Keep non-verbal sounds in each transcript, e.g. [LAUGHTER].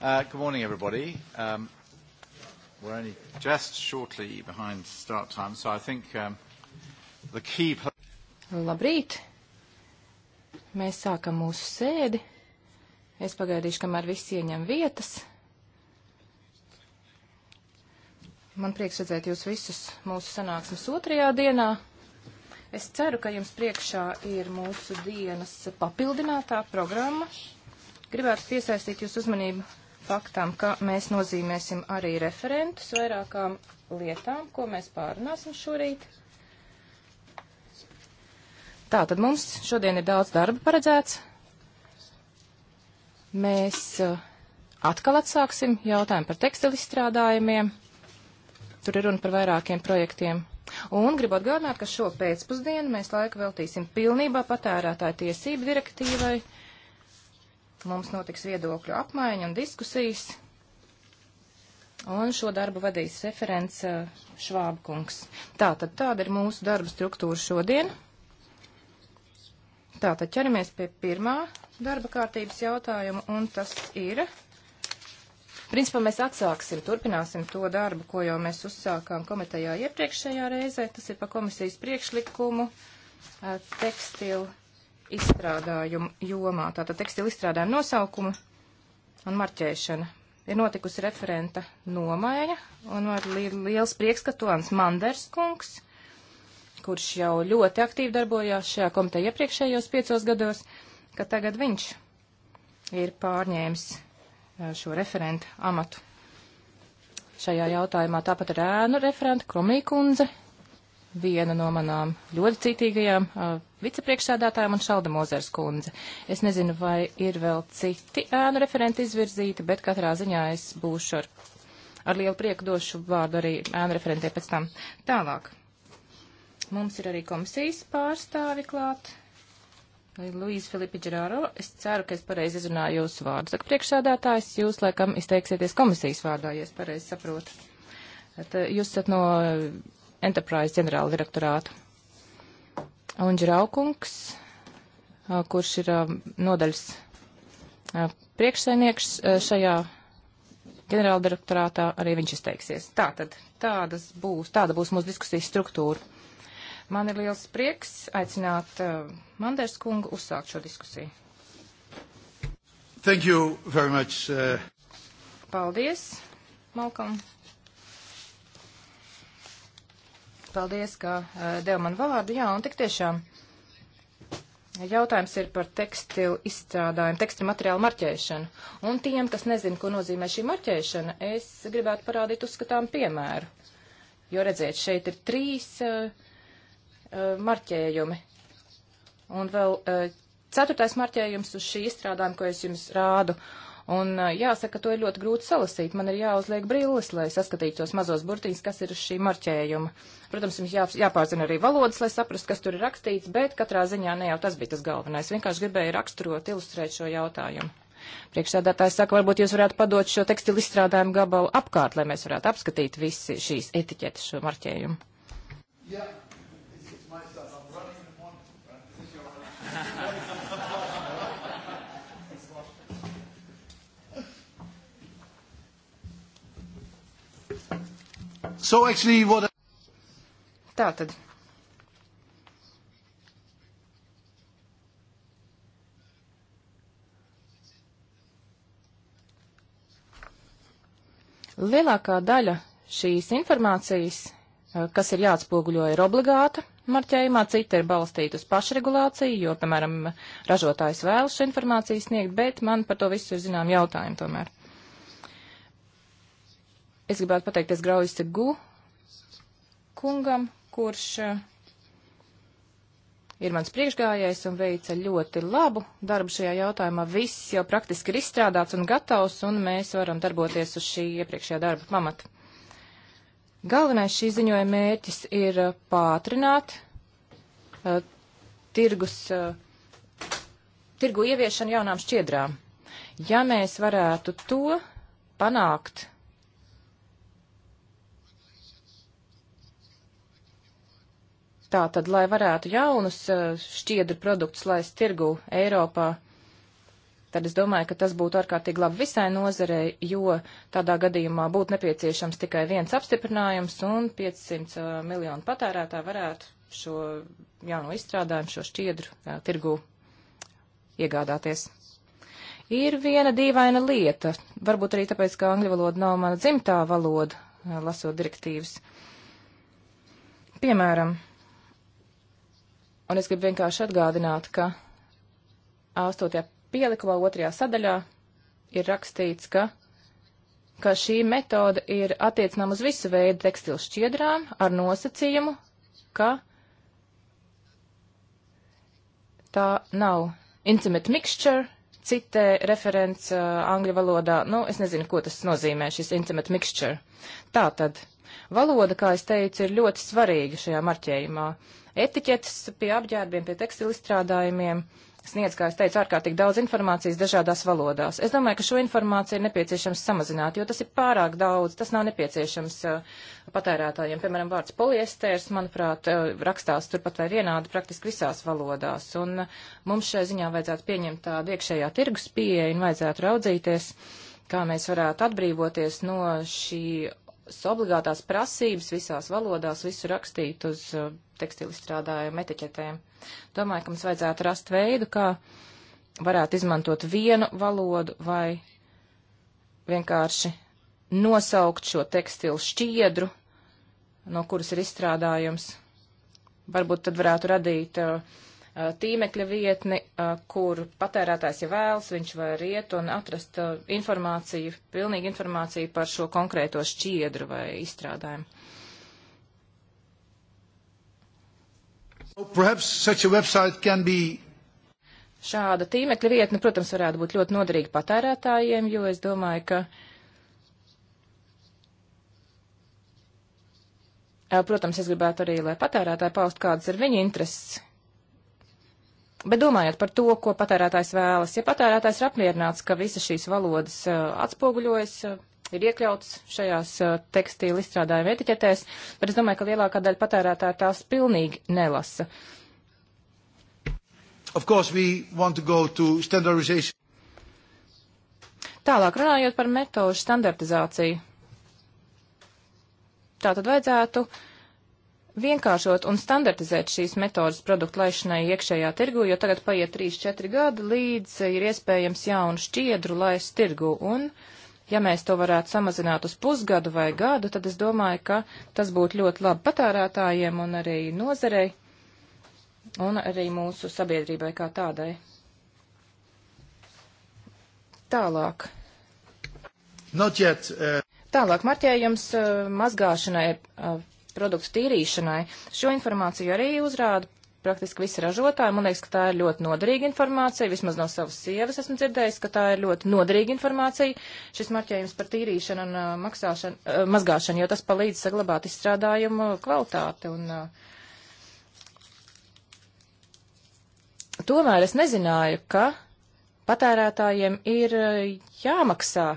Uh, good morning, everybody. Um, we're only just shortly behind start time, so I think um, the key. Labrīt! Mēs sākam mūsu sēdi. Es pagaidīšu, kamēr visi ieņem vietas. Man prieks redzēt jūs visus mūsu sanāksmes otrajā dienā. Es ceru, ka jums priekšā ir mūsu dienas papildinātā programma. Gribētu piesaistīt jūsu uzmanību faktam, ka mēs nozīmēsim arī referentus vairākām lietām, ko mēs pārunāsim šorīt. Tā tad mums šodien ir daudz darba paredzēts. Mēs uh, atkal atsāksim jautājumu par tekstilu izstrādājumiem. Tur ir runa par vairākiem projektiem. Un gribu atgādināt, ka šo pēcpusdienu mēs laiku veltīsim pilnībā patērētāju tiesību direktīvai. Uh, Mums notiks viedokļu apmaiņa un diskusijas, un šo darbu vadīs referents eh, Švābkungs. Tātad tāda ir mūsu darba struktūra šodien. Tātad ķeramies pie pirmā darba kārtības jautājuma, un tas ir. Principā mēs atsāksim, turpināsim to darbu, ko jau mēs uzsākām komitejā iepriekšējā reizē. Tas ir pa komisijas priekšlikumu eh, tekstilu izstrādājumu jomā. Tātad tekstila izstrādājuma nosaukuma un marķēšana. Ir notikusi referenta nomaiņa, un man ir li liels prieks, ka Toans Manders kungs, kurš jau ļoti aktīvi darbojās šajā komitē iepriekšējos piecos gados, ka tagad viņš ir pārņēmis eh, šo referentu amatu. Šajā jautājumā tāpat ir ēnu referenta Kromīkundze, viena no manām ļoti citīgajām vicepriekšsēdētājām un Šalda Mozers kundze. Es nezinu, vai ir vēl citi ēnu referenti izvirzīti, bet katrā ziņā es būšu ar, ar lielu prieku došu vārdu arī ēnu referentiem pēc tam. Tālāk. Mums ir arī komisijas pārstāvi klāt. Luīza Filipa Džerāro, es ceru, ka es pareizi izrunāju jūsu vārdu. Saka priekšsēdētājs, jūs laikam izteiksieties komisijas vārdā, ja es pareizi saprotu. At, jūs esat no Enterprise ģenerāla direktorātu. Un Žraukungs, kurš ir nodaļas priekšsainieks šajā ģenerāla direktorātā, arī viņš izteiksies. Tā tad tādas būs, tāda būs mūsu diskusijas struktūra. Man ir liels prieks aicināt Manders kungu uzsākt šo diskusiju. Thank you very much. Uh... Paldies, Malcolm. Paldies, ka eh, devu man vārdu. Jā, un tik tiešām jautājums ir par tekstilu izstrādājumu, tekstilu materiālu marķēšanu. Un tiem, kas nezin, ko nozīmē šī marķēšana, es gribētu parādīt uzskatām piemēru. Jo redziet, šeit ir trīs uh, marķējumi. Un vēl uh, ceturtais marķējums uz šī izstrādājuma, ko es jums rādu. Uh, Un jāsaka, to ir ļoti grūti salasīt. Man ir jāuzliek brilles, lai saskatītu tos mazos burtiņus, kas ir uz šī marķējuma. Protams, jums jā, jāpārzina arī valodas, lai saprastu, kas tur ir rakstīts, bet katrā ziņā ne jau tas bija tas galvenais. Vienkārši gribēju raksturot, ilustrēt šo jautājumu. Priekšsēdētājs saka, varbūt jūs varētu padot šo tekstilu izstrādājumu gabalu apkārt, lai mēs varētu apskatīt visi šīs etiķetes, šo marķējumu. Yeah. So actually what... Tātad. Lielākā daļa šīs informācijas, eh, kas ir jāatspoguļo, ir obligāta marķējumā, cita ir balstīta uz pašregulāciju, jo, piemēram, ražotājs vēlas šo informāciju sniegt, bet man par to visu ir zinām jautājumi tomēr. Es gribētu pateikties Graujista Gu kungam, kurš eh, ir mans priekšgājējs un veica ļoti labu darbu šajā jautājumā. Viss jau praktiski ir izstrādāts un gatavs, un mēs varam darboties uz šī iepriekšējā darba pamata. Galvenais šī ziņojuma mērķis ir eh, pātrināt uh, tirgus, uh, tirgu ieviešanu jaunām šķiedrām. Ja mēs varētu to panākt Tā tad, lai varētu jaunus eh, šķiedru produktus laist tirgu Eiropā, tad es domāju, ka tas būtu ārkārtīgi labi visai nozarei, jo tādā gadījumā būtu nepieciešams tikai viens apstiprinājums un 500 eh, miljonu patērētā varētu šo jauno izstrādājumu, šo šķiedru jā, eh, tirgu iegādāties. Ir viena dīvaina lieta, varbūt arī tāpēc, ka angļu valoda nav mana dzimtā valoda, lasot direktīvas. Piemēram, Un es gribu vienkārši atgādināt, ka 8. pielikumā otrajā sadaļā ir rakstīts, ka, ka šī metode ir attiecinām uz visu veidu tekstilu šķiedrām ar nosacījumu, ka tā nav intimate mixture, citē referents uh, angļu valodā. Nu, es nezinu, ko tas nozīmē, šis intimate mixture. Tātad, valoda, kā es teicu, ir ļoti svarīga šajā marķējumā etiķetes pie apģērbiem, pie tekstilizstrādājumiem sniedz, kā es teicu, ārkārtīgi daudz informācijas dažādās valodās. Es domāju, ka šo informāciju ir nepieciešams samazināt, jo tas ir pārāk daudz, tas nav nepieciešams uh, patērētājiem. Piemēram, vārds poliestērs, manuprāt, uh, rakstās turpat vai vienādi praktiski visās valodās, un uh, mums šai ziņā vajadzētu pieņemt tādu iekšējā tirgus pieeju un vajadzētu raudzīties, kā mēs varētu atbrīvoties no šī obligātās prasības visās valodās, visu rakstīt uz uh, tekstilstrādājumu etiķetēm. Domāju, ka mums vajadzētu rast veidu, kā varētu izmantot vienu valodu vai vienkārši nosaukt šo tekstilu šķiedru, no kuras ir izstrādājums. Varbūt tad varētu radīt uh, uh tīmekļa vietni, uh, kur patērētājs, ja vēlas, viņš var iet un atrast uh, informāciju, pilnīgi informāciju par šo konkrēto šķiedru vai izstrādājumu. Be... Šāda tīmekļa vietne, protams, varētu būt ļoti noderīga patērētājiem, jo es domāju, ka. Protams, es gribētu arī, lai patērētāji paust, kādas ir viņa intereses. Bet domājot par to, ko patērētājs vēlas, ja patērētājs ir apmierināts, ka visas šīs valodas uh, atspoguļojas uh, ir iekļauts šajās uh, tekstīla izstrādājuma etiķetēs, bet es domāju, ka lielākā daļa patērētāja tās pilnīgi nelasa. To to Tālāk runājot par metožu standartizāciju. Tā tad vajadzētu vienkāršot un standartizēt šīs metodas produktu laišanai iekšējā tirgu, jo tagad paiet 3-4 gadi līdz ir iespējams jaunu šķiedru laist tirgu. Un uh, Ja mēs to varētu samazināt uz pusgadu vai gadu, tad es domāju, ka tas būtu ļoti labi patērētājiem un arī nozarei un arī mūsu sabiedrībai kā tādai. Tālāk. Not yet, uh... Tālāk marķējums uh, mazgāšanai, uh, produktu tīrīšanai. Šo informāciju arī uzrāda praktiski visi ražotāji. Man liekas, ka tā ir ļoti noderīga informācija. Vismaz no savas sievas esmu dzirdējis, ka tā ir ļoti noderīga informācija. Šis marķējums par tīrīšanu un uh, maksāšanu, uh, mazgāšanu, jo tas palīdz saglabāt izstrādājumu kvalitāti. Un, uh, tomēr es nezināju, ka patērētājiem ir jāmaksā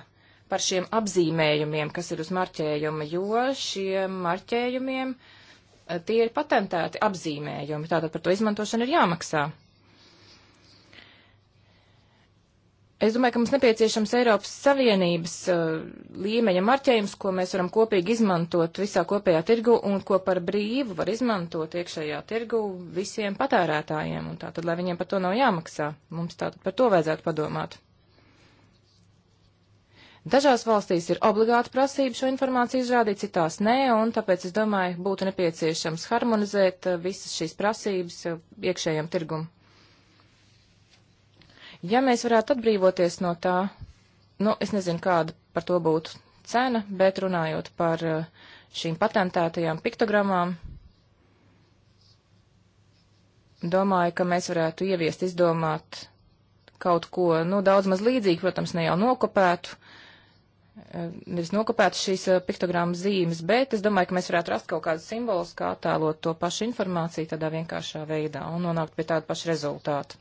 par šiem apzīmējumiem, kas ir uz marķējuma, jo šiem marķējumiem uh, tie ir patentēti apzīmējumi, tātad par to izmantošanu ir jāmaksā. Es domāju, ka mums nepieciešams Eiropas Savienības uh, līmeņa marķējums, ko mēs varam kopīgi izmantot visā kopējā tirgu un ko par brīvu var izmantot iekšējā tirgu visiem patērētājiem. Un tā tad, lai viņiem par to nav jāmaksā, mums tā tad par to vajadzētu padomāt. Dažās valstīs ir obligāta prasība šo informāciju izrādīt, citās nē, un tāpēc, es domāju, būtu nepieciešams harmonizēt eh, visas šīs prasības eh, iekšējam tirgum. Ja mēs varētu atbrīvoties no tā, nu, es nezinu, kāda par to būtu cena, bet runājot par eh, šīm patentētajām piktogramām, domāju, ka mēs varētu ieviest, izdomāt kaut ko, nu, daudz maz līdzīgu, protams, ne jau nokopētu, uh, nevis nokopētu šīs eh, piktogrammas zīmes, bet es domāju, ka mēs varētu rast kaut kādus simbolus, kā attēlot to pašu informāciju tādā vienkāršā veidā un nonākt pie tāda paša rezultāta.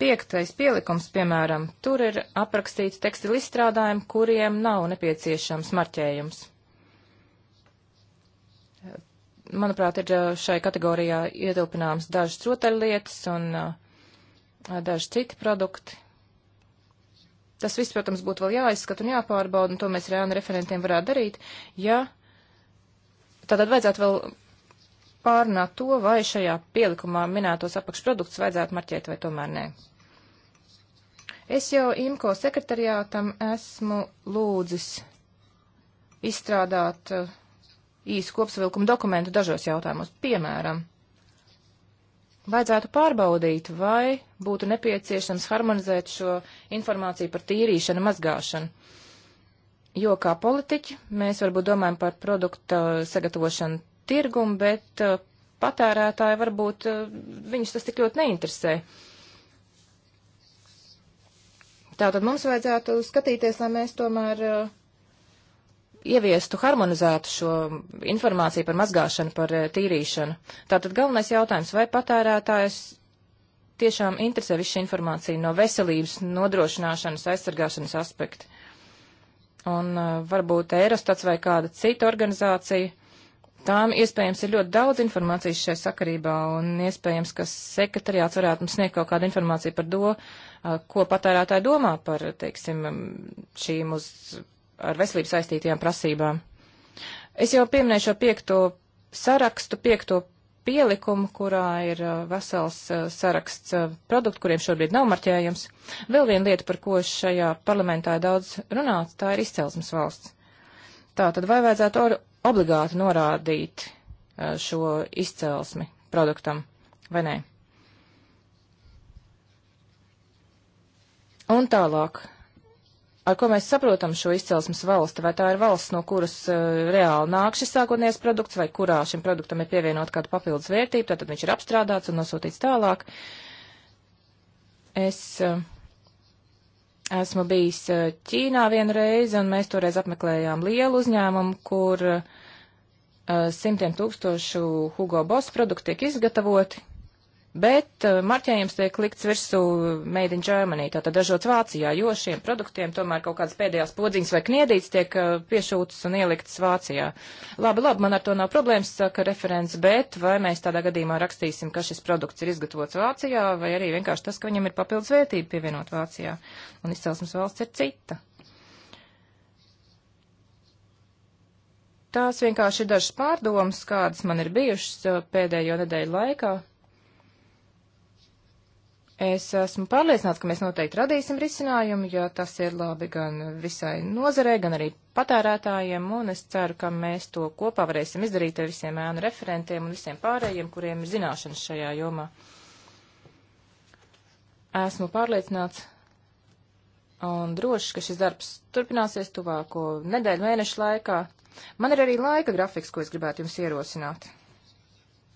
Piektais pielikums, piemēram, tur ir aprakstīti tekstili izstrādājumi, kuriem nav nepieciešams marķējums. Manuprāt, ir eh, šai kategorijā ietilpināms dažas rotaļlietas un eh, daži citi produkti Tas viss, protams, būtu vēl jāizskata un jāpārbauda, un to mēs reāli referentiem varētu darīt, ja tātad vajadzētu vēl pārnāt to, vai šajā pielikumā minētos apakšprodukts vajadzētu marķēt vai tomēr nē. Es jau IMCO sekretariātam esmu lūdzis izstrādāt uh, īsu kopsavilkumu dokumentu dažos jautājumos, piemēram, vajadzētu pārbaudīt, vai būtu nepieciešams harmonizēt šo informāciju par tīrīšanu, mazgāšanu. Jo kā politiķi mēs varbūt domājam par produkta uh, sagatavošanu tirgumu, bet uh, patērētāji varbūt uh, viņus tas tik ļoti neinteresē. Tātad mums vajadzētu skatīties, lai mēs tomēr uh, ieviestu harmonizētu šo informāciju par mazgāšanu, par eh, tīrīšanu. Tātad galvenais jautājums, vai patērētājs tiešām interesē viss šī informācija no veselības nodrošināšanas, aizsargāšanas aspekta. Un uh, varbūt Eirostats vai kāda cita organizācija, tām iespējams ir ļoti daudz informācijas šai sakarībā, un iespējams, ka sekretariāts varētu mums sniegt kaut kādu informāciju par to, uh, ko patērētāji domā par, teiksim, šīm uz ar veselību saistītajām prasībām. Es jau pieminēju šo piekto sarakstu, piekto pielikumu, kurā ir uh, vesels uh, saraksts uh, produktu, kuriem šobrīd nav marķējums. Vēl viena lieta, par ko šajā parlamentā ir daudz runāts, tā ir izcelsmes valsts. Tā tad vai vajadzētu obligāti norādīt šo izcelsmi produktam, vai nē? Un tālāk Ar ko mēs saprotam šo izcelsmes valsti? Vai tā ir valsts, no kuras uh, reāli nāk šis sākotnējais produkts, vai kurā šim produktam ir pievienot kādu papildus vērtību, tātad viņš ir apstrādāts un nosūtīts tālāk. Es uh, esmu bijis uh, Ķīnā vienu reizi, un mēs toreiz apmeklējām lielu uzņēmumu, kur uh, simtiem tūkstošu Hugo Boss produktu tiek izgatavoti, bet eh, marķējums tiek likts virsū Made in Germany, tātad dažots Vācijā, jo šiem produktiem tomēr kaut kādas pēdējās podziņas vai kniedītes tiek eh, piešūtas un ieliktas Vācijā. Labi, labi, man ar to nav problēmas, saka referents, bet vai mēs tādā gadījumā rakstīsim, ka šis produkts ir izgatavots Vācijā, vai arī vienkārši tas, ka viņam ir papildus vērtība pievienot Vācijā, un izcelsmes valsts ir cita. Tās vienkārši ir dažas pārdomas, kādas man ir bijušas eh, pēdējo nedēļu laikā. Es esmu pārliecināts, ka mēs noteikti radīsim risinājumu, jo tas ir labi gan visai nozarē, gan arī patērētājiem, un es ceru, ka mēs to kopā varēsim izdarīt ar visiem ēnu referentiem un visiem pārējiem, kuriem ir zināšanas šajā jomā. Esmu pārliecināts un drošs, ka šis darbs turpināsies tuvāko nedēļu mēnešu laikā. Man ir arī laika grafiks, ko es gribētu jums ierosināt.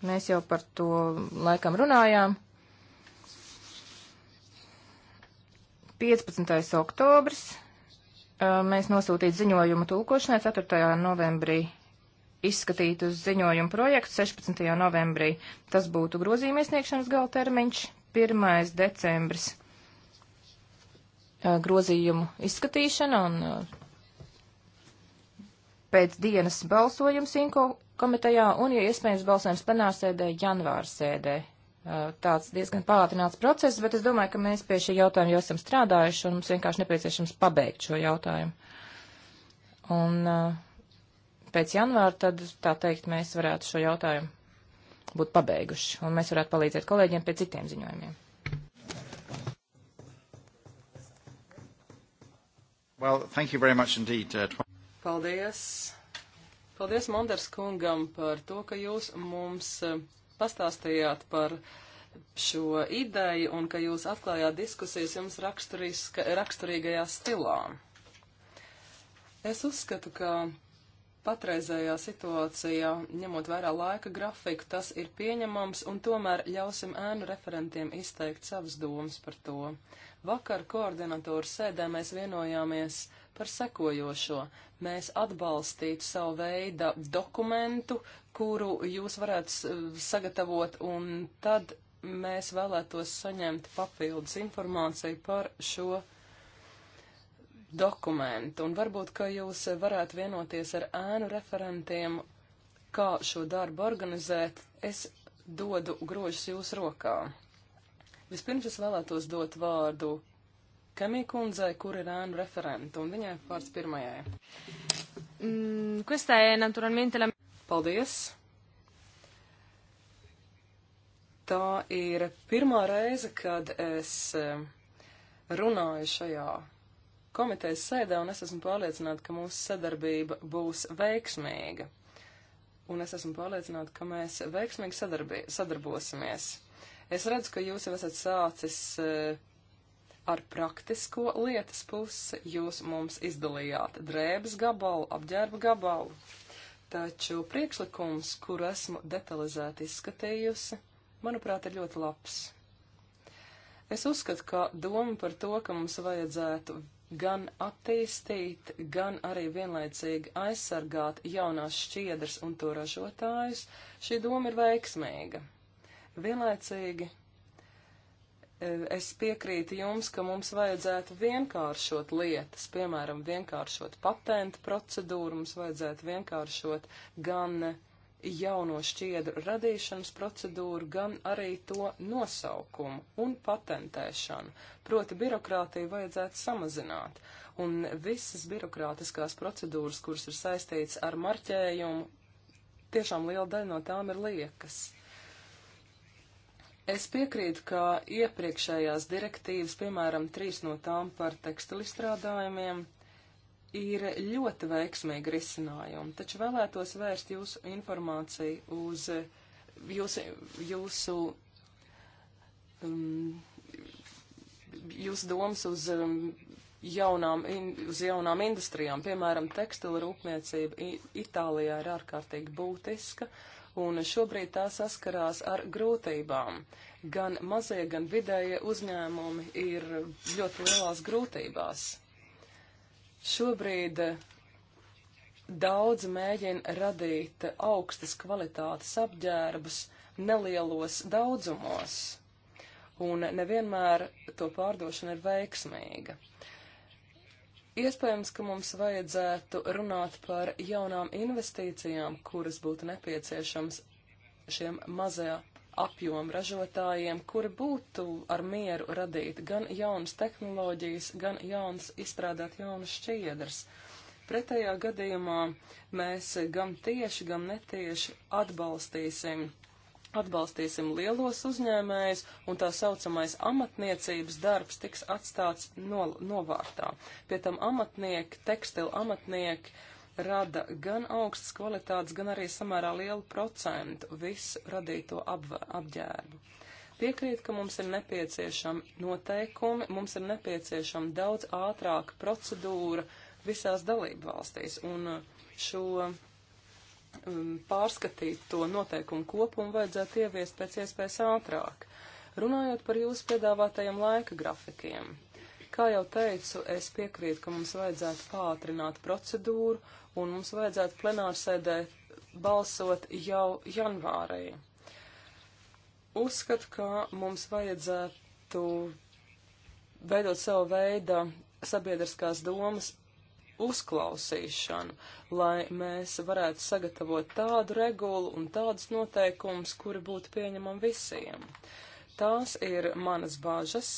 Mēs jau par to laikam runājām. 15. oktobris mēs nosūtītu ziņojumu tūkošanai, 4. novembrī izskatītu ziņojumu projektu, 16. novembrī tas būtu grozījuma iesniegšanas gala termiņš, 1. decembris grozījumu izskatīšana un pēc dienas balsojums Inko komitejā un, ja iespējams, balsojums plenārsēdē janvāra sēdē tāds diezgan pātrināts process, bet es domāju, ka mēs pie šī jautājuma jau esam strādājuši un mums vienkārši nepieciešams pabeigt šo jautājumu. Un pēc janvāra tad, tā teikt, mēs varētu šo jautājumu būt pabeiguši un mēs varētu palīdzēt kolēģiem pie citiem ziņojumiem. Well, thank you very much indeed. Uh, Paldies. Paldies Manders kungam par to, ka jūs mums pastāstījāt par šo ideju un ka jūs atklājāt diskusijas jums raksturīgajā stilā. Es uzskatu, ka patreizējā situācijā, ņemot vērā laika grafiku, tas ir pieņemams, un tomēr ļausim ēnu referentiem izteikt savas domas par to. Vakar koordinatoru sēdē mēs vienojāmies par sekojošo. Mēs atbalstītu savu veidu dokumentu, kuru jūs varētu eh, sagatavot, un tad mēs vēlētos saņemt papildus informāciju par šo dokumentu. Un varbūt, ka jūs varētu vienoties ar ēnu referentiem, kā šo darbu organizēt. Es dodu grožus jūsu rokā. Vispirms es vēlētos dot vārdu Kemī kundzei, kur ir ēnu referenta, un viņai vārds pirmajai. Mm, questa è naturalmente la... Paldies! Tā ir pirmā reize, kad es eh, runāju šajā komitejas sēdē, un es esmu pārliecināta, ka mūsu sadarbība būs veiksmīga. Un es esmu pārliecināta, ka mēs veiksmīgi sadarbī, sadarbosimies. Es redzu, ka jūs jau esat sācis eh, ar praktisko lietas pusi jūs mums izdalījāt drēbes gabalu, apģērba gabalu, taču priekšlikums, kur esmu detalizēti izskatījusi, manuprāt, ir ļoti labs. Es uzskatu, ka doma par to, ka mums vajadzētu gan attīstīt, gan arī vienlaicīgi aizsargāt jaunās šķiedras un to ražotājus, šī doma ir veiksmīga. Vienlaicīgi es piekrītu jums, ka mums vajadzētu vienkāršot lietas, piemēram, vienkāršot patentu procedūru, mums vajadzētu vienkāršot gan jauno šķiedru radīšanas procedūru, gan arī to nosaukumu un patentēšanu. Proti birokrātiju vajadzētu samazināt, un visas birokrātiskās procedūras, kuras ir saistīts ar marķējumu, tiešām liela daļa no tām ir liekas. Es piekrītu, ka iepriekšējās direktīvas, piemēram, trīs no tām par tekstilizstrādājumiem, ir ļoti veiksmīgi risinājumi, taču vēlētos vērst jūsu informāciju uz jūs, jūsu, um, jūsu domas uz um, jaunām, in, uz jaunām industrijām, piemēram, tekstila rūpniecība Itālijā ir ārkārtīgi būtiska. Uh, un šobrīd tā saskarās ar grūtībām. Gan mazie, gan vidējie uzņēmumi ir ļoti lielās grūtībās. Šobrīd daudz mēģina radīt augstas kvalitātes apģērbus nelielos daudzumos, un nevienmēr to pārdošana ir veiksmīga. Iespējams, ka mums vajadzētu runāt par jaunām investīcijām, kuras būtu nepieciešams šiem mazajā apjomu ražotājiem, kuri būtu ar mieru radīt gan jaunas tehnoloģijas, gan jaunas izstrādāt jaunas šķiedras. Pretējā gadījumā mēs gan tieši, gan netieši atbalstīsim Atbalstīsim lielos uzņēmējus, un tā saucamais amatniecības darbs tiks atstāts no, novārtā. Pie tam amatnieki, tekstilu amatnieki rada gan augstas kvalitātes, gan arī samērā lielu procentu visu radīto apvē, apģērbu. Piekrīt, ka mums ir nepieciešami noteikumi, mums ir nepieciešama daudz ātrāka procedūra visās dalību valstīs, un šo Um, pārskatīt to noteikumu kopumu vajadzētu ieviest pēc iespējas ātrāk. Runājot par jūsu piedāvātajiem laika grafikiem, kā jau teicu, es piekrītu, ka mums vajadzētu pātrināt procedūru un mums vajadzētu plenārsēdē balsot jau janvārī. Uzskatu, ka mums vajadzētu veidot savu veidu sabiedriskās domas uzklausīšanu, lai mēs varētu sagatavot tādu regulu un tādus noteikumus, kuri būtu pieņemami visiem. Tās ir manas bažas,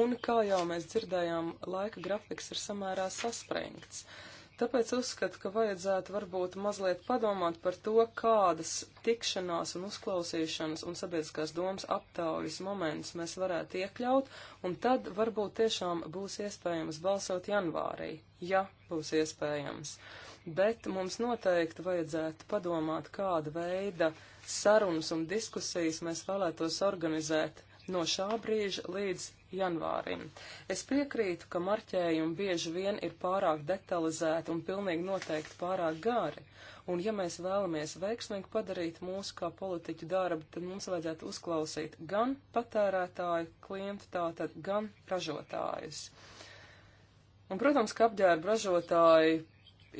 un kā jau mēs dzirdējām, laika grafiks ir samērā saspringts. Uh, Tāpēc uzskatu, ka vajadzētu varbūt mazliet padomāt par to, kādas tikšanās un uzklausīšanas un sabiedriskās domas aptaujas moments mēs varētu iekļaut, un tad varbūt tiešām būs iespējams balsot janvārī, ja būs iespējams. Bet mums noteikti vajadzētu padomāt, kāda veida sarunas un diskusijas mēs vēlētos organizēt no šā brīža līdz janvārim. Es piekrītu, ka marķējumi bieži vien ir pārāk detalizēti un pilnīgi noteikti pārāk gari. Un ja mēs vēlamies veiksmīgi padarīt mūsu kā politiķu darbu, tad mums vajadzētu uzklausīt gan patērētāju klientu, tātad gan ražotājus. Un, protams, ka apģērba ražotāji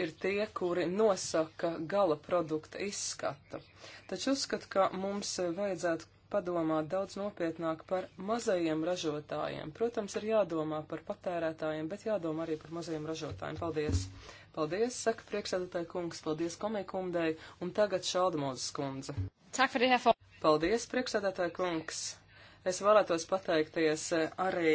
ir tie, kuri nosaka gala produkta izskatu. Taču uzskatu, ka mums vajadzētu padomāt daudz nopietnāk par mazajiem ražotājiem. Protams, ir jādomā par patērētājiem, bet jādomā arī par mazajiem ražotājiem. Paldies! Paldies, saka priekšsēdētāja kungs, paldies komikumdei, un tagad šaldamozes kundze. Paldies, priekšsēdētāja kungs! Es vēlētos pateikties eh, arī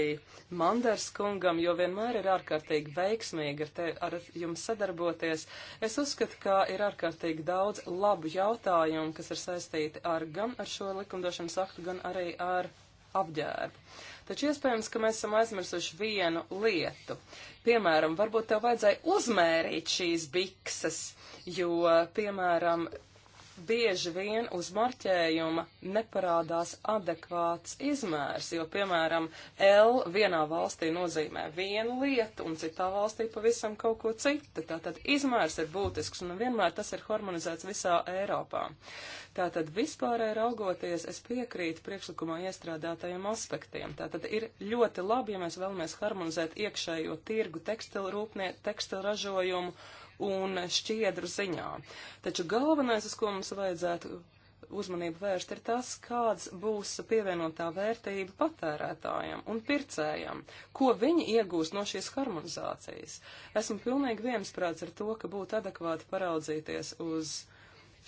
Manders kungam, jo vienmēr ir ārkārtīgi veiksmīgi ar, te, ar jums sadarboties. Es uzskatu, ka ir ārkārtīgi daudz labu jautājumu, kas ir saistīti ar gan ar šo likumdošanas aktu, gan arī ar apģērbu. Taču iespējams, ka mēs esam aizmirsuši vienu lietu. Piemēram, varbūt tev vajadzēja uzmērīt šīs bikses, jo, piemēram, bieži vien uz marķējuma neparādās adekvāts izmērs, jo, piemēram, L vienā valstī nozīmē vienu lietu un citā valstī pavisam kaut ko citu. Tātad izmērs ir būtisks un vienmēr tas ir harmonizēts visā Eiropā. Tātad vispārēji raugoties, es piekrītu priekšlikumā iestrādātajiem aspektiem. Tātad ir ļoti labi, ja mēs vēlamies harmonizēt iekšējo tirgu tekstilu rūpnie, tekstilu ražojumu un šķiedru ziņā. Taču galvenais, uz ko mums vajadzētu uzmanību vērst, ir tas, kāds būs pievienotā vērtība patērētājam un pircējam, ko viņi iegūs no šīs harmonizācijas. Esmu pilnīgi viensprāts ar to, ka būtu adekvāti paraudzīties uz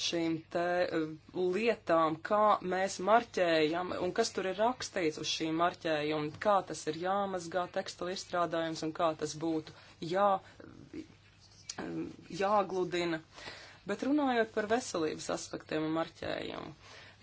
šīm te eh, lietām, kā mēs marķējam un kas tur ir rakstīts uz šī marķējuma, kā tas ir jāmazgā tekstilu izstrādājums un kā tas būtu jā, Um, jāgludina. Bet runājot par veselības aspektiem un marķējumu,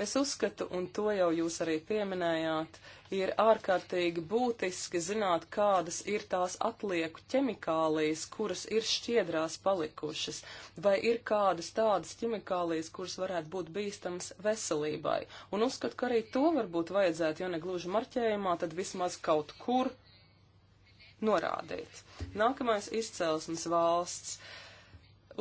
es uzskatu, un to jau jūs arī pieminējāt, ir ārkārtīgi būtiski zināt, kādas ir tās atlieku ķemikālijas, kuras ir šķiedrās palikušas, vai ir kādas tādas ķemikālijas, kuras varētu būt bīstamas veselībai. Un uzskatu, ka arī to varbūt vajadzētu, ja ne gluži marķējumā, tad vismaz kaut kur norādīts. Nākamais izcelsmes valsts.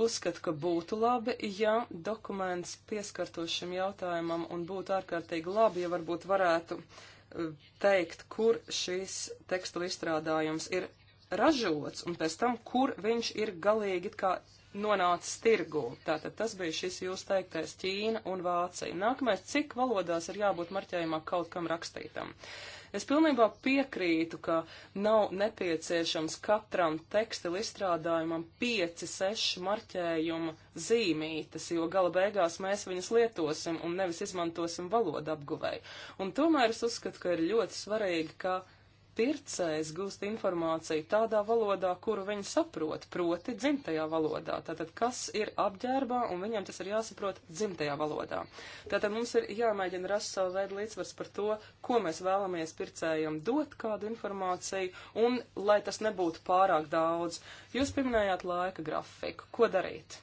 Uzskatu, ka būtu labi, ja dokuments pieskartos šim jautājumam un būtu ārkārtīgi labi, ja varbūt varētu e, teikt, kur šis tekstu izstrādājums ir ražots un pēc tam, kur viņš ir galīgi kā nonācis tirgū. Tātad tas bija šis jūs teiktais Ķīna un Vācija. Nākamais, cik valodās ir jābūt marķējumā kaut kam rakstītam. Uh, Es pilnībā piekrītu, ka nav nepieciešams katram tekstilu izstrādājumam 5-6 marķējuma zīmītes, jo gala beigās mēs viņas lietosim un nevis izmantosim valodu apguvēju. Un tomēr es uzskatu, ka ir ļoti svarīgi, ka pircējs gūst informāciju tādā valodā, kuru viņi saprot, proti dzimtajā valodā. Tātad, kas ir apģērbā, un viņam tas ir jāsaprot dzimtajā valodā. Tātad mums ir jāmēģina rast savu veidu līdzsvars par to, ko mēs vēlamies pircējam dot kādu informāciju, un lai tas nebūtu pārāk daudz. Jūs pieminējāt laika grafiku. Ko darīt?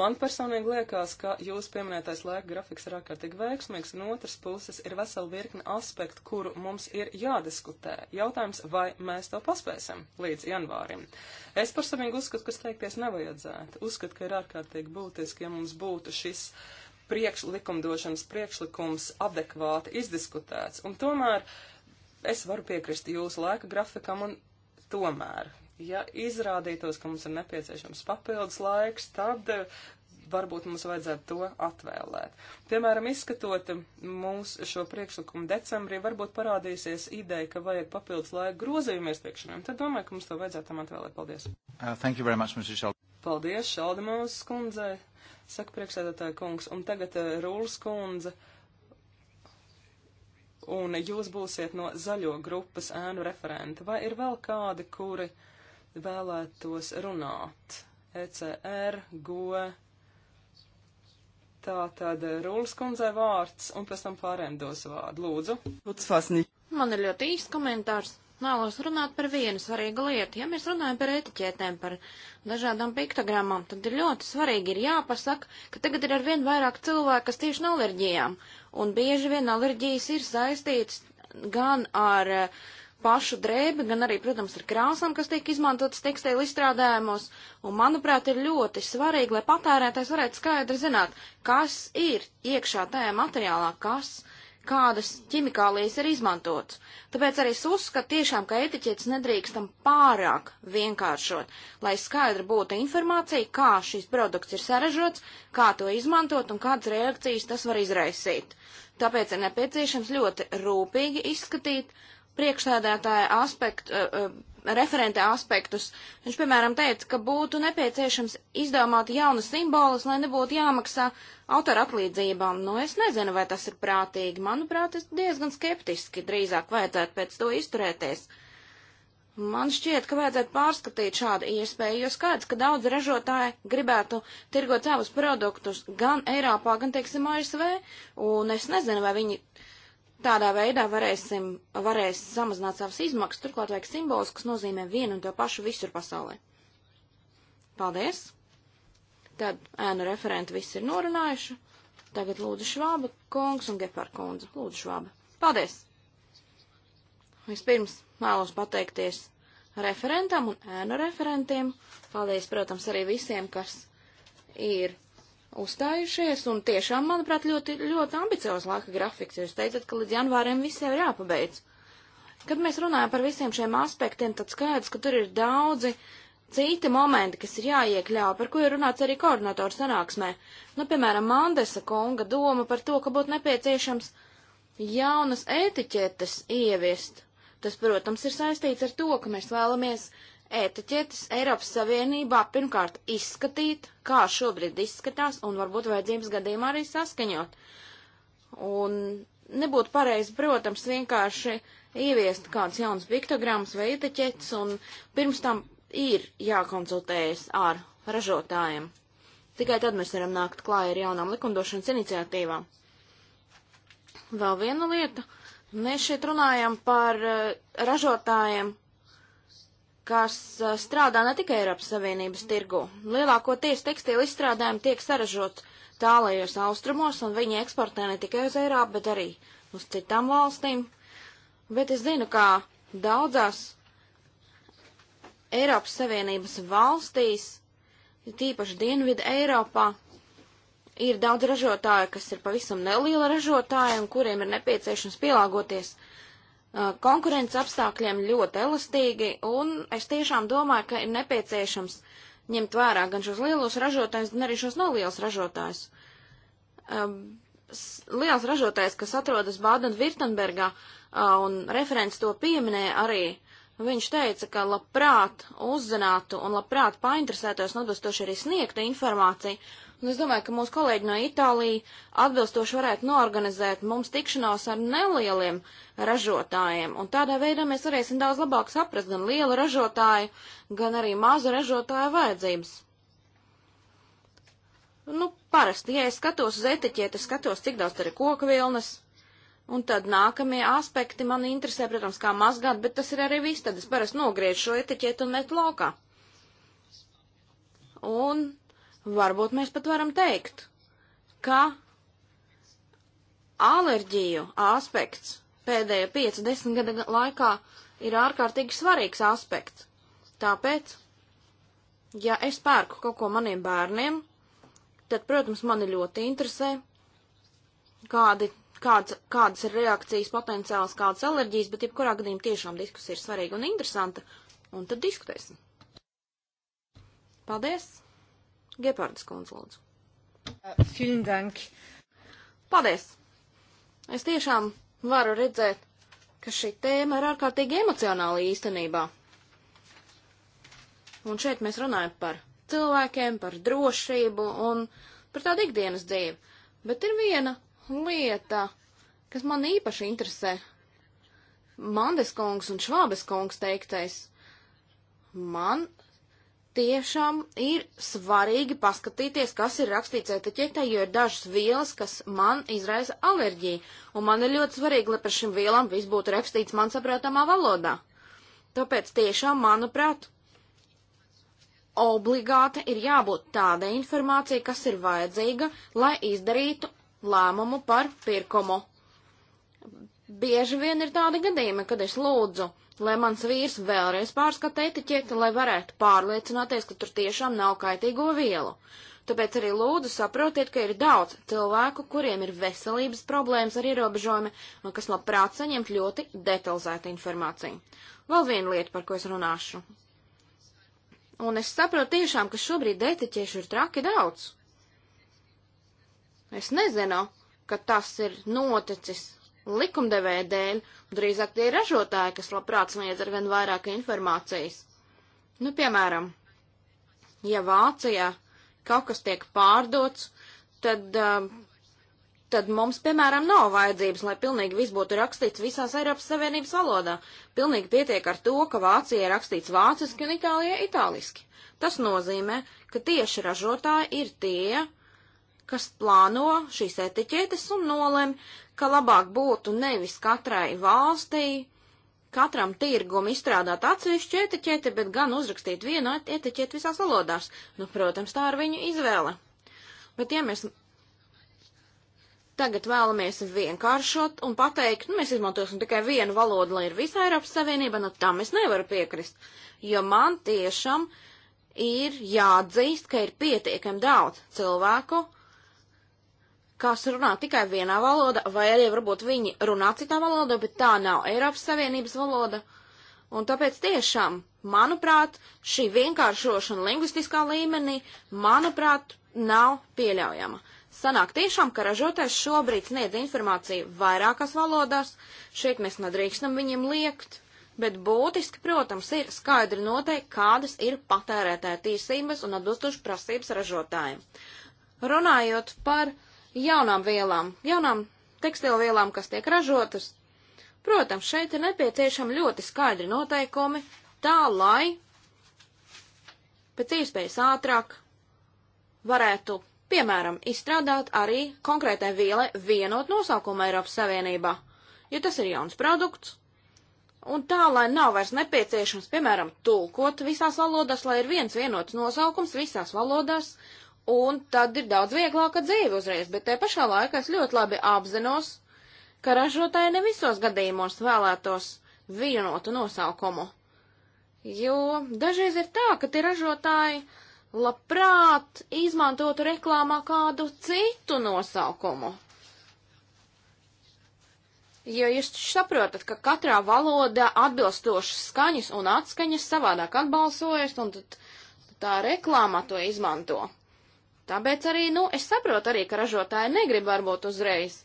Man personīgi liekas, ka jūsu pieminētais laika grafiks ir ārkārtīgi veiksmīgs, un otras puses ir vesela virkne aspektu, kuru mums ir jādiskutē. Jautājums, vai mēs to paspēsim līdz janvārim. Es personīgi uzskatu, ka steigties nevajadzētu. Uzskatu, ka ir ārkārtīgi būtiski, ja mums būtu šis priekšlikumdošanas priekšlikums adekvāti izdiskutēts. Un tomēr es varu piekrist jūsu laika grafikam, un tomēr Ja izrādītos, ka mums ir nepieciešams papildus laiks, tad eh, varbūt mums vajadzētu to atvēlēt. Piemēram, izskatot mūsu šo priekšlikumu decembrī, varbūt parādīsies ideja, ka vajag papildus laiku grozījumu iesniegšanām. Tad domāju, ka mums to vajadzētu tam atvēlēt. Paldies! Uh, much, Šald Paldies, Šaldemāvas kundzei, saka priekšsēdētāja kungs, un tagad uh, eh, Rūlas kundze. Un jūs būsiet no zaļo grupas ēnu referenta. Vai ir vēl kādi, kuri. Uh, vēlētos runāt. ECR, GO, e. tā tad Rūlas kundzei vārds, un pēc tam pārējiem dos vārdu. Lūdzu. Man ir ļoti īsts komentārs. Nālos runāt par vienu svarīgu lietu. Ja mēs runājam par etiķētēm, par dažādām piktogrammām, tad ir ļoti svarīgi ir jāpasaka, ka tagad ir arvien vairāk cilvēku, kas tieši no alerģijām. Un bieži vien alerģijas ir saistītas gan ar uh, pašu drēbi, gan arī, protams, ar krāsām, kas tiek izmantotas tekstilu izstrādājumos. Un, manuprāt, ir ļoti svarīgi, lai patērētājs varētu skaidri zināt, kas ir iekšā tajā materiālā, kas, kādas ķimikālijas ir izmantotas. Tāpēc arī es uzskatu tiešām, ka etiķetes nedrīkstam pārāk vienkāršot, lai skaidri būtu informācija, kā šis produkts ir sarežots, kā to izmantot un kādas reakcijas tas var izraisīt. Tāpēc ir nepieciešams ļoti rūpīgi izskatīt priekšsēdētāja aspektu, eh, eh, referente aspektus. Viņš, piemēram, teica, ka būtu nepieciešams izdomāt jaunas simbolus, lai nebūtu jāmaksā autora atlīdzībām. Nu, es nezinu, vai tas ir prātīgi. Manuprāt, es diezgan skeptiski drīzāk vajadzētu pēc to izturēties. Man šķiet, ka vajadzētu pārskatīt šādu iespēju, jo skaidrs, ka daudz ražotāji gribētu tirgot savus produktus gan Eiropā, gan, teiksim, ASV, un es nezinu, vai viņi Tādā veidā varēsim, varēs samazināt savas izmaksas, turklāt vajag simbolus, kas nozīmē vienu un to pašu visur pasaulē. Paldies! Tad ēnu referenti visi ir norunājuši. Tagad lūdzu Švāba kungs un Gepar kundze. Lūdzu Švāba. Paldies! Vispirms vēlos pateikties referentam un ēnu referentiem. Paldies, protams, arī visiem, kas ir uzstājušies, un tiešām, manuprāt, ļoti, ļoti ambiciozs laika grafiks. Jūs teicat, ka līdz janvārim viss jau ir jāpabeidz. Kad mēs runājam par visiem šiem aspektiem, tad skaidrs, ka tur ir daudzi citi momenti, kas ir jāiekļauj, par ko ir runāts arī koordinatoru sanāksmē. Nu, piemēram, Mandesa konga doma par to, ka būtu nepieciešams jaunas etiķetes ieviest. Tas, protams, ir saistīts ar to, ka mēs vēlamies uh, ētiķetes Eiropas Savienībā pirmkārt izskatīt, kā šobrīd izskatās, un varbūt vajadzības gadījumā arī saskaņot. Un nebūtu pareizi, protams, vienkārši ieviest kāds jauns piktogrammas vai etiķetes, un pirms tam ir jākonsultējas ar ražotājiem. Tikai tad mēs varam nākt klāj ar jaunām likumdošanas iniciatīvām. Vēl viena lieta. Mēs šeit runājam par eh, ražotājiem, kas strādā ne tikai Eiropas Savienības tirgu. Lielākoties tekstilu izstrādājumi tiek saražot tālajos austrumos, un viņi eksportē ne tikai uz Eiropu, bet arī uz citām valstīm. Bet es zinu, ka daudzās Eiropas Savienības valstīs, tīpaši Dienvidu Eiropā, ir daudz ražotāju, kas ir pavisam neliela ražotāja un kuriem ir nepieciešams pielāgoties uh, Uh, konkurences apstākļiem ļoti elastīgi, un es tiešām domāju, ka ir nepieciešams ņemt vērā gan šos lielos ražotājus, gan arī šos nelielus ražotājus. Um, liels ražotājs, kas atrodas Bādenvirtenbergā, uh, un referents to pieminēja arī, viņš teica, ka labprāt uzzinātu un labprāt painteresētos nodostoši arī sniegtu informāciju Un nu, es domāju, ka mūsu kolēģi no Itālija atbilstoši varētu norganizēt mums tikšanos ar nelieliem ražotājiem. Un tādā veidā mēs varēsim daudz labāk saprast gan lielu ražotāju, gan arī mazu ražotāju vajadzības. Nu, parasti, ja es skatos uz etiķeti, es skatos, cik daudz tur ir koku vilnas. Un tad nākamie aspekti man interesē, protams, kā mazgāt, bet tas ir arī viss. Tad es parasti nogriežu šo etiķeti un metu laukā. Un Varbūt mēs pat varam teikt, ka alerģiju aspekts pēdējo 5-10 gada laikā ir ārkārtīgi svarīgs aspekts. Tāpēc, ja es pērku kaut ko maniem bērniem, tad, protams, mani ļoti interesē, kādi, kāds, kādas ir reakcijas potenciāls, kādas alerģijas, bet jebkurā gadījumā tiešām diskusija ir svarīga un interesanta, un tad diskutēsim. Paldies! Gepardas kundze, lūdzu. Uh, vielen dank. Paldies! Es tiešām varu redzēt, ka šī tēma ir ārkārtīgi emocionāla īstenībā. Un šeit mēs runājam par cilvēkiem, par drošību un par tādu ikdienas dzīvi. Bet ir viena lieta, kas man īpaši interesē. Mandes kungs un Švābes kungs teiktais. Man tiešām ir svarīgi paskatīties, kas ir rakstīts etiķetē, jo ir dažas vielas, kas man izraisa alerģiju, un man ir ļoti svarīgi, lai par šīm vielām viss būtu rakstīts man saprotamā valodā. Tāpēc tiešām, manuprāt, obligāti ir jābūt tādai informācijai, kas ir vajadzīga, lai izdarītu lēmumu par pirkumu. Bieži vien ir tādi gadījumi, kad es lūdzu lai mans vīrs vēlreiz pārskata etiķeti, lai varētu pārliecināties, ka tur tiešām nav kaitīgo vielu. Tāpēc arī lūdzu saprotiet, ka ir daudz cilvēku, kuriem ir veselības problēmas ar ierobežojumi un kas labprāt saņemt ļoti detalizētu informāciju. Vēl viena lieta, par ko es runāšu. Un es saprotu tiešām, ka šobrīd etiķiešu ir traki daudz. Es nezinu, ka tas ir noticis likumdevēja dēļ, drīzāk tie ir ražotāji, kas labprāt sniedz ar vien vairāk informācijas. Nu, piemēram, ja Vācijā kaut kas tiek pārdots, tad, um, tad mums, piemēram, nav vajadzības, lai pilnīgi viss būtu rakstīts visās Eiropas Savienības valodā. Pilnīgi pietiek ar to, ka Vācija ir rakstīts vāciski un Itālijā itāliski. Tas nozīmē, ka tieši ražotāji ir tie, kas plāno šīs etiķetes un nolem, ka labāk būtu nevis katrai valstī, katram tirgum izstrādāt atsevišķu etiķeti, bet gan uzrakstīt vienu etiķeti visās valodās. Nu, protams, tā ir viņu izvēle. Bet ja mēs tagad vēlamies vienkāršot un pateikt, nu, mēs izmantosim tikai vienu valodu, lai ir visā Eiropas Savienība, nu, tam es nevaru piekrist, jo man tiešām ir jāatzīst, ka ir pietiekami daudz cilvēku, kas runā tikai vienā valodā, vai arī varbūt viņi runā citā valodā, bet tā nav Eiropas Savienības valoda. Un tāpēc tiešām, manuprāt, šī vienkāršošana lingvistiskā līmenī, manuprāt, nav pieļaujama. Sanāk tiešām, ka ražotājs šobrīd sniedz informāciju vairākās valodās, šeit mēs nedrīkstam viņiem liekt, bet būtiski, protams, ir skaidri noteikti, kādas ir patērētāja tīsības un atbilstoši prasības ražotājiem. Runājot par uh, jaunām vielām, jaunām tekstilvielām, kas tiek ražotas. Protams, šeit ir nepieciešami ļoti skaidri noteikumi, tā lai pēc iespējas ātrāk varētu, piemēram, izstrādāt arī konkrētai vielai vienot nosaukumu Eiropas Savienībā, jo tas ir jauns produkts, un tā, lai nav vairs nepieciešams, piemēram, tulkot visās valodās, lai ir viens vienots nosaukums visās valodās, uh, un tad ir daudz vieglāka dzīve uzreiz, bet te pašā laikā es ļoti labi apzinos, ka ražotāji ne visos gadījumos vēlētos vienotu nosaukumu. Jo dažreiz ir tā, ka tie ražotāji labprāt izmantotu reklāmā kādu citu nosaukumu. Jo jūs saprotat, ka katrā valodā atbilstošas skaņas un atskaņas savādāk atbalsojas, un tad tā reklāmā to izmanto. Tāpēc arī, nu, es saprotu arī, ka ražotāji negrib varbūt uzreiz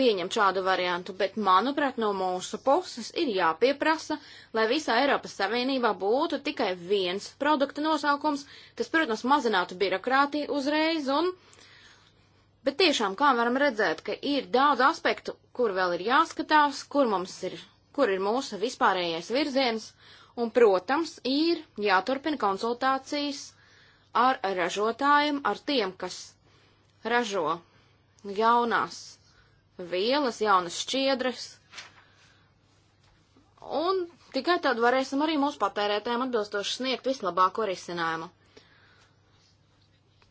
pieņemt šādu variantu, bet, manuprāt, no mūsu puses ir jāpieprasa, lai visā Eiropas Savienībā būtu tikai viens produkta nosaukums, kas, protams, mazinātu birokrātiju uzreiz un. Bet tiešām, kā varam redzēt, ka ir daudz aspektu, kur vēl ir jāskatās, kur mums ir, kur ir mūsu vispārējais virziens, un, protams, ir jāturpina konsultācijas ar ražotājiem, ar tiem, kas ražo jaunās vielas, jaunas šķiedras. Un tikai tad varēsim arī mūsu patērētājiem atbilstoši sniegt vislabāko risinājumu.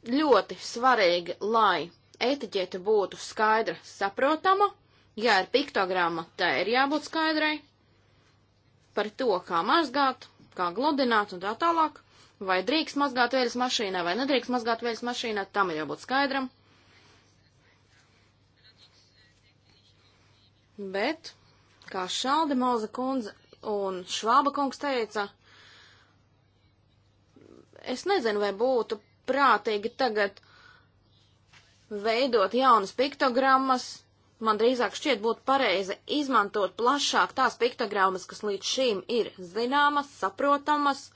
Ļoti svarīgi, lai etiķete būtu skaidra, saprotama. Ja ir piktogramma, tā ir jābūt skaidrai par to, kā mazgāt, kā gludināt un tā tālāk vai drīkst mazgāt veļas mašīnā, vai nedrīkst mazgāt veļas mašīnā, tam ir jābūt skaidram. Bet, kā Šalde Mauza kundze un Švāba kungs teica, es nezinu, vai būtu prātīgi tagad veidot jaunas piktogrammas, man drīzāk šķiet būtu pareizi izmantot plašāk tās piktogrammas, kas līdz šīm ir zināmas, saprotamas,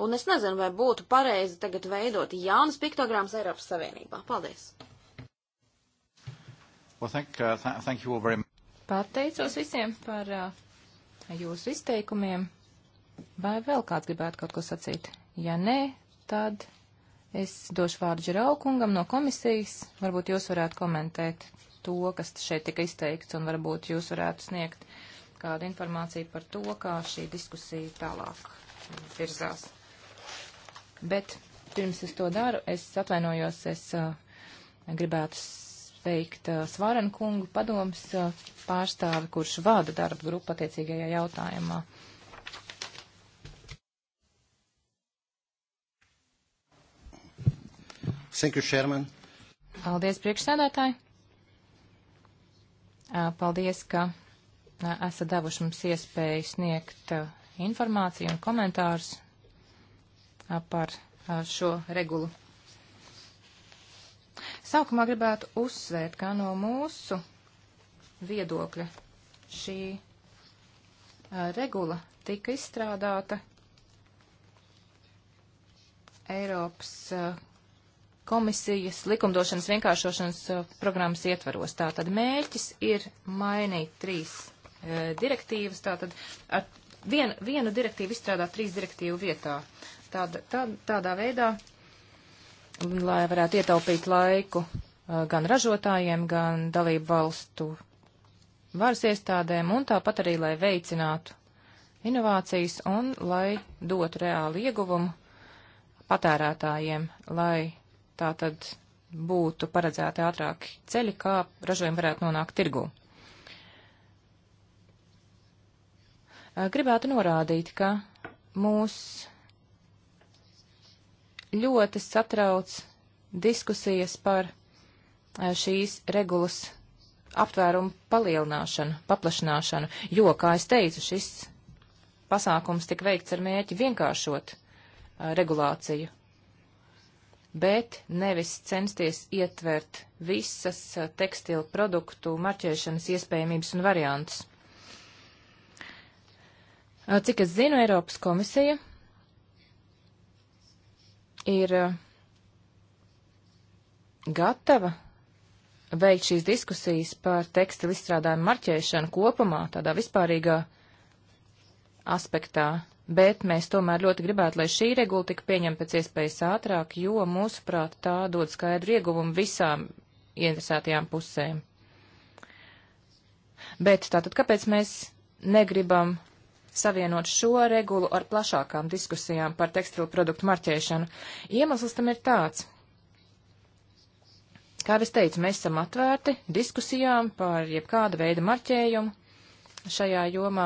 Un es nezinu, vai būtu pareizi tagad veidot jaunas piktogrammas Eiropas Savienībā. Paldies! Well, thank, uh, th thank you all very much. Pateicos visiem par uh, jūsu izteikumiem. Vai vēl kāds gribētu kaut ko sacīt? Ja nē, tad es došu vārdu Žiraukungam no komisijas. Varbūt jūs varētu komentēt to, kas šeit tika izteikts, un varbūt jūs varētu sniegt kādu informāciju par to, kā šī diskusija tālāk virzās. Bet pirms es to daru, es atvainojos, es uh, gribētu sveikt uh, Svarenu kungu padoms uh, pārstāvi, kurš vada darba grupu attiecīgajā jautājumā. Thank you, Chairman. Paldies, priekšsēdētāji. Uh, paldies, ka uh, esat devuši mums iespēju sniegt uh, informāciju un komentārus par šo regulu. Sākumā gribētu uzsvērt, kā no mūsu viedokļa šī regula tika izstrādāta Eiropas komisijas likumdošanas vienkāršošanas programmas ietvaros. Tātad mērķis ir mainīt trīs direktīvas, tātad ar vienu, vienu direktīvu izstrādāt trīs direktīvu vietā tāda, tād, tādā veidā, lai varētu ietaupīt laiku uh, gan ražotājiem, gan dalību valstu varas iestādēm, un tāpat arī, lai veicinātu inovācijas un lai dotu reāli ieguvumu patērētājiem, lai tā tad būtu paredzēti ātrāki ceļi, kā ražojumi varētu nonākt tirgū. Uh, gribētu norādīt, ka mūs ļoti satrauc diskusijas par e, šīs regulas aptvērumu palielināšanu, paplašināšanu, jo, kā es teicu, šis pasākums tika veikts ar mērķi vienkāršot uh, regulāciju, bet nevis censties ietvert visas uh, tekstilu produktu marķēšanas iespējamības un variantus. Uh, cik es zinu, Eiropas komisija ir uh, gatava veikt šīs diskusijas par tekstilu izstrādājumu marķēšanu kopumā, tādā vispārīgā aspektā, bet mēs tomēr ļoti gribētu, lai šī regula tika pieņemta pēc iespējas ātrāk, jo, mūsuprāt, tā dod skaidru ieguvumu visām ieinteresētajām pusēm. Bet tātad, kāpēc mēs negribam savienot šo regulu ar plašākām diskusijām par tekstilu produktu marķēšanu. Iemesls tam ir tāds. Kā es teicu, mēs esam atvērti diskusijām par jebkāda veida marķējumu šajā jomā,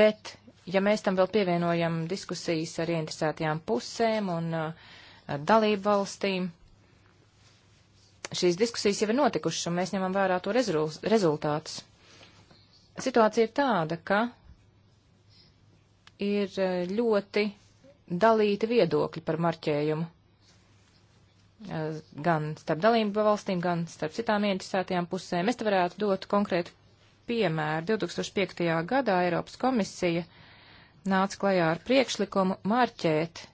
bet, ja mēs tam vēl pievienojam diskusijas ar ieinteresētajām pusēm un uh, dalību valstīm, šīs diskusijas jau ir notikušas, un mēs ņemam vērā to rezultātus. Situācija ir tāda, ka ir e, ļoti dalīti viedokļi par marķējumu. E, gan starp dalību valstīm, gan starp citām ieinteresētajām pusēm. Es te varētu dot konkrētu piemēru. 2005. gadā Eiropas komisija nāca klajā ar priekšlikumu marķēt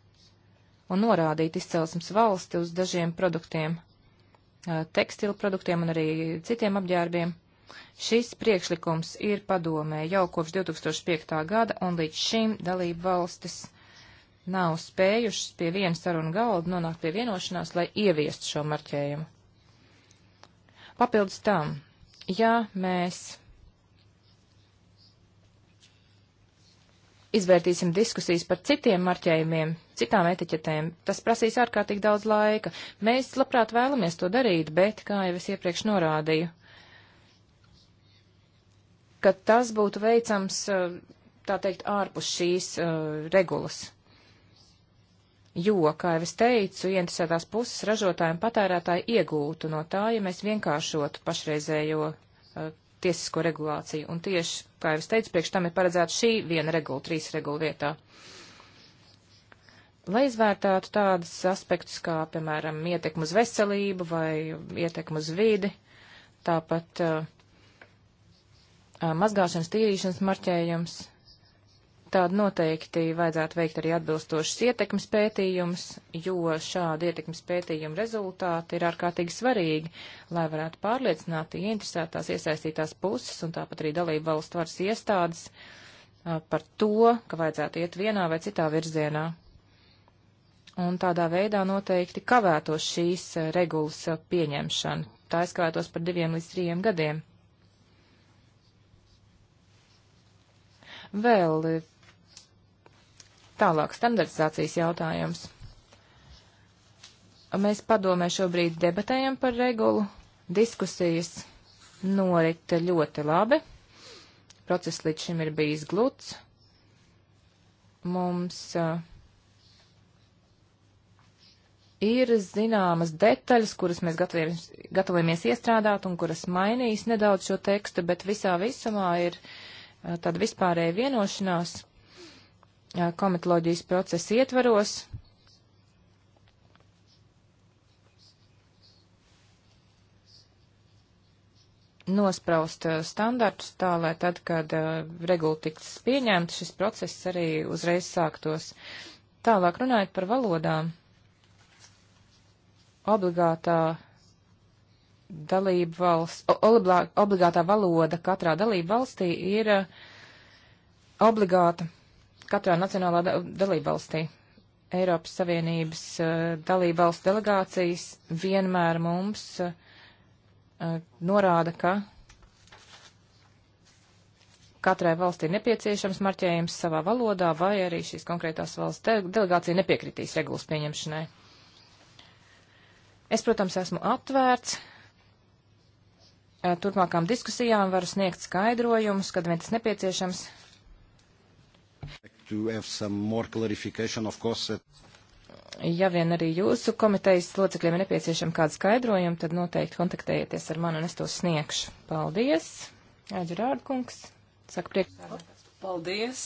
un norādīt izcelsmes valsti uz dažiem produktiem, e, tekstilu produktiem un arī citiem apģērbiem. Šis priekšlikums ir padomē jau kopš 2005. gada, un līdz šim dalību valstis nav spējušas pie viena saruna galda nonākt pie vienošanās, lai ieviestu šo marķējumu. Papildus tam, ja mēs izvērtīsim diskusijas par citiem marķējumiem, citām etiķetēm, tas prasīs ārkārtīgi daudz laika. Mēs labprāt vēlamies to darīt, bet, kā jau es iepriekš norādīju, ka tas būtu veicams, eh, tā teikt, ārpus šīs uh, regulas. Jo, kā jau es teicu, ieinteresētās puses ražotājiem patērētāji iegūtu no tā, ja mēs vienkāršotu pašreizējo uh, tiesisko regulāciju. Un tieši, kā jau es teicu, priekš tam ir paredzēta šī viena regula, trīs regula vietā. Lai izvērtētu tādus aspektus kā, piemēram, ietekmu uz veselību vai ietekmu uz vidi, tāpat uh, mazgāšanas, tīrīšanas marķējums. Tādu noteikti vajadzētu veikt arī atbilstošas ietekmes pētījumus, jo šāda ietekmes pētījuma rezultāti ir ārkārtīgi svarīgi, lai varētu pārliecināt ieinteresētās iesaistītās puses un tāpat arī dalību valstu varas iestādes par to, ka vajadzētu iet vienā vai citā virzienā. Un tādā veidā noteikti kavētos šīs regulas pieņemšana. Tā es kavētos par diviem līdz trījiem gadiem. Vēl tālāk standartizācijas jautājums. Mēs padomē šobrīd debatējam par regulu. Diskusijas norit ļoti labi. Process līdz šim ir bijis gluds. Mums uh, ir zināmas detaļas, kuras mēs gatavojamies, gatavojamies iestrādāt un kuras mainīs nedaudz šo tekstu, bet visā visumā ir uh, Eh, tāda vispārēja vienošanās eh, komitoloģijas procesa ietvaros. Nospraust eh, standartus tā, lai tad, kad regula tiks pieņemta, šis process arī uzreiz sāktos. Tālāk runājot par valodām. Obligātā dalību valsts, obligātā valoda katrā dalību valstī ir eh, obligāta katrā nacionālā da dalību valstī. Eiropas Savienības eh, dalību valsts delegācijas vienmēr mums eh, norāda, ka katrai valstī nepieciešams marķējums savā valodā, vai arī šīs konkrētās valsts de delegācija nepiekritīs regulas pieņemšanai. Es, protams, esmu atvērts turpmākām diskusijām varu sniegt skaidrojumus, kad vien tas nepieciešams. Ja vien arī jūsu komitejas locekļiem ir nepieciešama kāda skaidrojuma, tad noteikti kontaktējieties ar mani un es to sniegšu. Paldies, Āģerārkungs, saka priekšsēdētājs. Paldies,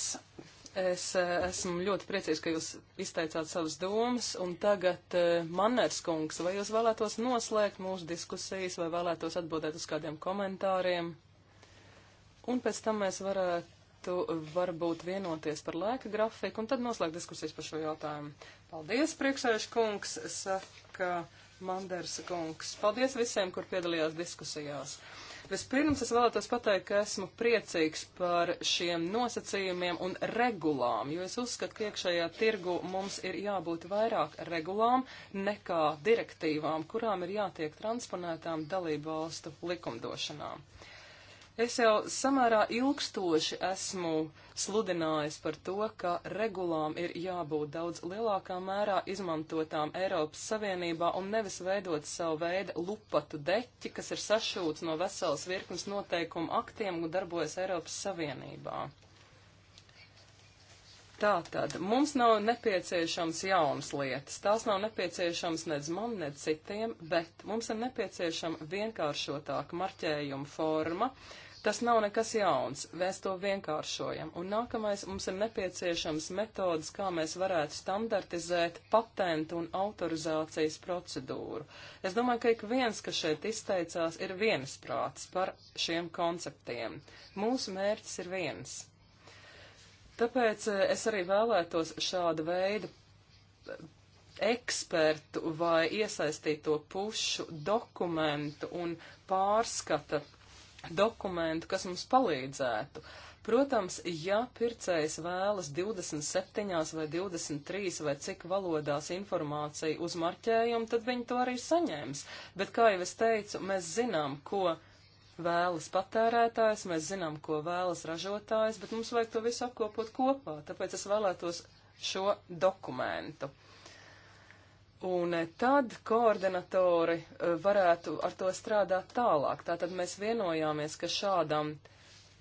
Es eh, esmu ļoti priecīgs, ka jūs izteicāt savas domas, un tagad eh, Manners kungs, vai jūs vēlētos noslēgt mūsu diskusijas, vai vēlētos atbildēt uz kādiem komentāriem? Un pēc tam mēs varētu varbūt vienoties par laika grafiku, un tad noslēgt diskusijas par šo jautājumu. Paldies, priekšsēžu kungs, saka Manders kungs. Paldies visiem, kur piedalījās diskusijās. Vispirms es vēlētos pateikt, ka esmu priecīgs par šiem nosacījumiem un regulām, jo es uzskatu, ka iekšējā tirgu mums ir jābūt vairāk regulām nekā direktīvām, kurām ir jātiek transponētām dalību valstu likumdošanām. Es jau samērā ilgstoši esmu sludinājis par to, ka regulām ir jābūt daudz lielākā mērā izmantotām Eiropas Savienībā un nevis veidot savu veidu lupatu deķi, kas ir sašūts no veselas virknes noteikumu aktiem un darbojas Eiropas Savienībā. Tātad mums nav nepieciešams jaunas lietas, tās nav nepieciešams nec man, nec citiem, bet mums ir nepieciešama vienkāršotāka marķējuma forma, uh, Tas nav nekas jauns, mēs to vienkāršojam. Un nākamais mums ir nepieciešams metodas, kā mēs varētu standartizēt patentu un autorizācijas procedūru. Es domāju, ka ik viens, kas šeit izteicās, ir viensprāts par šiem konceptiem. Mūsu mērķis ir viens. Tāpēc eh, es arī vēlētos šādu veidu eh, ekspertu vai iesaistīto pušu dokumentu un pārskata dokumentu, kas mums palīdzētu. Protams, ja pircējs vēlas 27 vai 23 vai cik valodās informāciju uz marķējumu, tad viņi to arī saņems. Bet, kā jau es teicu, mēs zinām, ko vēlas patērētājs, mēs zinām, ko vēlas ražotājs, bet mums vajag to visu apkopot kopā. Tāpēc es vēlētos šo dokumentu. Un eh, tad koordinatori eh, varētu ar to strādāt tālāk. Tātad mēs vienojāmies, ka šādam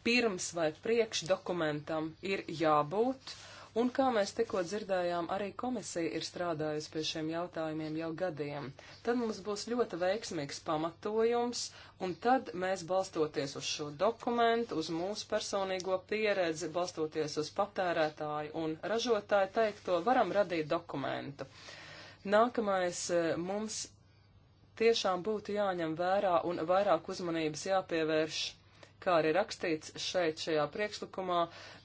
pirms vai priekšdokumentam ir jābūt. Un kā mēs tikko dzirdējām, arī komisija ir strādājusi pie šiem jautājumiem jau gadiem. Tad mums būs ļoti veiksmīgs pamatojums, un tad mēs balstoties uz šo dokumentu, uz mūsu personīgo pieredzi, balstoties uz patērētāju un ražotāju teikto, varam radīt dokumentu. Uh, Nākamais eh, mums tiešām būtu jāņem vērā un vairāk uzmanības jāpievērš, kā arī rakstīts šeit šajā priekšlikumā,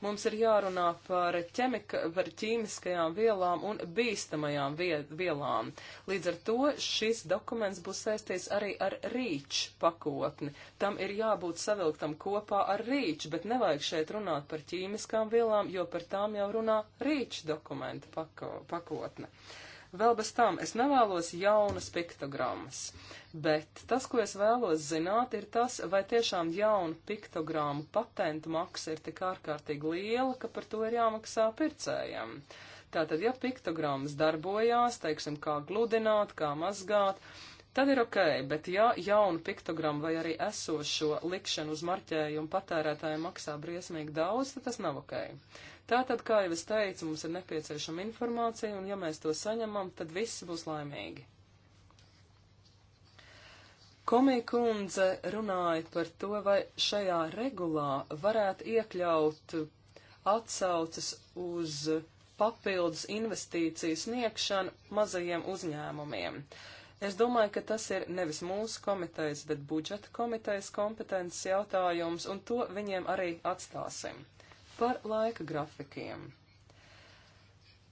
mums ir jārunā par, ķemika, par ķīmiskajām vielām un bīstamajām vie, vielām. Līdz ar to šis dokuments būs saistīts arī ar rīču pakotni. Tam ir jābūt savilktam kopā ar rīču, bet nevajag šeit runāt par ķīmiskām vielām, jo par tām jau runā rīču dokumenta pako, pakotne. Uh, Vēl bez tam es nevēlos jaunas piktogrammas, bet tas, ko es vēlos zināt, ir tas, vai tiešām jauna piktogramma patentu maksa ir tik ārkārtīgi liela, ka par to ir jāmaksā pircējiem. Tātad, ja piktogrammas darbojās, teiksim, kā gludināt, kā mazgāt, tad ir ok, bet ja jaunu piktogramu vai arī esošo likšanu uz marķējumu patērētājiem maksā briesmīgi daudz, tad tas nav ok. Tātad, kā jau es teicu, mums ir nepieciešama informācija, un ja mēs to saņemam, tad visi būs laimīgi. Komija kundze runāja par to, vai šajā regulā varētu iekļaut atsaucas uz papildus investīciju sniegšanu mazajiem uzņēmumiem. Es domāju, ka tas ir nevis mūsu komitejas, bet budžeta komitejas kompetences jautājums, un to viņiem arī atstāsim par laika grafikiem.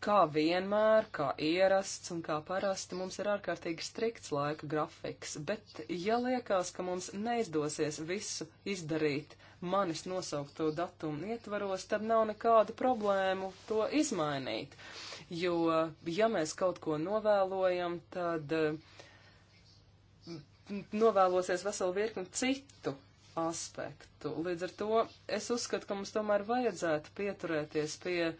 Kā vienmēr, kā ierasts un kā parasti, mums ir ārkārtīgi strikts laika grafiks, bet ja liekas, ka mums neizdosies visu izdarīt manis nosaukto datumu ietvaros, tad nav nekādu problēmu to izmainīt, jo ja mēs kaut ko novēlojam, tad mm, novēlosies veselu virkni citu aspektu. Līdz ar to es uzskatu, ka mums tomēr vajadzētu pieturēties pie m,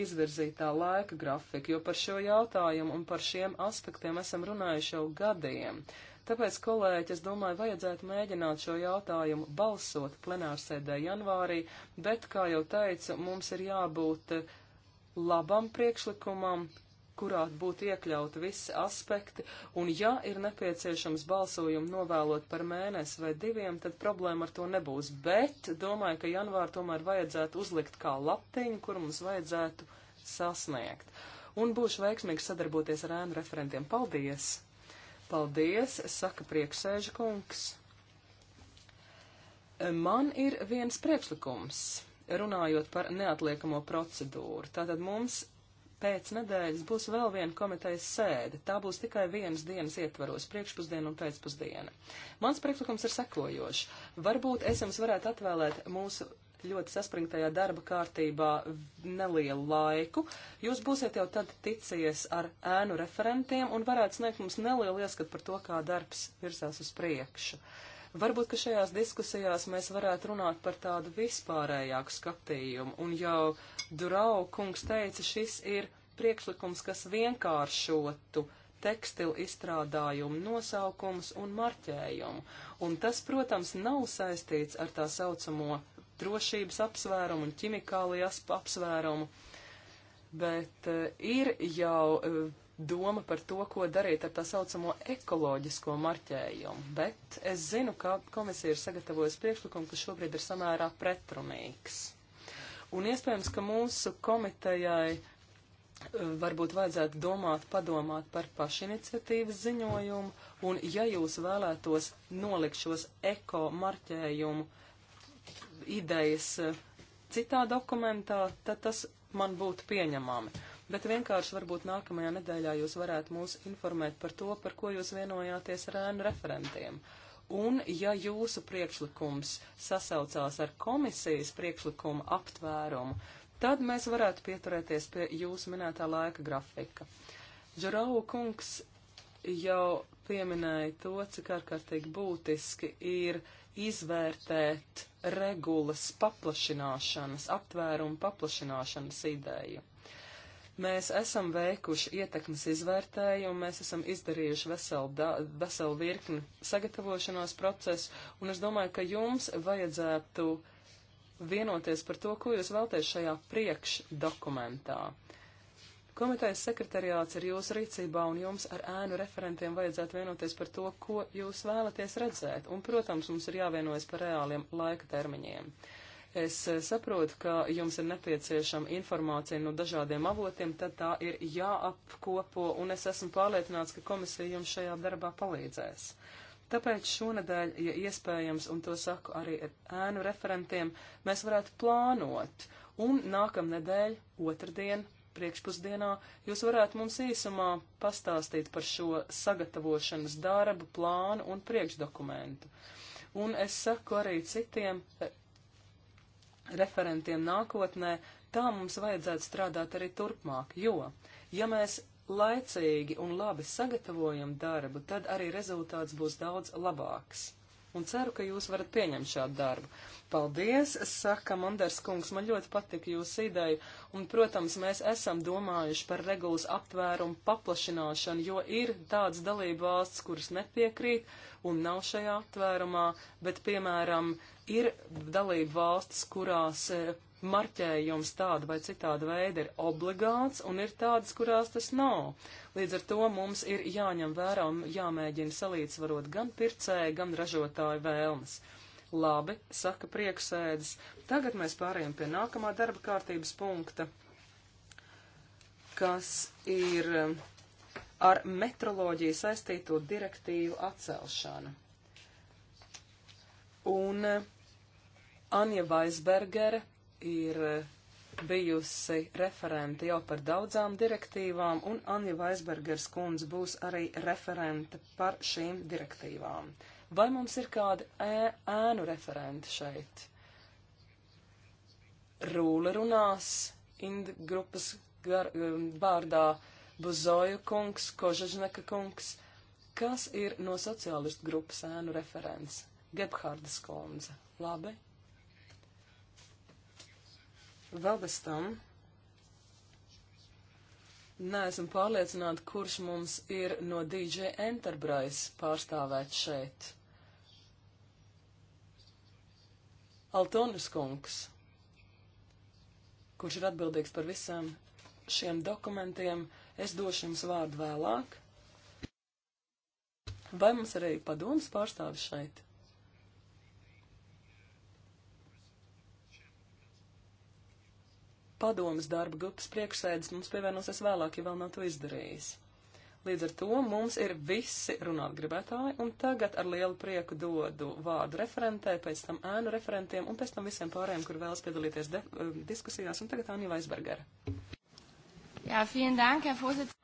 izvirzītā laika grafika, jo par šo jautājumu un par šiem aspektiem esam runājuši jau gadiem. Tāpēc, kolēģi, es domāju, vajadzētu mēģināt šo jautājumu balsot plenārsēdē janvārī, bet, kā jau teicu, mums ir jābūt labam priekšlikumam, kurā būtu iekļauti visi aspekti, un ja ir nepieciešams balsojumu novēlot par mēnesi vai diviem, tad problēma ar to nebūs. Bet domāju, ka janvāru tomēr vajadzētu uzlikt kā latiņu, kur mums vajadzētu sasniegt. Un būšu veiksmīgi sadarboties ar ēnu referentiem. Paldies! Paldies, saka prieksēža kungs. Man ir viens priekšlikums runājot par neatliekamo procedūru. Tātad mums pēc nedēļas būs vēl viena komitejas sēde. Tā būs tikai vienas dienas ietvaros, priekšpusdiena un pēcpusdiena. Mans priekšlikums ir sekojošs. Varbūt es jums varētu atvēlēt mūsu ļoti saspringtajā darba kārtībā nelielu laiku. Jūs būsiet jau tad ticies ar ēnu referentiem un varētu sniegt mums nelielu ieskatu par to, kā darbs virzās uz priekšu. Uh, Varbūt, ka šajās diskusijās mēs varētu runāt par tādu vispārējāku skatījumu, un jau Durau kungs teica, šis ir priekšlikums, kas vienkāršotu tekstilu izstrādājumu nosaukums un marķējumu, un tas, protams, nav saistīts ar tā saucamo drošības apsvērumu un ķimikālijas apsvērumu, bet eh, ir jau eh, doma par to, ko darīt ar tā saucamo ekoloģisko marķējumu, bet es zinu, ka komisija ir sagatavojusi priekšlikumu, kas šobrīd ir samērā pretrunīgs. Un iespējams, ka mūsu komitejai eh, varbūt vajadzētu domāt, padomāt par pašiniciatīvas ziņojumu, un ja jūs vēlētos nolikt šos eko marķējumu idejas eh, citā dokumentā, tad tas man būtu pieņemami bet vienkārši varbūt nākamajā nedēļā jūs varētu mūs informēt par to, par ko jūs vienojāties ar ēnu referentiem. Un ja jūsu priekšlikums sasaucās ar komisijas priekšlikuma aptvērumu, tad mēs varētu pieturēties pie jūsu minētā laika grafika. Džarau kungs jau pieminēja to, cik ārkārtīgi būtiski ir izvērtēt regulas paplašināšanas, aptvērumu paplašināšanas ideju. Mēs esam veikuši ietekmes izvērtējumu, mēs esam izdarījuši veselu, da, veselu virkni sagatavošanās procesu, un es domāju, ka jums vajadzētu vienoties par to, ko jūs vēlties šajā priekšdokumentā. Komitejas sekretariāts ir jūsu rīcībā, un jums ar ēnu referentiem vajadzētu vienoties par to, ko jūs vēlaties redzēt. Un, protams, mums ir jāvienojas par reāliem laika termiņiem. Es eh, saprotu, ka jums ir nepieciešama informācija no dažādiem avotiem, tad tā ir jāapkopo, un es esmu pārliecināts, ka komisija jums šajā darbā palīdzēs. Tāpēc šonadēļ, ja iespējams, un to saku arī ēnu referentiem, mēs varētu plānot. Un nākamnedēļ, otrdien, priekšpusdienā, jūs varētu mums īsumā pastāstīt par šo sagatavošanas darbu, plānu un priekšdokumentu. Un es saku arī citiem referentiem nākotnē, tā mums vajadzētu strādāt arī turpmāk, jo, ja mēs laicīgi un labi sagatavojam darbu, tad arī rezultāts būs daudz labāks. Un ceru, ka jūs varat pieņemt šādu darbu. Paldies, saka Manders kungs, man ļoti patika jūsu ideja, un, protams, mēs esam domājuši par regulas aptvērumu paplašināšanu, jo ir tāds dalību valsts, kuras nepiekrīt un nav šajā aptvērumā, bet, piemēram, uh, Ir dalība valstis, kurās e, marķējums tāda vai citāda veida ir obligāts, un ir tādas, kurās tas nav. Līdz ar to mums ir jāņem vērā un jāmēģina salīdzvarot gan pircēju, gan ražotāju vēlmes. Labi, saka prieksēdis. Tagad mēs pārējām pie nākamā darba kārtības punkta, kas ir e, ar metroloģiju saistīto direktīvu atcelšana. Un e, Anja Vaisbergere ir e, bijusi referente jau par daudzām direktīvām, un Anja Vaisbergers kundze būs arī referente par šīm direktīvām. Vai mums ir kādi ē, ēnu referenti šeit? Rūle runās Ind grupas gar, e, vārdā Buzoju kungs, Kožažneka kungs. Kas ir no sociālistu grupas ēnu referents? Gebhardas kundze. Labi. Vēl bez tam neesam pārliecināti, kurš mums ir no DJ Enterprise pārstāvēts šeit. Altonis kungs, kurš ir atbildīgs par visām šiem dokumentiem, es došu jums vārdu vēlāk. Vai mums arī padoms pārstāvis šeit? padomas darba grupas priekšsēdis mums pievienosies vēlāk, ja vēl nav to izdarījis. Līdz ar to mums ir visi runāt gribētāji, un tagad ar lielu prieku dodu vārdu referentē, pēc tam ēnu referentiem, un pēc tam visiem pārējiem, kur vēlas piedalīties de, um, diskusijās, un tagad Anija Vaisbergera. Jā, vielen dank, Herr Fuzits.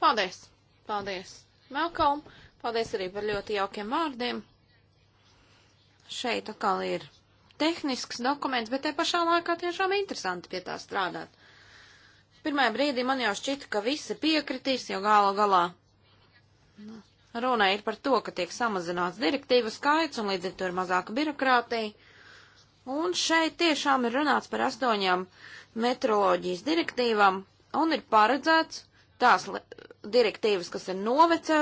Paldies, paldies, Malcolm, paldies arī par ļoti jaukiem vārdiem. Šeit atkal ir tehnisks dokuments, bet te pašā laikā tiešām interesanti pie tā strādāt. Pirmajā brīdī man jau šķita, ka visi piekritīs, jo gala galā runa ir par to, ka tiek samazināts direktīvu skaits un līdz ar to ir mazāka birokrātija. Un šeit tiešām ir runāts par astoņām metroloģijas direktīvām un ir paredzēts tās direktīvas, kas ir noveco,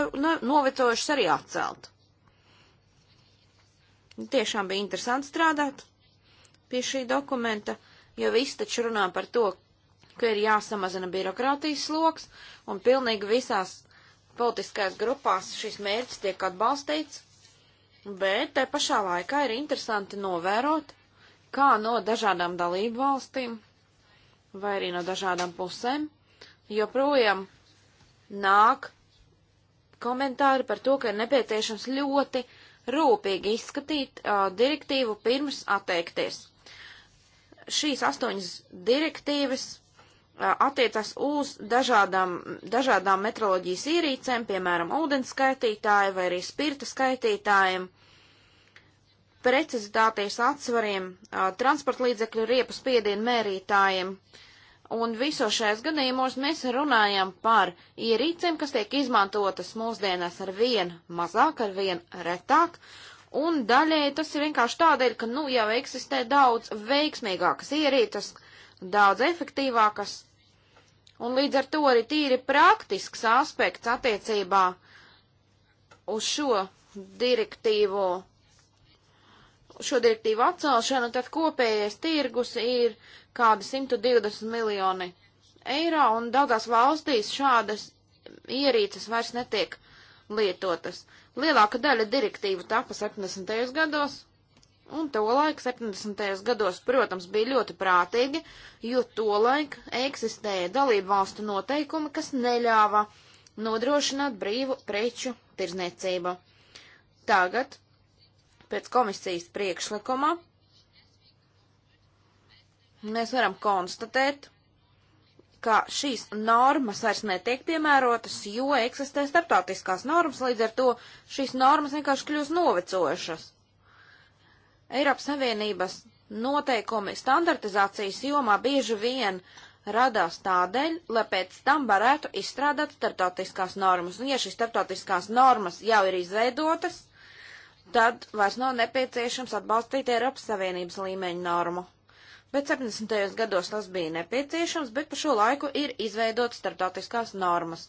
novecojušas, arī atcelt. Tiešām bija interesanti strādāt pie šī dokumenta, jo viss taču runā par to, ka ir jāsamazina birokrātijas sloks, un pilnīgi visās politiskajās grupās šis mērķis tiek atbalstīts, bet te pašā laikā ir interesanti novērot, kā no dažādām dalību valstīm vai arī no dažādām pusēm joprojām nāk komentāri par to, ka ir nepieciešams ļoti rūpīgi izskatīt uh, direktīvu pirms atteikties. Šīs astoņas direktīvas uh, attiecas uz dažādām, dažādām metroloģijas ierīcēm, piemēram, ūdens skaitītāju vai arī spirta skaitītājiem, precizitāties atsvariem, uh, transportlīdzekļu riepu spiedienu mērītājiem, uh, Un visos šajos gadījumos mēs runājam par ierīcēm, kas tiek izmantotas mūsdienās ar vien mazāk, ar vien retāk. Un daļēji tas ir vienkārši tādēļ, ka nu jau eksistē daudz veiksmīgākas ierīces, daudz efektīvākas. Un līdz ar to arī tīri praktisks aspekts attiecībā uz šo direktīvu, šo direktīvu atcelšanu, tad kopējais tirgus ir kādi 120 miljoni eiro, un daudzās valstīs šādas ierīces vairs netiek lietotas. Lielāka daļa direktīvu tapa 70. gados, un tolaik 70. gados, protams, bija ļoti prātīgi, jo tolaik eksistēja dalību valstu noteikumi, kas neļāva nodrošināt brīvu preču tirzniecību. Tagad, pēc komisijas priekšlikuma, mēs varam konstatēt, ka šīs normas vairs netiek piemērotas, jo eksistē starptautiskās normas, līdz ar to šīs normas vienkārši kļūst novecojušas. Eiropas Savienības noteikumi standartizācijas jomā bieži vien radās tādēļ, lai pēc tam varētu izstrādāt starptautiskās normas. Un ja šīs starptautiskās normas jau ir izveidotas, tad vairs nav nepieciešams atbalstīt Eiropas Savienības līmeņa normu. Bet 70. gados tas bija nepieciešams, bet pa šo laiku ir izveidotas starptautiskās normas.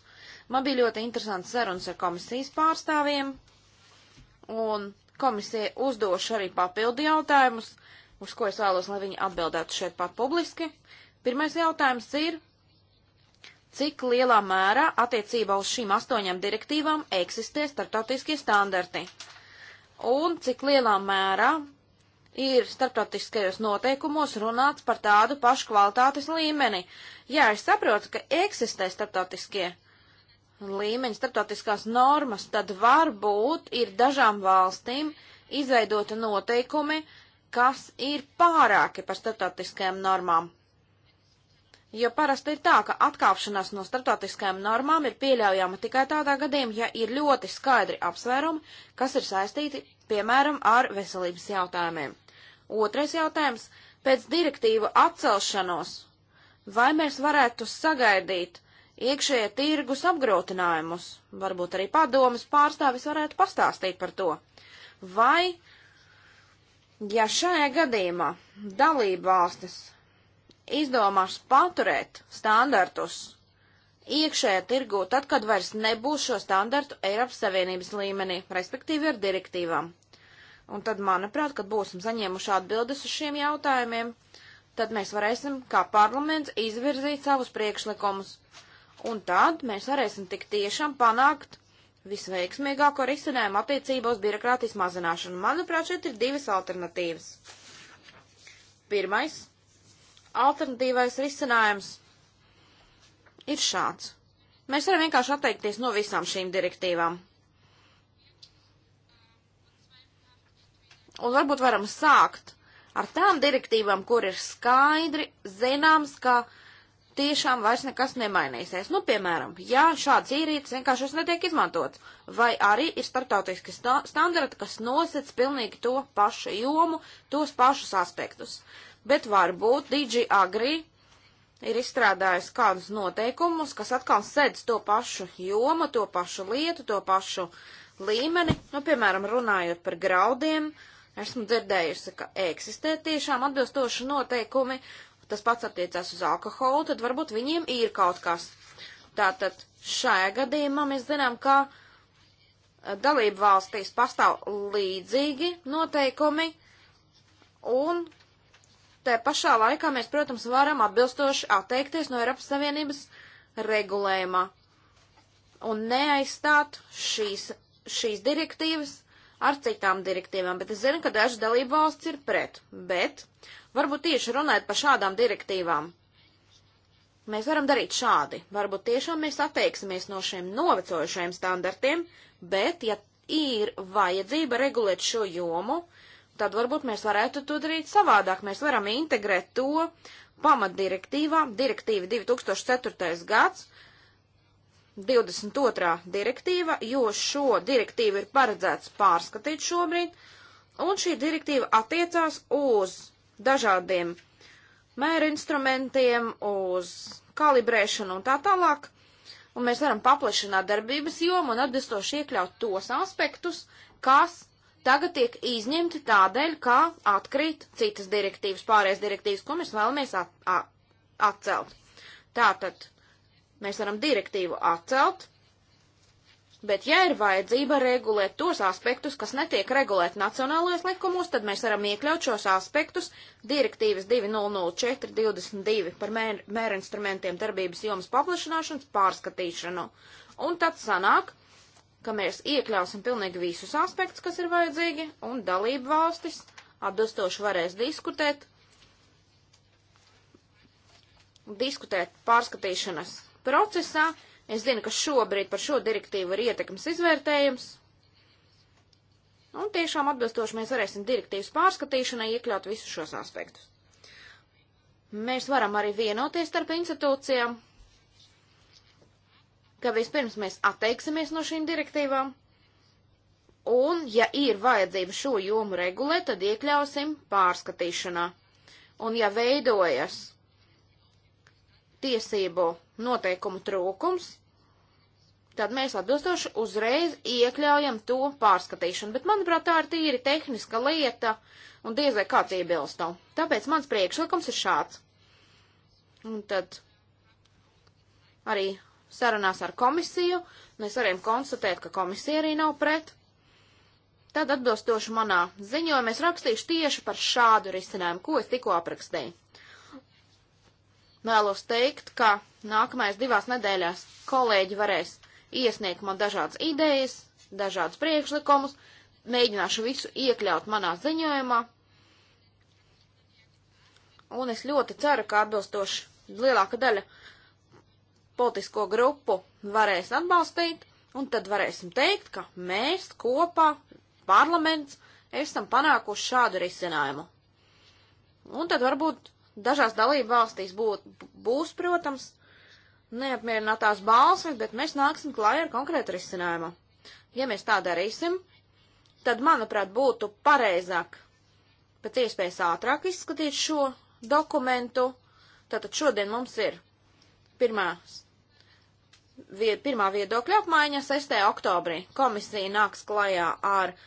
Man bija ļoti interesants sarunas ar komisijas pārstāvjiem, un komisija uzdošu arī papildu jautājumus, uz ko es vēlos, lai viņi atbildētu šeit pat publiski. Pirmais jautājums ir, cik lielā mērā attiecībā uz šīm astoņām direktīvām eksistē starptautiskie standarti, un cik lielā mērā ir starptautiskajos noteikumos runāts par tādu pašu kvalitātes līmeni. Jā, es saprotu, ka eksistē starptautiskie līmeņi, starptautiskās normas, tad varbūt ir dažām valstīm izveidota noteikumi, kas ir pārāki par starptautiskajām normām. Jo parasti ir tā, ka atkāpšanās no starptautiskajām normām ir pieļaujama tikai tādā gadījumā, ja ir ļoti skaidri apsvērumi, kas ir saistīti, piemēram, ar veselības jautājumiem. Otrais jautājums - pēc direktīvu atcelšanos, vai mēs varētu sagaidīt iekšējā tirgus apgrūtinājumus? Varbūt arī padomas pārstāvis varētu pastāstīt par to. Vai, ja šajā gadījumā dalība valstis izdomās paturēt standartus iekšējā tirgū, tad, kad vairs nebūs šo standartu Eiropas Savienības līmenī, respektīvi ar direktīvām. Un tad, manuprāt, kad būsim saņēmuši atbildes uz šiem jautājumiem, tad mēs varēsim, kā parlaments, izvirzīt savus priekšlikumus. Un tad mēs varēsim tik tiešām panākt visveiksmīgāko risinājumu attiecībā uz birokrātijas mazināšanu. Manuprāt, šeit ir divas alternatīvas. Pirmais, alternatīvais risinājums ir šāds. Mēs varam vienkārši atteikties no visām šīm direktīvām. Un varbūt varam sākt ar tām direktīvām, kur ir skaidri zināms, ka tiešām vairs nekas nemainīsies. Nu, piemēram, ja šāds īrītis vienkārši vairs netiek izmantots, vai arī ir startautiski sta standarti, kas nosec pilnīgi to pašu jomu, tos pašus aspektus. Bet varbūt DJ Agri ir izstrādājis kādus noteikumus, kas atkal sedz to pašu jomu, to pašu lietu, to pašu līmeni, nu, piemēram, runājot par graudiem, uh, Esmu dzirdējusi, ka eksistē tiešām atbilstoši noteikumi, tas pats attiecās uz alkoholu, tad varbūt viņiem ir kaut kas. Tātad šajā gadījumā mēs zinām, ka eh, dalību valstīs pastāv līdzīgi noteikumi, un te pašā laikā mēs, protams, varam atbilstoši atteikties no Eiropas Savienības regulējumā un neaizstāt šīs, šīs direktīvas ar citām direktīvām, bet es zinu, ka daži dalību valsts ir pret. Bet varbūt tieši runājot par šādām direktīvām, mēs varam darīt šādi. Varbūt tiešām mēs atteiksimies no šiem novecojušajiem standartiem, bet ja ir vajadzība regulēt šo jomu, tad varbūt mēs varētu to darīt savādāk. Mēs varam integrēt to pamatdirektīvā, direktīva 2004. gads, 22. direktīva, jo šo direktīvu ir paredzēts pārskatīt šobrīd, un šī direktīva attiecās uz dažādiem mēru instrumentiem, uz kalibrēšanu un tā tālāk, un mēs varam paplašināt darbības jomu un atbilstoši iekļaut tos aspektus, kas tagad tiek izņemti tādēļ, kā atkrīt citas direktīvas, pārējais direktīvas, ko mēs vēlamies at, at, atcelt. Tātad Mēs varam direktīvu atcelt, bet ja ir vajadzība regulēt tos aspektus, kas netiek regulēt nacionālajos likumos, tad mēs varam iekļaut šos aspektus direktīvas 2004-22 par mērinstrumentiem darbības jomas paplašināšanas pārskatīšanu. Un tad sanāk, ka mēs iekļausim pilnīgi visus aspektus, kas ir vajadzīgi, un dalību valstis atbilstoši varēs diskutēt, diskutēt pārskatīšanas procesā. Es zinu, ka šobrīd par šo direktīvu ir ietekmes izvērtējums. Un tiešām atbilstoši mēs varēsim direktīvas pārskatīšanai iekļaut visus šos aspektus. Mēs varam arī vienoties starp institūcijām, ka vispirms mēs atteiksimies no šīm direktīvām, un, ja ir vajadzība šo jomu regulēt, tad iekļausim pārskatīšanā. Un, ja veidojas tiesību noteikumu trūkums, tad mēs atbilstoši uzreiz iekļaujam to pārskatīšanu. Bet, manuprāt, tā ir tīri tehniska lieta un diez vai kāds iebilst tam. Tāpēc mans priekšlikums ir šāds. Un tad arī sarunās ar komisiju mēs varējām konstatēt, ka komisija arī nav pret. Tad atbilstoši manā ziņojumā es rakstīšu tieši par šādu risinājumu, ko es tikko aprakstīju. Vēlos teikt, ka nākamais divās nedēļās kolēģi varēs iesniegt man dažādas idejas, dažādas priekšlikumus, mēģināšu visu iekļaut manā ziņojumā. Un es ļoti ceru, ka atbilstoši lielāka daļa politisko grupu varēs atbalstīt, un tad varēsim teikt, ka mēs kopā, parlaments, esam panākuši šādu risinājumu. Un tad varbūt Dažās dalību valstīs būt, būs, protams, neapmierinātās balsis, bet mēs nāksim klāj ar konkrētu risinājumu. Ja mēs tā darīsim, tad, manuprāt, būtu pareizāk pēc iespējas ātrāk izskatīt šo dokumentu. Tātad šodien mums ir pirmās vie, pirmā viedokļa apmaiņa 6. oktobrī. Komisija nāks klajā ar uh,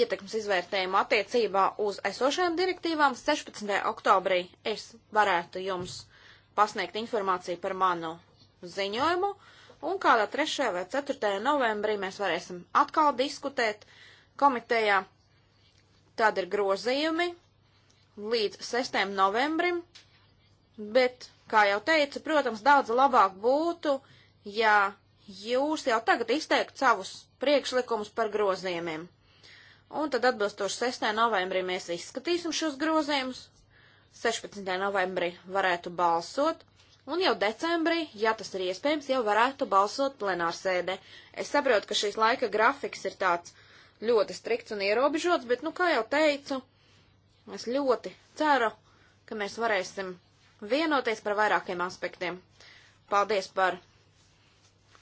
ietekmes izvērtējumu attiecībā uz esošajām direktīvām 16. oktobrī es varētu jums pasniegt informāciju par manu ziņojumu, un kādā 3. vai 4. novembrī mēs varēsim atkal diskutēt komitejā. Tad ir grozījumi līdz 6. novembrim, bet, kā jau teicu, protams, daudz labāk būtu, ja jūs jau tagad izteikt savus priekšlikumus par grozījumiem. Un tad atbilstoši 6. novembrī mēs izskatīsim šos grozījumus. 16. novembrī varētu balsot. Un jau decembrī, ja tas ir iespējams, jau varētu balsot plenārsēdē. Es saprotu, ka šīs laika grafiks ir tāds ļoti strikts un ierobežots, bet, nu, kā jau teicu, es ļoti ceru, ka mēs varēsim vienoties par vairākiem aspektiem. Paldies par,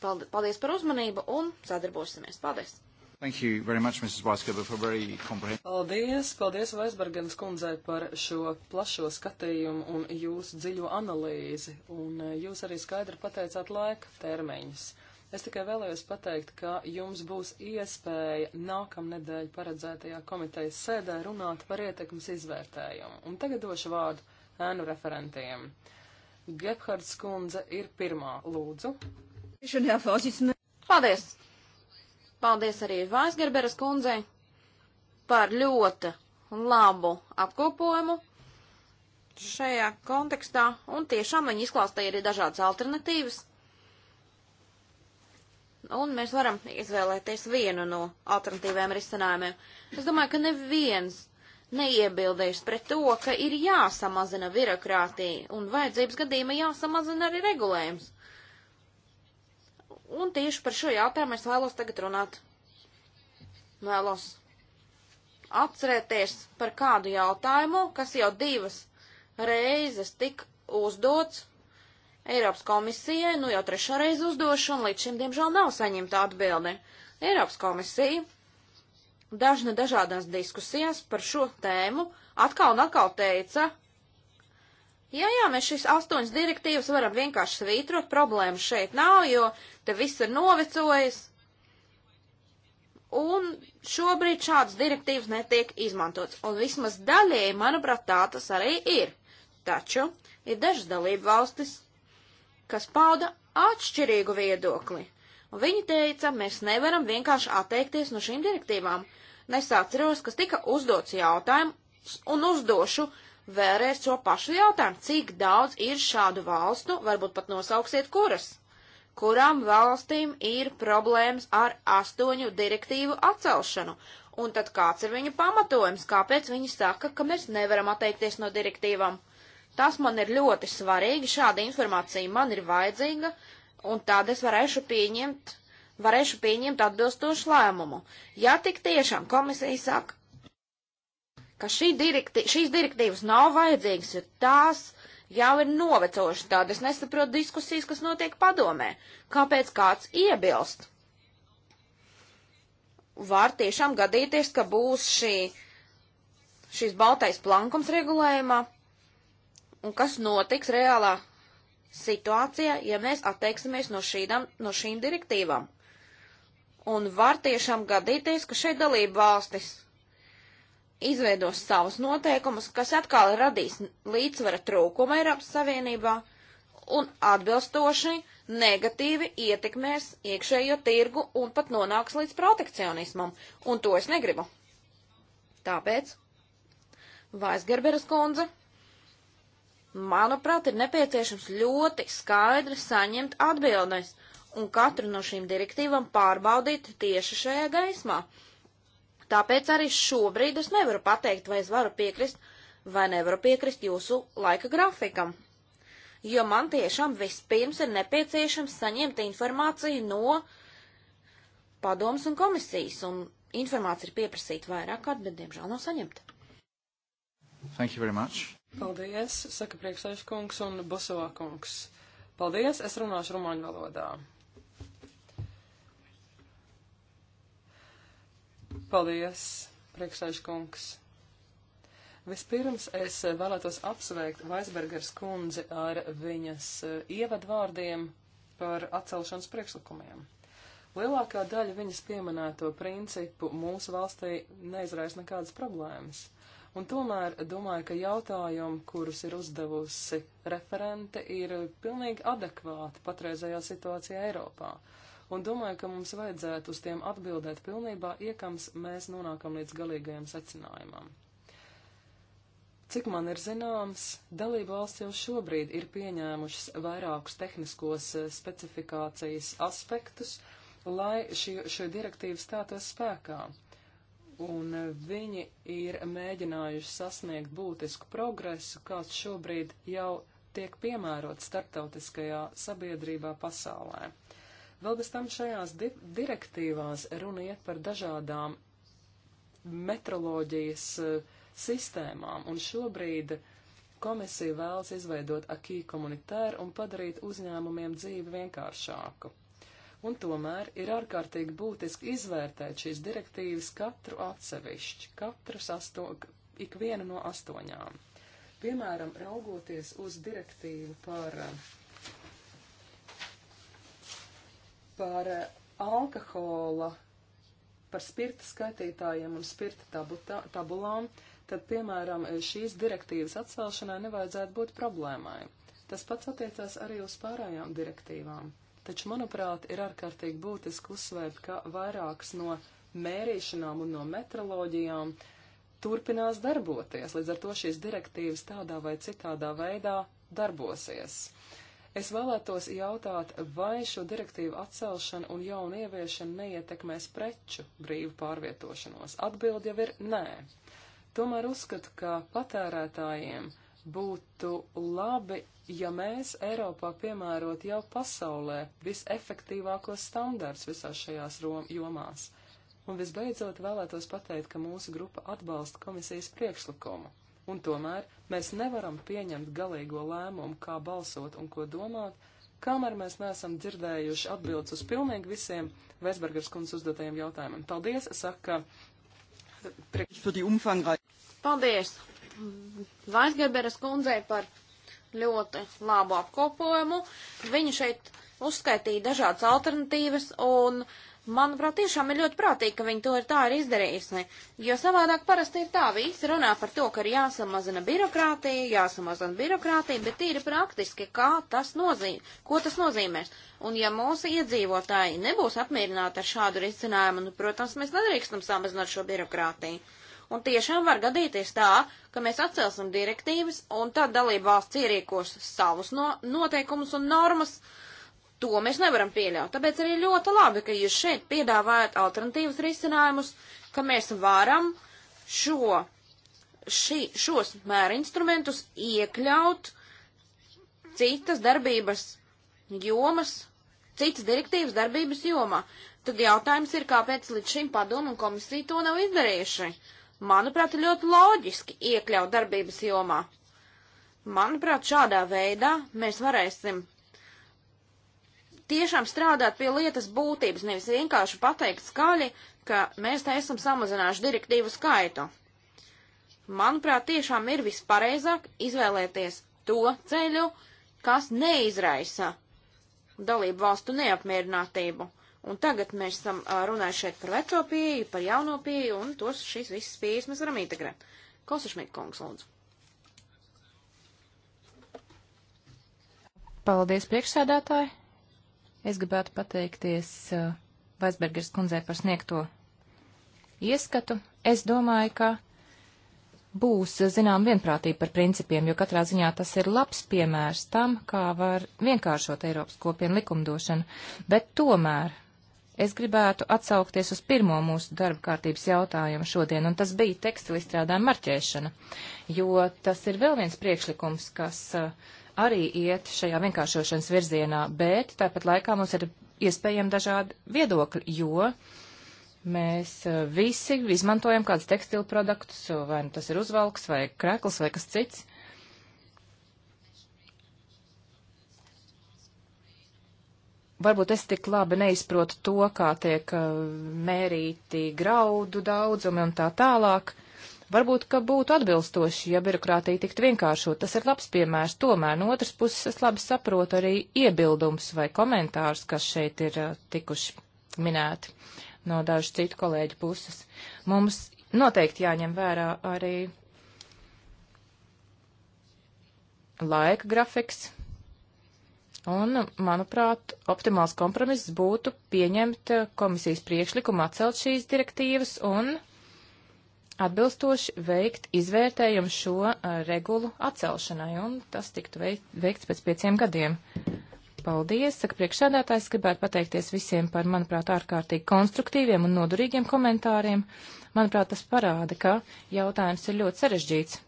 paldies par uzmanību un sadarbosimies. Paldies! Thank you very much, Mrs. Weisgerber, for very comprehensive. Paldies, paldies Weisbergens kundzei par šo plašo skatījumu un jūsu dziļo analīzi, un eh, jūs arī skaidri pateicāt laika termiņus. Es tikai vēlējos pateikt, ka jums būs iespēja nākamnedēļ paredzētajā komitejas sēdē runāt par ietekmes izvērtējumu. Un tagad došu vārdu ēnu referentiem. Gebhards kundze ir pirmā. Lūdzu. Paldies! Paldies arī Vaisgerberas kundzei par ļoti labu apkopojumu šajā kontekstā, un tiešām viņi izklāstīja arī dažādas alternatīvas. Un mēs varam izvēlēties vienu no alternatīviem risinājumiem. Es domāju, ka neviens neiebildēs pret to, ka ir jāsamazina birokrātija, un vajadzības gadījumā jāsamazina arī regulējums. Un tieši par šo jautājumu es vēlos tagad runāt. Vēlos atcerēties par kādu jautājumu, kas jau divas reizes tika uzdots Eiropas komisijai, nu jau trešā reize uzdošu, un līdz šim, diemžēl, nav saņemta atbildi. Eiropas komisija dažna dažādās diskusijās par šo tēmu atkal un atkal teica, Jā, jā, mēs šīs astoņas direktīvas varam vienkārši svītrot, problēma šeit nav, jo te viss ir novecojis. Un šobrīd šādas direktīvas netiek izmantotas, un vismaz daļēji, manuprāt, tā tas arī ir. Taču ir dažas dalību valstis, kas pauda atšķirīgu viedokli, un viņi teica, mēs nevaram vienkārši atteikties no šīm direktīvām. Nesāceros, kas tika uzdots jautājumu, un uzdošu vēlreiz šo pašu jautājumu, cik daudz ir šādu valstu, varbūt pat nosauksiet kuras, kurām valstīm ir problēmas ar astoņu direktīvu atcelšanu. Un tad kāds ir viņu pamatojums, kāpēc viņi saka, ka mēs nevaram atteikties no direktīvām? Tas man ir ļoti svarīgi, šāda informācija man ir vajadzīga, un tad es varēšu pieņemt varēšu pieņemt atbilstošu lēmumu. Ja tik tiešām komisija saka, ka šī direkti, šīs direktīvas nav vajadzīgas, jo tās jau ir novecojušas tādas. Es nesaprotu diskusijas, kas notiek padomē. Kāpēc kāds iebilst? Var tiešām gadīties, ka būs šī, šis baltais plankums regulējumā, un kas notiks reālā situācijā, ja mēs atteiksimies no, šīdam, no šīm direktīvām. Un var tiešām gadīties, ka šeit dalība valstis izveidos savus noteikumus, kas atkal radīs līdzsvara trūkumu Eiropas Savienībā un atbilstoši negatīvi ietekmēs iekšējo tirgu un pat nonāks līdz protekcionismam, un to es negribu. Tāpēc Vaisgerberas kundze, manuprāt, ir nepieciešams ļoti skaidri saņemt atbildēs un katru no šīm direktīvām pārbaudīt tieši šajā gaismā. Tāpēc arī šobrīd es nevaru pateikt, vai es varu piekrist vai nevaru piekrist jūsu laika grafikam. Jo man tiešām vispirms ir nepieciešams saņemt informāciju no padomas un komisijas, un informācija ir pieprasīta vairāk, bet, diemžēl, nav saņemta. Thank you very much. Paldies, saka priekšsēžkungs un Bosovā kungs. Paldies, es runāšu rumāņu valodā. Paldies, priekšsēžkungs. Vispirms es vēlētos apsveikt Vaisbergers kundzi ar viņas eh, ievadvārdiem par atcelšanas priekšlikumiem. Lielākā daļa viņas pieminēto principu mūsu valstī neizraisa nekādas problēmas. Un tomēr domāju, ka jautājumi, kurus ir uzdevusi referente, ir pilnīgi adekvāti patreizajā situācijā Eiropā un domāju, ka mums vajadzētu uz tiem atbildēt pilnībā, iekams mēs nonākam līdz galīgajam secinājumam. Cik man ir zināms, dalībvalsts jau šobrīd ir pieņēmušas vairākus tehniskos eh, specifikācijas aspektus, lai šī, šī direktīva stātos spēkā. Un eh, viņi ir mēģinājuši sasniegt būtisku progresu, kāds šobrīd jau tiek piemērots starptautiskajā sabiedrībā pasaulē. Vēl bez tam šajās di direktīvās runa iet par dažādām metroloģijas uh, sistēmām, un šobrīd komisija vēlas izveidot akī komunitēru un padarīt uzņēmumiem dzīvi vienkāršāku. Un tomēr ir ārkārtīgi būtiski izvērtēt šīs direktīvas katru atsevišķi, katru sasto, ikvienu no astoņām. Piemēram, raugoties uz direktīvu par uh, par eh, alkohola, par spirta skaitītājiem un spirta tabu, tabulām, tad, piemēram, šīs direktīvas atcelšanai nevajadzētu būt problēmai. Tas pats attiecās arī uz pārējām direktīvām. Taču, manuprāt, ir ārkārtīgi būtiski uzsvērt, ka vairākas no mērīšanām un no metroloģijām turpinās darboties, līdz ar to šīs direktīvas tādā vai citādā veidā darbosies. Uh, Es vēlētos jautāt, vai šo direktīvu atcelšana un jaunu ieviešana neietekmēs preču brīvu pārvietošanos. Atbildi jau ir nē. Tomēr uzskatu, ka patērētājiem būtu labi, ja mēs Eiropā piemērot jau pasaulē visefektīvākos standarts visās šajās jomās. Un visbeidzot vēlētos pateikt, ka mūsu grupa atbalsta komisijas priekšlikumu. Un tomēr mēs nevaram pieņemt galīgo lēmumu, kā balsot un ko domāt, kamēr mēs neesam dzirdējuši atbildes uz pilnīgi visiem Vēsbergers kundzes uzdotajiem jautājumiem. Paldies, saka. Paldies! Vaisgerberas kundzei par ļoti labu apkopojumu. Viņa šeit uzskaitīja dažādas alternatīvas un uh, Manuprāt, tiešām ir ļoti prātīgi, ka viņi to ir tā ir izdarījusi, jo savādāk parasti ir tā, visi runā par to, ka ir jāsamazina birokrātija, jāsamazina birokrātija, bet tīri praktiski, kā tas nozīmē, ko tas nozīmēs. Un ja mūsu iedzīvotāji nebūs apmierināti ar šādu risinājumu, nu, protams, mēs nedrīkstam samazināt šo birokrātiju. Un tiešām var gadīties tā, ka mēs atcelsim direktīvas, un tad dalība valsts ierīkos savus no, noteikumus un normas, uh, To mēs nevaram pieļaut. Tāpēc arī ļoti labi, ka jūs šeit piedāvājat alternatīvas risinājumus, ka mēs varam šo, šī, šos mērinstrumentus iekļaut citas darbības jomas, citas direktīvas darbības jomā. Tad jautājums ir, kāpēc līdz šim padomu un komisija to nav izdarījuši. Manuprāt, ir ļoti loģiski iekļaut darbības jomā. Manuprāt, šādā veidā mēs varēsim tiešām strādāt pie lietas būtības, nevis vienkārši pateikt skaļi, ka mēs te esam samazinājuši direktīvu skaitu. Manuprāt, tiešām ir vispareizāk izvēlēties to ceļu, kas neizraisa dalību valstu neapmierinātību. Un tagad mēs esam runājuši šeit par veco pieeju, par jauno pieeju, un tos šīs visas pieejas mēs varam integrēt. Kosušmīt, kungs, lūdzu. Paldies, priekšsēdētāji! Es gribētu pateikties uh, eh, Vaisbergers kundzei par sniegto ieskatu. Es domāju, ka būs, eh, zinām, vienprātība par principiem, jo katrā ziņā tas ir labs piemērs tam, kā var vienkāršot Eiropas kopienu likumdošanu, bet tomēr es gribētu atsaukties uz pirmo mūsu darba kārtības jautājumu šodien, un tas bija tekstilu izstrādājuma marķēšana, jo tas ir vēl viens priekšlikums, kas uh, arī iet šajā vienkāršošanas virzienā, bet tāpat laikā mums ir iespējami dažādi viedokļi, jo mēs eh, visi izmantojam kādus tekstilu produktus, vai nu tas ir uzvalks, vai krekls, vai kas cits. Varbūt es tik labi neizprotu to, kā tiek eh, mērīti graudu daudzumi un tā tālāk. Uh, Varbūt, ka būtu atbilstoši, ja birokrātija tiktu vienkāršot. Tas ir labs piemērs. Tomēr no otras puses es labi saprotu arī iebildums vai komentārus, kas šeit ir uh, tikuši minēti no dažu citu kolēģu puses. Mums noteikti jāņem vērā arī laika grafiks. Un, manuprāt, optimāls kompromiss būtu pieņemt eh, komisijas priekšlikumu atcelt šīs direktīvas un atbilstoši veikt izvērtējumu šo uh, regulu atcelšanai, un tas tiktu veikts pēc pieciem gadiem. Paldies, saka priekšsēdētājs, gribētu pateikties visiem par, manuprāt, ārkārtīgi konstruktīviem un nodurīgiem komentāriem. Manuprāt, tas parāda, ka jautājums ir ļoti sarežģīts.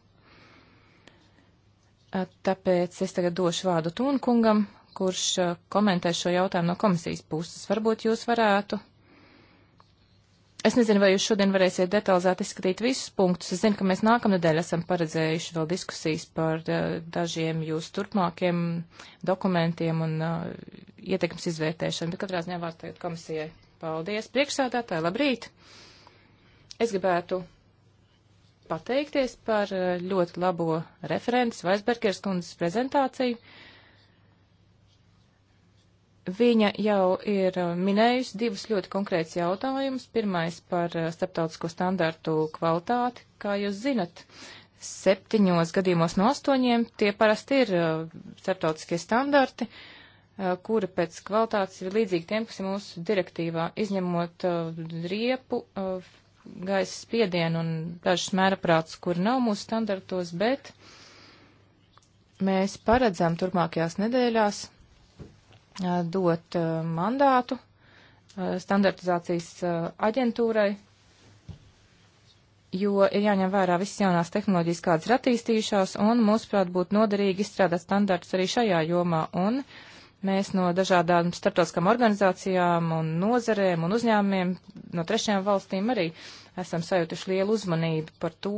Uh, tāpēc es tagad došu vārdu Tūnkungam, kurš uh, komentē šo jautājumu no komisijas puses. Varbūt jūs varētu Es nezinu, vai jūs šodien varēsiet detalizēt izskatīt visus punktus. Es zinu, ka mēs nākamnedēļ esam paredzējuši vēl diskusijas par uh, dažiem jūsu turpmākiem dokumentiem un uh, ietekmes izvērtēšanu, bet katrā ziņā vārds tagad komisijai. Paldies, priekšsādātāji, labrīt! Es gribētu pateikties par eh, ļoti labo referents Vaisbergers kundzes prezentāciju. Uh, Viņa jau ir uh, minējusi divus ļoti konkrētus jautājumus. Pirmais par uh, starptautisko standartu kvalitāti. Kā jūs zinat, septiņos gadījumos no astoņiem tie parasti ir uh, starptautiskie standarti, kuri pēc kvalitātes ir līdzīgi tiem, kas ir mūsu direktīvā, izņemot riepu, gaisa spiedienu un dažus mēraprātus, kuri nav mūsu standartos, bet mēs paredzam turpmākajās nedēļās dot mandātu standartizācijas aģentūrai, jo ir jāņem vērā visas jaunās tehnoloģijas, kādas ir attīstījušās, un, mūsuprāt, būtu noderīgi izstrādāt standartus arī šajā jomā. Un mēs no dažādām starptautiskām organizācijām un nozarēm un uzņēmumiem no trešajām valstīm arī esam sajutuši lielu uzmanību par to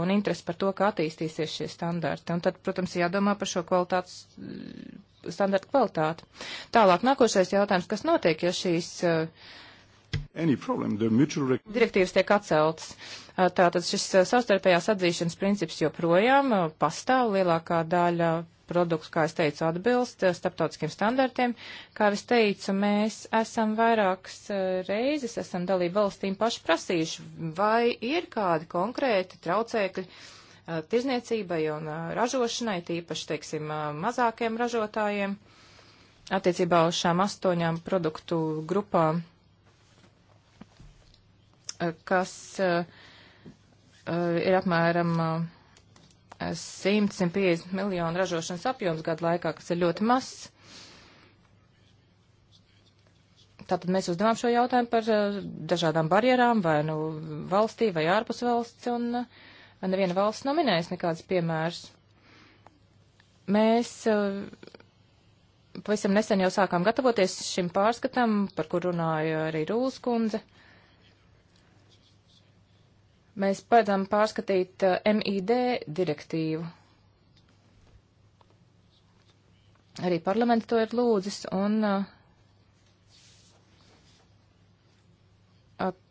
un interesi par to, kā attīstīsies šie standarti. Un tad, protams, jādomā par šo kvalitātes standartu kvalitāti. Tālāk nākošais jautājums, kas notiek, ja šīs eh, mutual... direktīvas tiek atceltas? Eh, tātad šis eh, savstarpējās atzīšanas princips joprojām pastāv lielākā daļa produkts, kā es teicu, atbilst starptautiskiem standartiem. Kā es teicu, mēs esam vairākas reizes, esam dalību valstīm paši prasījuši, vai ir kādi konkrēti traucēkļi tirzniecībai un ražošanai, tīpaši, teiksim, mazākiem ražotājiem attiecībā uz šām astoņām produktu grupām, kas ir apmēram 100-150 miljonu ražošanas apjoms gadu laikā, kas ir ļoti mazs. Tātad mēs uzdevām šo jautājumu par dažādām barjerām, vai nu valstī, vai ārpus valsts, un uh, neviena valsts nav minējusi nekādas piemērs. Mēs uh, pavisam nesen jau sākām gatavoties šim pārskatam, par kur runāja arī Rūlas kundze. Mēs paredzam pārskatīt uh, MID direktīvu. Arī parlaments to ir lūdzis, un uh,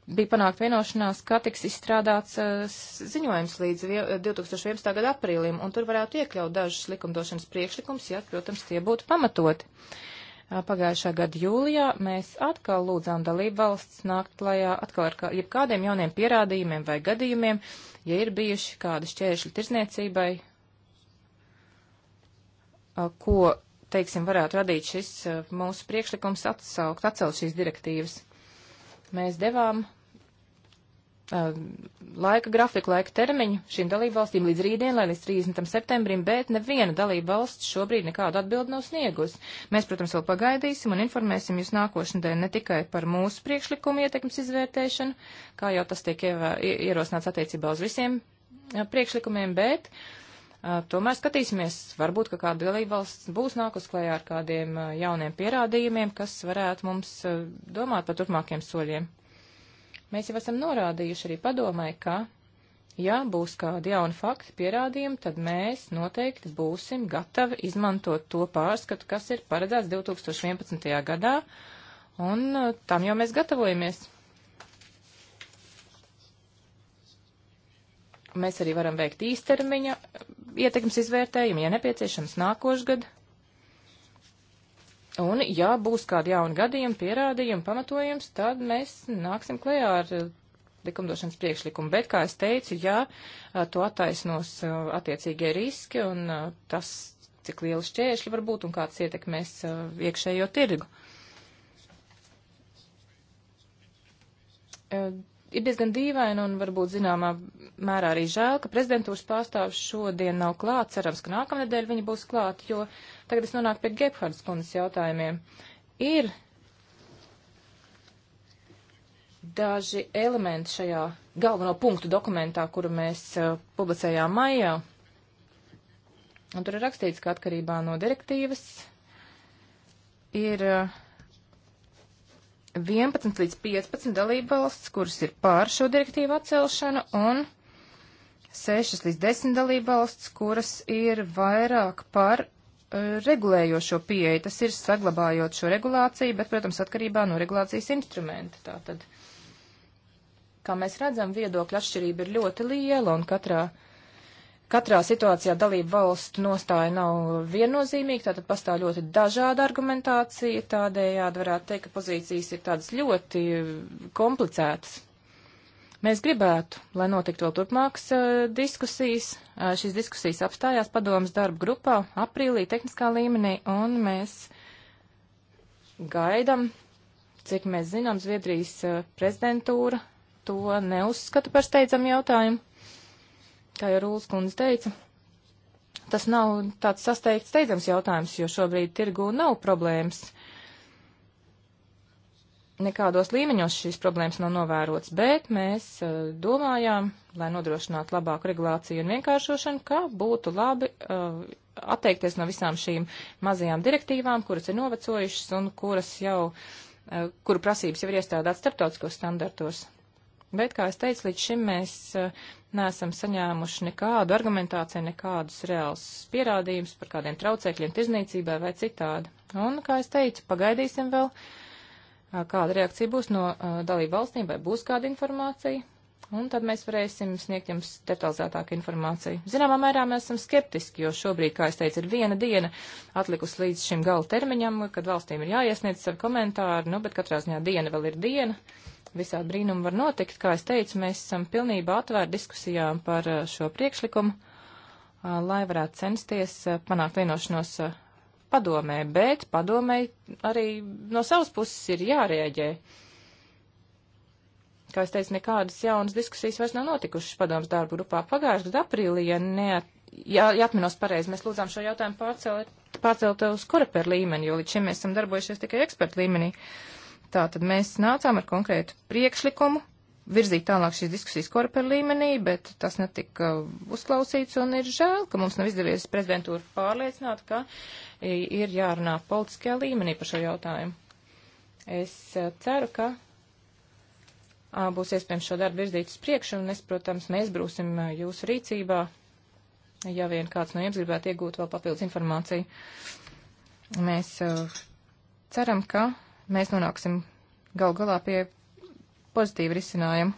bija panākt vienošanās, ka tiks izstrādāts eh, ziņojums līdz 2011. Eh, gada aprīlim, un tur varētu iekļaut dažus likumdošanas priekšlikumus, ja, protams, tie būtu pamatoti. Eh, pagājušā gada jūlijā mēs atkal lūdzām dalību valsts nākt klajā atkal ar kā, jebkādiem jauniem pierādījumiem vai gadījumiem, ja ir bijuši kādi šķēršļi tirzniecībai, ko, teiksim, varētu radīt šis mūsu priekšlikums atsaukt, atcelt šīs direktīvas mēs devām Ehm, laika grafiku, laika termiņu šīm dalībvalstīm līdz rītdien, lai līdz 30. septembrim, bet neviena dalībvalsts šobrīd nekādu atbildi nav sniegusi. Mēs, protams, vēl pagaidīsim un informēsim jūs nākošnedēļ ne tikai par mūsu priekšlikumu ietekmes izvērtēšanu, kā jau tas tiek ierosināts attiecībā uz visiem e, priekšlikumiem, bet. Uh, tomēr skatīsimies, varbūt, ka kāda dalībvalsts būs nākus klajā ar kādiem uh, jauniem pierādījumiem, kas varētu mums uh, domāt par turpmākiem soļiem. Mēs jau esam norādījuši arī padomai, ka, ja būs kādi jauni fakti pierādījumi, tad mēs noteikti būsim gatavi izmantot to pārskatu, kas ir paredzēts 2011. gadā, un uh, tam jau mēs gatavojamies. Mēs arī varam veikt īstermiņa uh, ietekmes izvērtējumu, ja nepieciešams, nākošgad Un, ja būs kādi jauni gadījumi, pierādījumi, pamatojums, tad mēs nāksim klajā ar eh, likumdošanas priekšlikumu. Bet, kā es teicu, ja eh, to attaisnos eh, attiecīgie riski un tas, cik liela šķēršļa var būt un kāds ietekmēs iekšējo tirgu. Ir diezgan dīvaini un varbūt zināmā mērā arī žēl, ka prezidentūras pārstāvs šodien nav klāt. Cerams, ka nākamnedēļ viņi būs klāt, jo uh, Tagad es nonāku pie Gebhards kundas jautājumiem. Ir daži elementi šajā galveno punktu dokumentā, kuru mēs uh, publicējām maijā. Un tur ir rakstīts, ka atkarībā no direktīvas ir uh, eh, 11 līdz 15 dalībvalsts, kuras ir pār šo direktīvu atcelšanu, un 6 līdz 10 dalībvalsts, kuras ir vairāk par Eh, regulējošo pieeju, tas ir saglabājot šo regulāciju, bet, protams, atkarībā no regulācijas instrumenta. Tātad, kā mēs redzam, viedokļa atšķirība ir ļoti liela un katrā, katrā situācijā dalību valstu nostāja nav viennozīmīga, tātad pastāv ļoti dažāda argumentācija, tādējādi varētu teikt, ka pozīcijas ir tādas ļoti komplicētas. Mēs gribētu, lai notiktu vēl turpmākas uh, diskusijas. Uh, šīs diskusijas apstājās padomas darba grupā aprīlī tehniskā līmenī, un mēs gaidam, cik mēs zinām, Zviedrijas uh, prezidentūra to neuzskata par steidzamu jautājumu. Kā jau Rūlas kundze teica, tas nav tāds sasteigts steidzams jautājums, jo šobrīd tirgū nav problēmas nekādos līmeņos šīs problēmas nav novērots, bet mēs uh, domājām, lai nodrošinātu labāku regulāciju un vienkāršošanu, ka būtu labi uh, atteikties no visām šīm mazajām direktīvām, kuras ir novecojušas un kuras jau, uh, kuru prasības jau ir iestādāts starptautiskos standartos. Bet, kā es teicu, līdz šim mēs neesam saņēmuši nekādu argumentāciju, nekādus reāls pierādījumus par kādiem traucēkļiem tirzniecībai vai citādi. Un, kā es teicu, pagaidīsim vēl. Uh, kāda reakcija būs no dalību valstīm, vai būs kāda informācija, un tad mēs varēsim sniegt jums detalizētāku informāciju. Zināmā mērā mēs esam skeptiski, jo šobrīd, kā es teicu, ir viena diena atlikus līdz šim gala termiņam, kad valstīm ir jāiesniedz savi komentāri, nu, bet katrā ziņā diena vēl ir diena. Visādi brīnumi var notikt, kā es teicu, mēs esam pilnībā atvērti diskusijām par šo priekšlikumu, lai varētu censties panākt vienošanos padomē, bet padomē arī no savas puses ir jārēģē. Kā es teicu, nekādas jaunas diskusijas vairs nav notikušas padomas darba grupā. Pagājušajā gadā aprīlī, ja, neat, ja, ja atminos pareizi, mēs lūdzām šo jautājumu pārcelt, pārcelt uz koreper līmeni, jo līdz šim mēs esam darbojušies tikai ekspertu līmenī. Tātad mēs nācām ar konkrētu priekšlikumu, virzīt tālāk šīs diskusijas korper līmenī, bet tas netika uh, uzklausīts un ir žēl, ka mums nav izdevies prezidentūru pārliecināt, ka ir jārunā politiskajā līmenī par šo jautājumu. Es uh, ceru, ka būs iespējams šo darbu virzīt uz priekšu un es, protams, mēs brūsim uh, jūsu rīcībā, ja vien kāds no jums gribētu iegūt vēl papildus informāciju. Mēs ceram, ka mēs nonāksim gal galā pie pozitīvu risinājumu.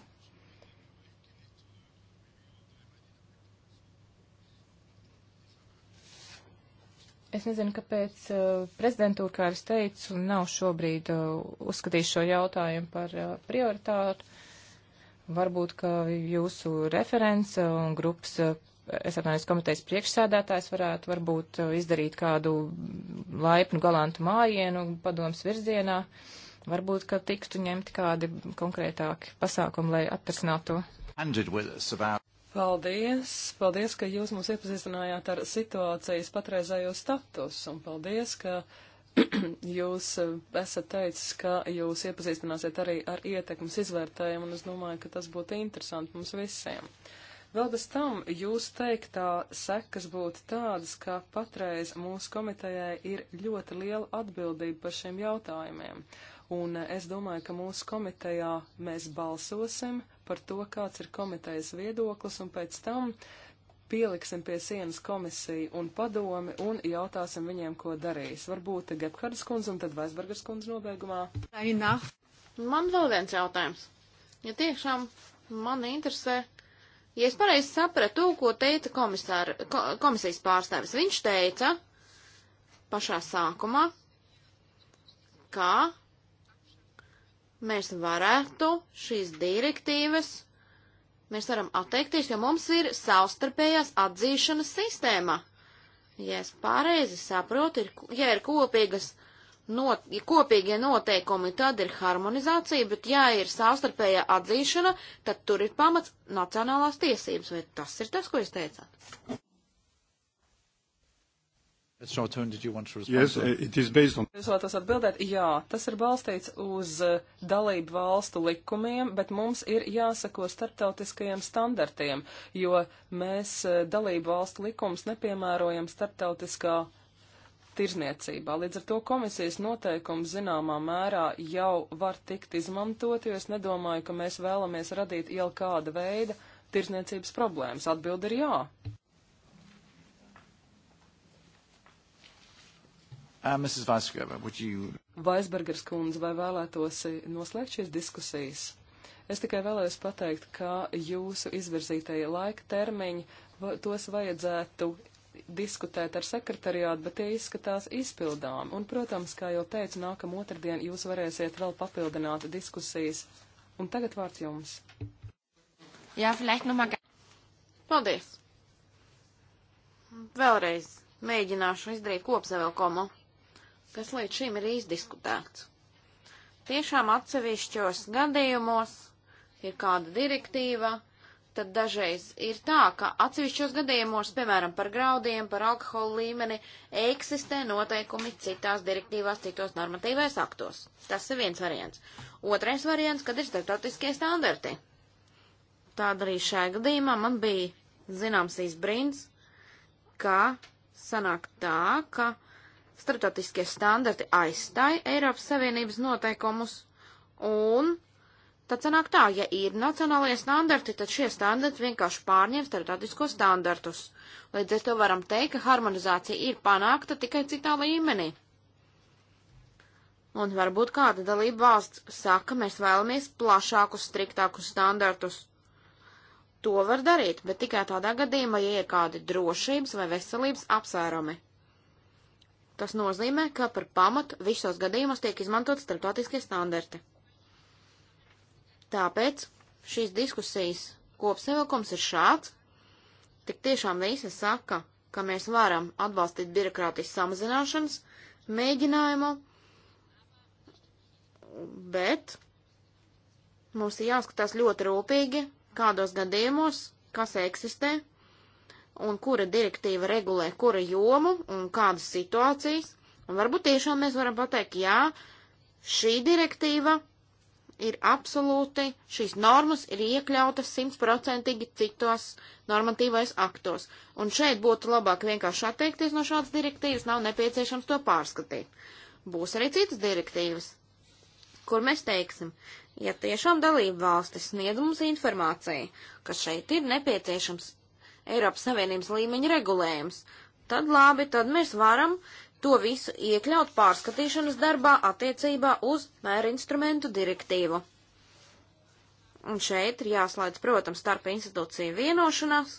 Es nezinu, kāpēc uh, prezidentūra, kā es teicu, nav šobrīd uh, uzskatījis šo jautājumu par uh, prioritātu. Varbūt, ka jūsu referents uh, un grupas, uh, es atvainojos, komitejas priekšsēdētājs varētu varbūt uh, izdarīt kādu laipnu galantu mājienu padoms virzienā. Uh, Varbūt, ka tiktu ņemti kādi konkrētāki pasākumi, lai atrisinātu to. Paldies! Paldies, ka jūs mūs iepazīstinājāt ar situācijas patreizējo statusu, un paldies, ka [CLEARS THROAT] jūs eh, esat teicis, ka jūs iepazīstināsiet arī ar ietekmes izvērtējumu, un es domāju, ka tas būtu interesanti mums visiem. Vēl bez tam jūs teiktā sekas būtu tādas, ka patreiz mūsu komitejai ir ļoti liela atbildība par šiem jautājumiem, Un es domāju, ka mūsu komitejā mēs balsosim par to, kāds ir komitejas viedoklis, un pēc tam pieliksim pie sienas komisiju un padomi un jautāsim viņiem, ko darīs. Varbūt Gebhardas kundze un tad Vaisbergas kundze nobeigumā. Man vēl viens jautājums. Ja tiešām man interesē, ja es pareizi sapratu, ko teica komisāra, ko, komisijas pārstāvis, viņš teica pašā sākumā, ka mēs varētu šīs direktīvas, mēs varam atteikties, jo mums ir savstarpējās atzīšanas sistēma. Ja es pareizi saprotu, ir, ja ir kopīgas, not, ja kopīgie noteikumi, tad ir harmonizācija, bet ja ir savstarpējā atzīšana, tad tur ir pamats nacionālās tiesības, vai tas ir tas, ko jūs teicāt? Turn, yes, uh, on... Jūs vēlaties atbildēt? Jā, tas ir balstīts uz uh, dalību valstu likumiem, bet mums ir jāsako starptautiskajiem standartiem, jo mēs uh, dalību valstu likums nepiemērojam starptautiskā tirzniecībā. Līdz ar to komisijas noteikumi zināmā mērā jau var tikt izmantot, jo es nedomāju, ka mēs vēlamies radīt jau kāda veida tirzniecības problēmas. Atbildi ir jā. Uh, Mrs. Vaisgerber, would you... Vaisbergers kundze, vai vēlētos eh, noslēgt šīs diskusijas? Es tikai vēlējos pateikt, ka jūsu izvirzītajie laika termiņi, tos vajadzētu diskutēt ar sekretariātu, bet tie izskatās izpildām. Un, protams, kā jau teicu, nākam otrdien jūs varēsiet vēl papildināt diskusijas. Un tagad vārds jums. Jā, vielleicht nomāk. Paldies! Vēlreiz mēģināšu izdarīt kopsavilkumu kas līdz šim ir izdiskutēts. Tiešām atsevišķos gadījumos ir kāda direktīva, tad dažreiz ir tā, ka atsevišķos gadījumos, piemēram, par graudiem, par alkoholu līmeni, eksistē noteikumi citās direktīvās, citos normatīvais aktos. Tas ir viens variants. Otrais variants, kad ir starptautiskie standarti. Tāda arī šajā gadījumā man bija zināms izbrīns, ka sanāk tā, ka starptautiskie standarti aizstāja Eiropas Savienības noteikumus, un tad sanāk tā, ja ir nacionālajie standarti, tad šie standarti vienkārši pārņem starptautisko standartus. Līdz ar to varam teikt, ka harmonizācija ir panākta tikai citā līmenī. Un varbūt kāda dalība valsts saka, mēs vēlamies plašākus, striktākus standartus. To var darīt, bet tikai tādā gadījumā, ja ir kādi drošības vai veselības apsvērumi. Tas nozīmē, ka par pamatu visos gadījumos tiek izmantot starptautiskie standarti. Tāpēc šīs diskusijas kopsavilkums ir šāds. Tik tiešām visi saka, ka mēs varam atbalstīt birokrātijas samazināšanas mēģinājumu, bet mums ir jāskatās ļoti rūpīgi, kādos gadījumos, kas eksistē, un kura direktīva regulē kura jomu un kādas situācijas. Un varbūt tiešām mēs varam pateikt, jā, šī direktīva ir absolūti, šīs normas ir iekļautas simtprocentīgi citos normatīvais aktos. Un šeit būtu labāk vienkārši atteikties no šādas direktīvas, nav nepieciešams to pārskatīt. Būs arī citas direktīvas, kur mēs teiksim, ja tiešām dalība valstis sniedz mums informāciju, ka šeit ir nepieciešams Eiropas Savienības līmeņa regulējums. Tad labi, tad mēs varam to visu iekļaut pārskatīšanas darbā attiecībā uz mērinstrumentu direktīvu. Un šeit ir jāslēdz, protams, starp institūciju vienošanās.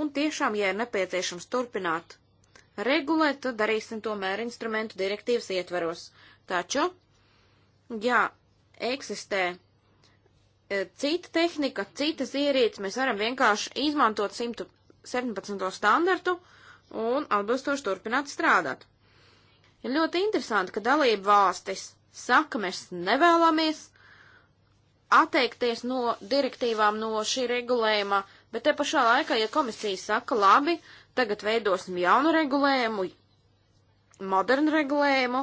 Un tiešām, ja ir nepieciešams turpināt regulēt, tad darīsim to mērinstrumentu direktīvas ietveros. Taču, ja eksistē Eh, cita tehnika, citas ierīces, mēs varam vienkārši izmantot 117. standartu un atbilstoši turpināt strādāt. Ir ļoti interesanti, ka dalība valstis saka, mēs nevēlamies atteikties no direktīvām, no šī regulējuma, bet te pašā laikā, ja komisija saka, labi, tagad veidosim jaunu regulējumu, modernu regulējumu,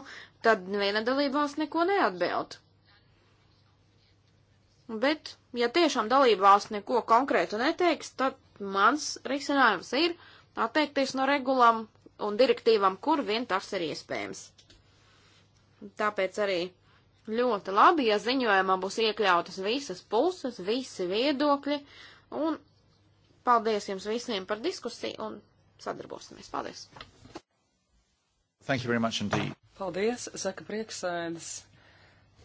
tad viena dalība valsts neko neatbild. Bet, ja tiešām dalība valsts neko konkrētu neteiks, tad mans risinājums ir atteikties no regulām un direktīvām, kur vien tas ir iespējams. Tāpēc arī ļoti labi, ja ziņojumā būs iekļautas visas puses, visi viedokļi, un paldies jums visiem par diskusiju un sadarbosimies. Paldies! Thank you very much indeed. Paldies, saka prieksēdes.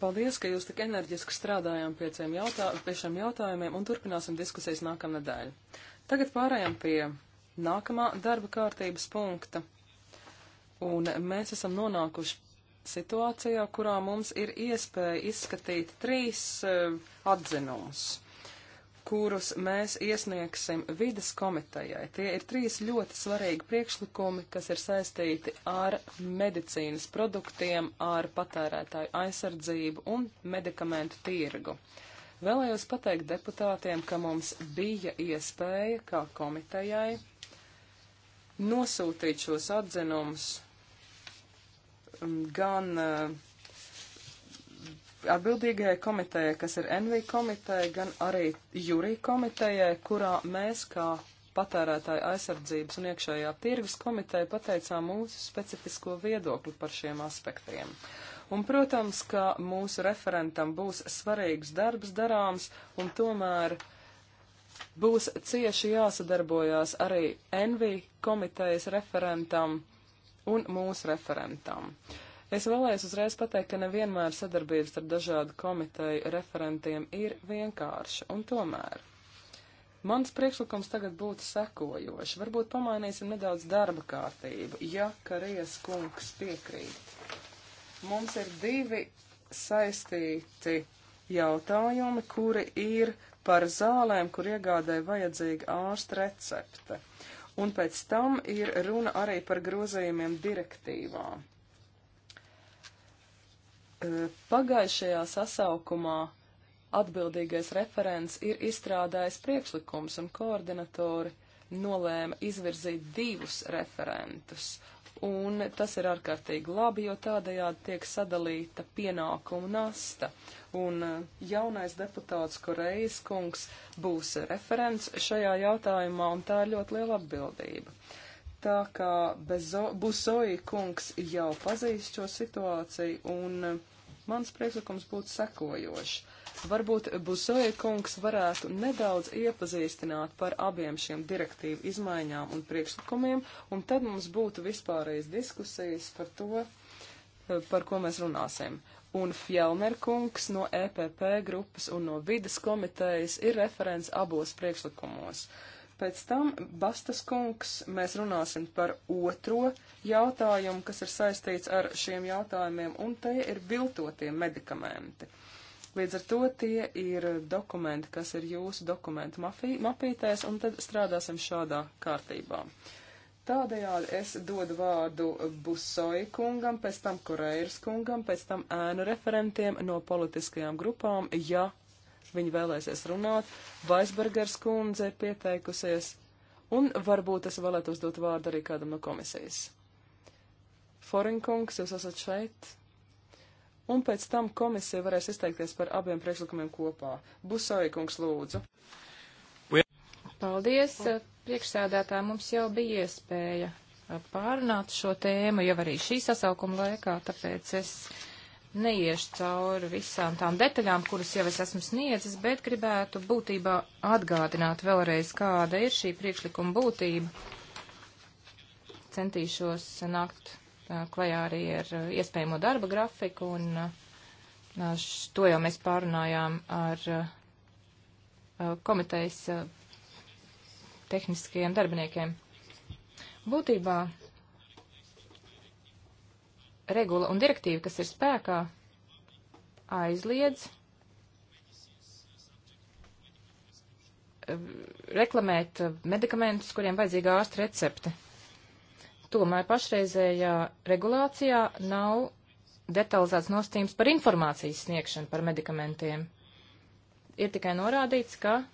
Paldies, ka jūs tik enerģiski strādājām pie, jautā, pie šiem jautājumiem un turpināsim diskusijas nākamnedēļ. Tagad pārējām pie nākamā darba kārtības punkta. Un mēs esam nonākuši situācijā, kurā mums ir iespēja izskatīt trīs uh, atzinumus kurus mēs iesniegsim vidas komitejai. Tie ir trīs ļoti svarīgi priekšlikumi, kas ir saistīti ar medicīnas produktiem, ar patērētāju aizsardzību un medikamentu tirgu. Vēlējos pateikt deputātiem, ka mums bija iespēja kā komitejai nosūtīt šos atzinumus mm, gan uh, atbildīgajai komitejai, kas ir NV komiteja, gan arī jūrī komitejai, kurā mēs kā patērētāja aizsardzības un iekšējā tirgus komiteja pateicām mūsu specifisko viedokli par šiem aspektiem. Un, protams, ka mūsu referentam būs svarīgs darbs darāms, un tomēr būs cieši jāsadarbojās arī NV komitejas referentam un mūsu referentam. Uh, Es vēlējos uzreiz pateikt, ka nevienmēr sadarbības ar dažādu komiteju referentiem ir vienkārša, un tomēr. Mans priekšlikums tagad būtu sekojoši. Varbūt pamainīsim nedaudz darba kārtību, ja Karijas kungs piekrīt. Mums ir divi saistīti jautājumi, kuri ir par zālēm, kur iegādē vajadzīga ārsta recepte. Un pēc tam ir runa arī par grozījumiem direktīvām. Pagājušajā sasaukumā atbildīgais referents ir izstrādājis priekšlikums un koordinatori nolēma izvirzīt divus referentus. Un tas ir ārkārtīgi labi, jo tādējādi tiek sadalīta pienākumu nasta. Un eh, jaunais deputāts Korejas kungs būs referents šajā jautājumā, un tā ir ļoti liela atbildība. Tā kā Bezo, Busoji kungs jau pazīst šo situāciju, un Mans priekšlikums būtu sekojošs. Varbūt Busoja kungs varētu nedaudz iepazīstināt par abiem šiem direktīvu izmaiņām un priekšlikumiem, un tad mums būtu vispārējais diskusijas par to, par ko mēs runāsim. Un Fjellner kungs no EPP grupas un no vidas komitejas ir referents abos priekšlikumos. Uh, Pēc tam, Bastas kungs, mēs runāsim par otro jautājumu, kas ir saistīts ar šiem jautājumiem, un te ir viltotie medikamenti. Līdz ar to tie ir dokumenti, kas ir jūsu dokumentu mafī, mapītēs, un tad strādāsim šādā kārtībā. Tādējādi es dodu vārdu Busoja kungam, pēc tam Koreiras kungam, pēc tam ēnu referentiem no politiskajām grupām, ja viņi vēlēsies runāt. Vaisbergers kundze ir pieteikusies, un varbūt es vēlētu uzdot vārdu arī kādam no komisijas. Forinkungs, jūs esat šeit? Un pēc tam komisija varēs izteikties par abiem priekšlikumiem kopā. Busoikungs, lūdzu. Paldies, priekšsēdētā mums jau bija iespēja pārunāt šo tēmu jau arī šī sasaukuma laikā, tāpēc es neiešu cauri visām tām detaļām, kuras jau es esmu sniedzis, bet gribētu būtībā atgādināt vēlreiz, kāda ir šī priekšlikuma būtība. Centīšos nākt klajā arī ar iespējamo darba grafiku, un to jau mēs pārunājām ar komitejas tehniskajiem darbiniekiem. Būtībā regula un direktīva, kas ir spēkā, aizliedz eh, reklamēt eh, medikamentus, kuriem vajadzīga ārsta recepte. Tomēr pašreizējā regulācijā nav detalizēts nostījums par informācijas sniegšanu par medikamentiem. Ir tikai norādīts, ka eh,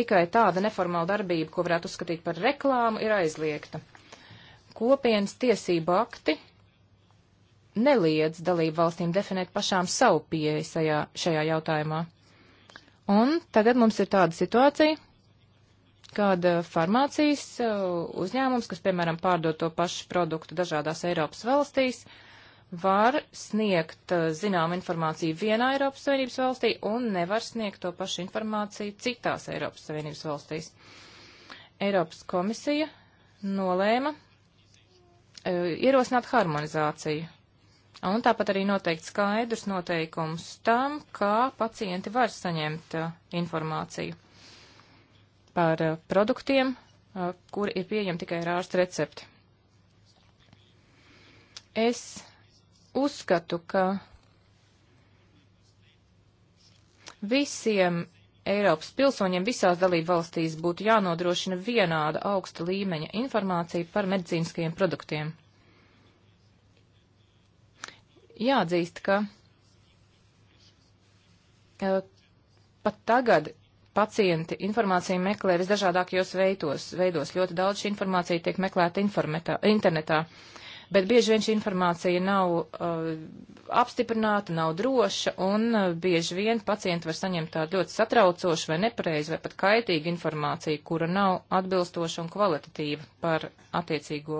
tikai tāda neformāla darbība, ko varētu uzskatīt par reklāmu, ir aizliegta kopienas tiesību akti neliedz dalību valstīm definēt pašām savu pieeju šajā, šajā jautājumā. Un tagad mums ir tāda situācija, kad uh, farmācijas uh, uzņēmums, kas, piemēram, pārdod to pašu produktu dažādās Eiropas valstīs, var sniegt uh, zinām informāciju vienā Eiropas Savienības valstī un nevar sniegt to pašu informāciju citās Eiropas Savienības valstīs. Eiropas komisija nolēma E, ierosināt harmonizāciju. Un tāpat arī noteikti skaidrs noteikums tam, kā pacienti var saņemt e, informāciju par e, produktiem, kur ir pieejami tikai ar ārsta recepti. Es uzskatu, ka visiem Eiropas pilsoņiem visās dalību valstīs būtu jānodrošina vienāda augsta līmeņa informācija par medicīniskajiem produktiem. Jāatzīst, ka e, pat tagad pacienti informāciju meklē visdažādākajos veidos, veidos. Ļoti daudz šī informācija tiek meklēta internetā bet bieži vien šī informācija nav uh, apstiprināta, nav droša, un uh, bieži vien pacienti var saņemt tādu ļoti satraucošu vai nepareizu vai pat kaitīgu informāciju, kura nav atbilstoša un kvalitatīva par attiecīgo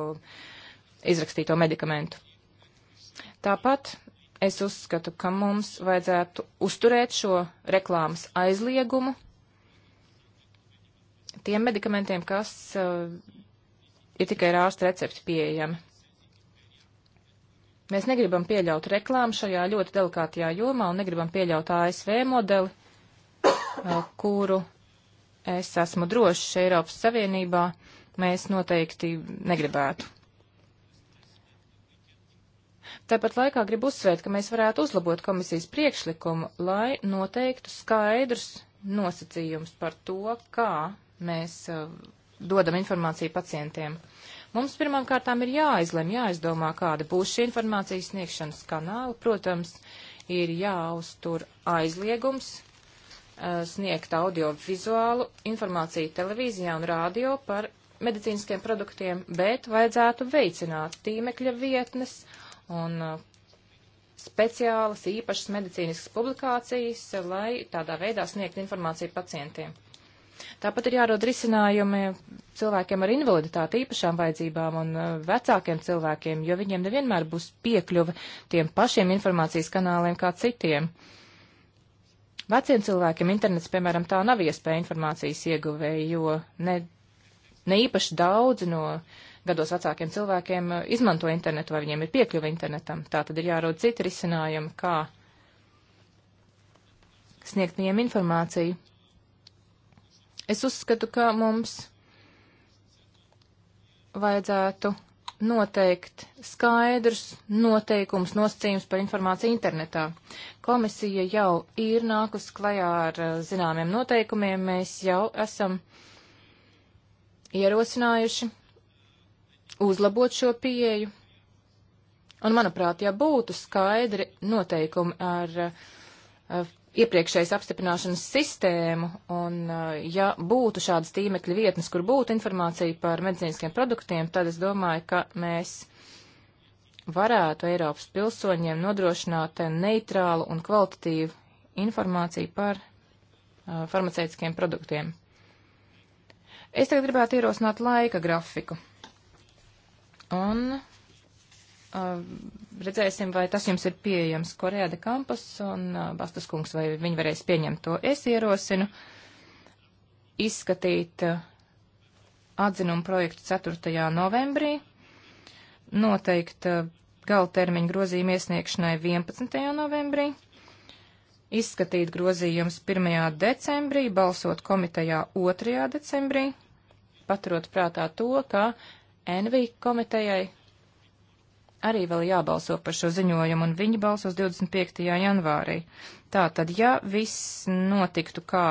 izrakstīto medikamentu. Tāpat es uzskatu, ka mums vajadzētu uzturēt šo reklāmas aizliegumu tiem medikamentiem, kas uh, ir tikai ar ārsta recepti pieejami. Mēs negribam pieļaut reklāmu šajā ļoti delikātajā jomā un negribam pieļaut ASV modeli, [COUGHS] eh, kuru es esmu drošs Eiropas Savienībā, mēs noteikti negribētu. Tāpat laikā gribu uzsvērt, ka mēs varētu uzlabot komisijas priekšlikumu, lai noteiktu skaidrus nosacījumus par to, kā mēs uh, dodam informāciju pacientiem. Uh, Mums pirmām kārtām ir jāizlem, jāizdomā, kāda būs šī informācijas sniegšanas kanāla. Protams, ir jāuztur aizliegums eh, sniegt audiovizuālu informāciju televīzijā un rādio par medicīniskiem produktiem, bet vajadzētu veicināt tīmekļa vietnes un eh, speciālas īpašas medicīniskas publikācijas, lai tādā veidā sniegt informāciju pacientiem. Tāpat ir jārod risinājumi cilvēkiem ar invaliditāti, īpašām vajadzībām un uh, vecākiem cilvēkiem, jo viņiem nevienmēr būs piekļuve tiem pašiem informācijas kanāliem kā citiem. Veciem cilvēkiem internets, piemēram, tā nav iespēja informācijas ieguvēja, jo ne, ne īpaši daudzi no gados vecākiem cilvēkiem uh, izmanto internetu vai viņiem ir piekļuva internetam. Tā tad ir jārod citi risinājumi, kā sniegt viņiem informāciju. Es uzskatu, ka mums vajadzētu noteikt skaidrs noteikums, nosacījums par informāciju internetā. Komisija jau ir nākus klajā ar eh, zināmiem noteikumiem, mēs jau esam ierosinājuši uzlabot šo pieeju. Un, manuprāt, ja būtu skaidri noteikumi ar, ar eh, iepriekšējas apstiprināšanas sistēmu, un eh, ja būtu šādas tīmekļa vietnes, kur būtu informācija par medicīniskiem produktiem, tad es domāju, ka mēs varētu Eiropas pilsoņiem nodrošināt eh, neitrālu un kvalitatīvu informāciju par uh, farmaceitiskiem produktiem. Es tagad gribētu ierosināt laika grafiku. Un Uh, redzēsim, vai tas jums ir pieejams Korejā de Kampus un uh, Bastas kungs, vai viņi varēs pieņemt to. Es ierosinu izskatīt uh, atzinumu projektu 4. novembrī, noteikt gala termiņu grozījumu iesniegšanai 11. novembrī, izskatīt grozījumus 1. decembrī, balsot komitejā 2. decembrī, paturot prātā to, ka NV komitejai arī vēl jābalso par šo ziņojumu, un viņi balsos 25. janvārī. Tātad, ja viss notiktu kā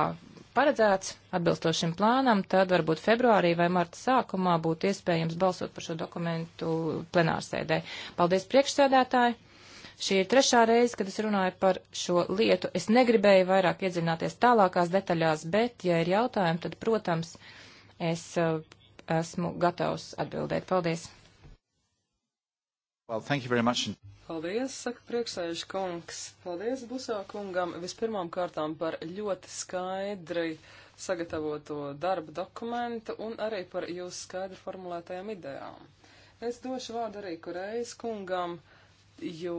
paredzēts atbilstošim plānam, tad varbūt februārī vai marta sākumā būtu iespējams balsot par šo dokumentu plenārsēdē. Paldies priekšsēdētāji! Šī ir trešā reize, kad es runāju par šo lietu. Es negribēju vairāk iedziļināties tālākās detaļās, bet, ja ir jautājumi, tad, protams, es uh, esmu gatavs atbildēt. Paldies! Well, thank you very much. Paldies, saka priekšsēžu kungs. Paldies Busā kungam vispirmām kārtām par ļoti skaidri sagatavoto darba dokumentu un arī par jūsu skaidri formulētajām idejām. Es došu vārdu arī kureiz kungam, jo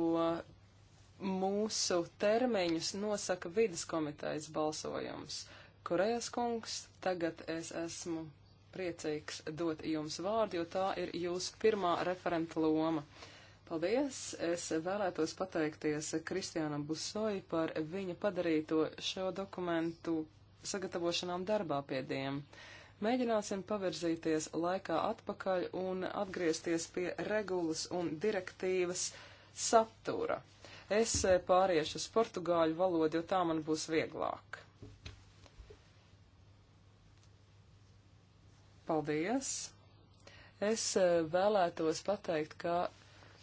mūsu termiņus nosaka vidas komitejas balsojums. Kureiz kungs, tagad es esmu priecīgs dot jums vārdu, jo tā ir jūsu pirmā referenta loma. Paldies! Es vēlētos pateikties Kristiānam Busoju par viņa padarīto šo dokumentu sagatavošanām darbā pie diem. Mēģināsim pavirzīties laikā atpakaļ un atgriezties pie regulas un direktīvas satura. Es pāriešu uz portugāļu valodu, jo tā man būs vieglāk. Paldies! Es vēlētos pateikt, ka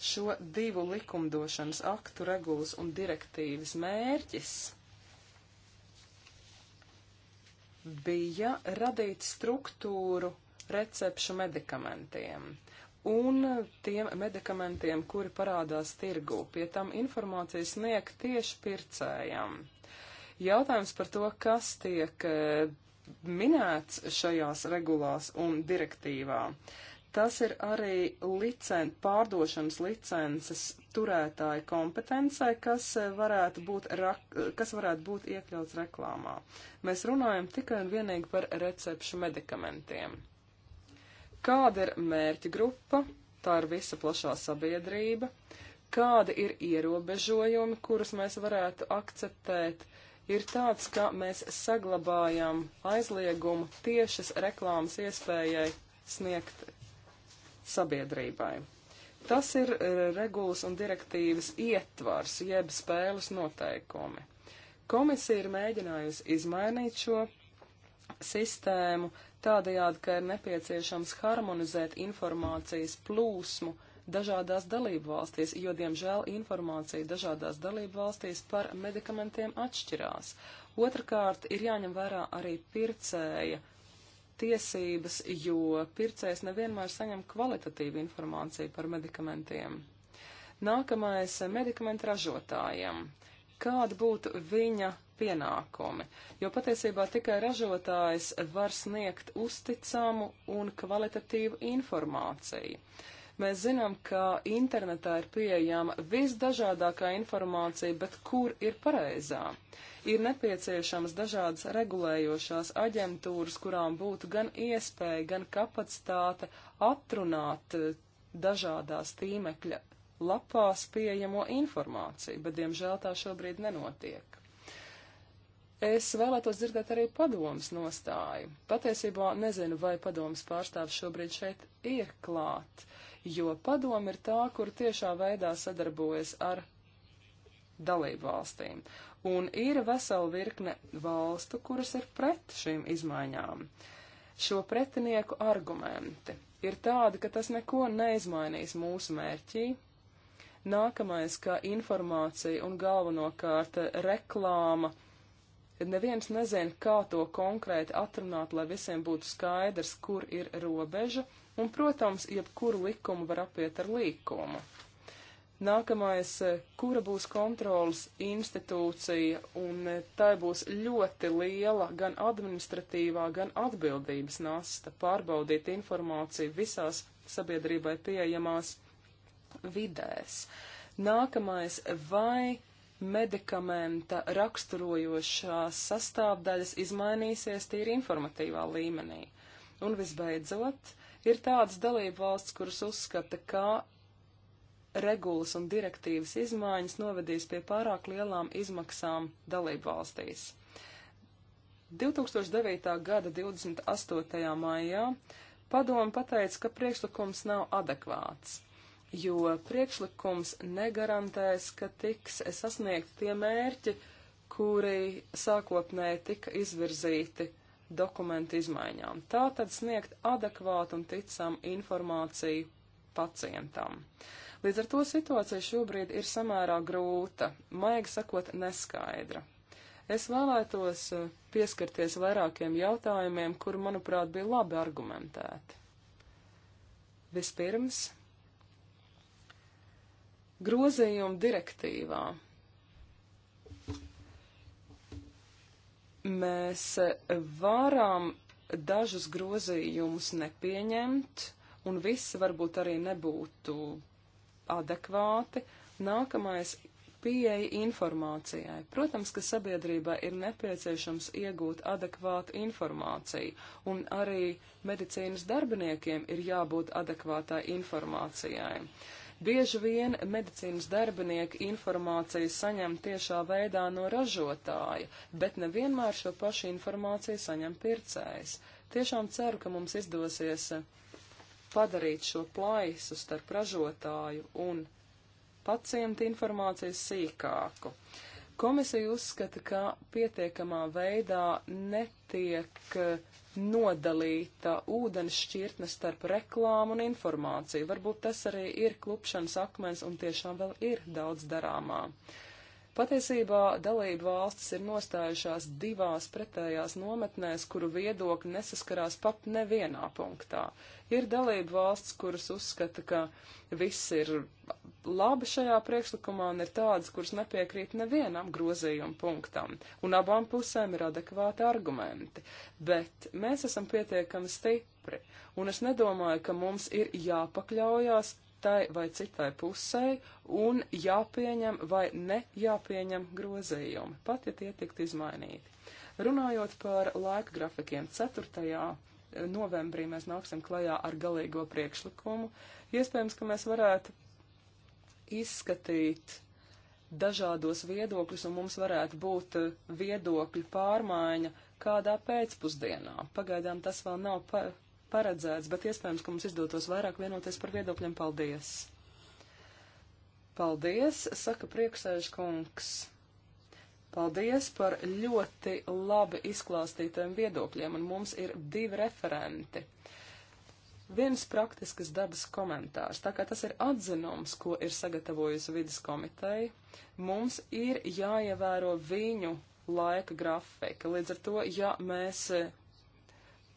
Šo divu likumdošanas aktu regulas un direktīvas mērķis bija radīt struktūru recepšu medikamentiem un tiem medikamentiem, kuri parādās tirgu, pie tam informācijas sniegt tieši pircējam. Jautājums par to, kas tiek eh, minēts šajās regulās un direktīvā. Uh, Tas ir arī licen, pārdošanas licences turētāja kompetencē, kas varētu, būt rak, kas varētu būt iekļauts reklāmā. Mēs runājam tikai un vienīgi par recepšu medikamentiem. Kāda ir mērķa grupa? Tā ir visa plašā sabiedrība. Kādi ir ierobežojumi, kurus mēs varētu akceptēt? ir tāds, ka mēs saglabājam aizliegumu tiešas reklāmas iespējai sniegt sabiedrībai. Tas ir e, regulas un direktīvas ietvars, jeb spēles noteikumi. Komisija ir mēģinājusi izmainīt šo sistēmu tādējādi, ka ir nepieciešams harmonizēt informācijas plūsmu dažādās dalību valstīs, jo, diemžēl, informācija dažādās dalību valstīs par medikamentiem atšķirās. Otrakārt, ir jāņem vērā arī pircēja tiesības, jo pircējs nevienmēr saņem kvalitatīvu informāciju par medikamentiem. Nākamais - medikamentu ražotājiem. Kāda būtu viņa pienākumi? Jo patiesībā tikai ražotājs var sniegt uzticamu un kvalitatīvu informāciju. Mēs zinām, ka internetā ir pieejama visdažādākā informācija, bet kur ir pareizā? Uh, ir nepieciešamas dažādas regulējošās aģentūras, kurām būtu gan iespēja, gan kapacitāte atrunāt eh, dažādās tīmekļa lapās pieejamo informāciju, bet diemžēl tā šobrīd nenotiek. Es vēlētos dzirdēt arī padomas nostāju. Patiesībā nezinu, vai padomas pārstāvs šobrīd šeit ir klāt, jo padoma ir tā, kur tiešā veidā sadarbojas ar dalību valstīm un ir vesela virkne valstu, kuras ir pret šīm izmaiņām. Šo pretinieku argumenti ir tādi, ka tas neko neizmainīs mūsu mērķī. Nākamais, ka informācija un galvenokārt reklāma neviens nezina, kā to konkrēti atrunāt, lai visiem būtu skaidrs, kur ir robeža, un, protams, jebkuru likumu var apiet ar līkumu. Nākamais, e, kura būs kontrolas institūcija, un e, tai būs ļoti liela gan administratīvā, gan atbildības nasta pārbaudīt informāciju visās sabiedrībai pieejamās vidēs. Nākamais, vai medikamenta raksturojošās sastāvdaļas izmainīsies tīri informatīvā līmenī. Un visbeidzot, ir tādas dalību valsts, kuras uzskata, ka regulas un direktīvas izmaiņas novedīs pie pārāk lielām izmaksām dalību valstīs. 2009. gada 28. maijā padomu pateica, ka priekšlikums nav adekvāts, jo priekšlikums negarantēs, ka tiks sasniegt tie mērķi, kuri sākotnēji tika izvirzīti dokumentu izmaiņām. Tā tad sniegt adekvātu un ticamu informāciju pacientam. Uh, Līdz ar to situācija šobrīd ir samērā grūta, maigi sakot, neskaidra. Es vēlētos eh, pieskarties vairākiem jautājumiem, kur, manuprāt, bija labi argumentēti. Vispirms, grozījumu direktīvā. Mēs eh, varam dažus grozījumus nepieņemt, un visi varbūt arī nebūtu adekvāti. Nākamais pieeja informācijai. Protams, ka sabiedrībai ir nepieciešams iegūt adekvātu informāciju, un arī medicīnas darbiniekiem ir jābūt adekvātai informācijai. Bieži vien medicīnas darbinieki informāciju saņem tiešā veidā no ražotāja, bet nevienmēr šo pašu informāciju saņem pircējs. Tiešām ceru, ka mums izdosies uh, padarīt šo plaisu starp ražotāju un pacientu informāciju sīkāku. Komisija uzskata, ka pietiekamā veidā netiek eh, nodalīta ūdens šķirtne starp reklāmu un informāciju. Varbūt tas arī ir klupšanas akmens un tiešām vēl ir daudz darāmā. Uh, Patiesībā dalību valstis ir nostājušās divās pretējās nometnēs, kuru viedokļi nesaskarās pat nevienā punktā. Ir dalību valsts, kuras uzskata, ka viss ir labi šajā priekšlikumā, un ir tādas, kuras nepiekrīt nevienam grozījuma punktam, un abām pusēm ir adekvāti argumenti. Bet mēs esam pietiekami stipri, un es nedomāju, ka mums ir jāpakļaujās tai vai citai pusē un jāpieņem vai ne jāpieņem grozījumi, pat ja tie tiktu izmainīti. Runājot par laika grafikiem, 4. novembrī mēs nāksim klajā ar galīgo priekšlikumu. Iespējams, ka mēs varētu izskatīt dažādos viedokļus un mums varētu būt viedokļu pārmaiņa kādā pēcpusdienā. Pagaidām tas vēl nav paredzēts, bet iespējams, ka mums izdotos vairāk vienoties par viedokļiem. Paldies! Paldies, saka priekšsēž kungs. Paldies par ļoti labi izklāstītajiem viedokļiem, un mums ir divi referenti. Viens praktiskas dabas komentārs, tā kā tas ir atzinums, ko ir sagatavojusi vidas komiteja, mums ir jāievēro viņu laika grafika. Līdz ar to, ja mēs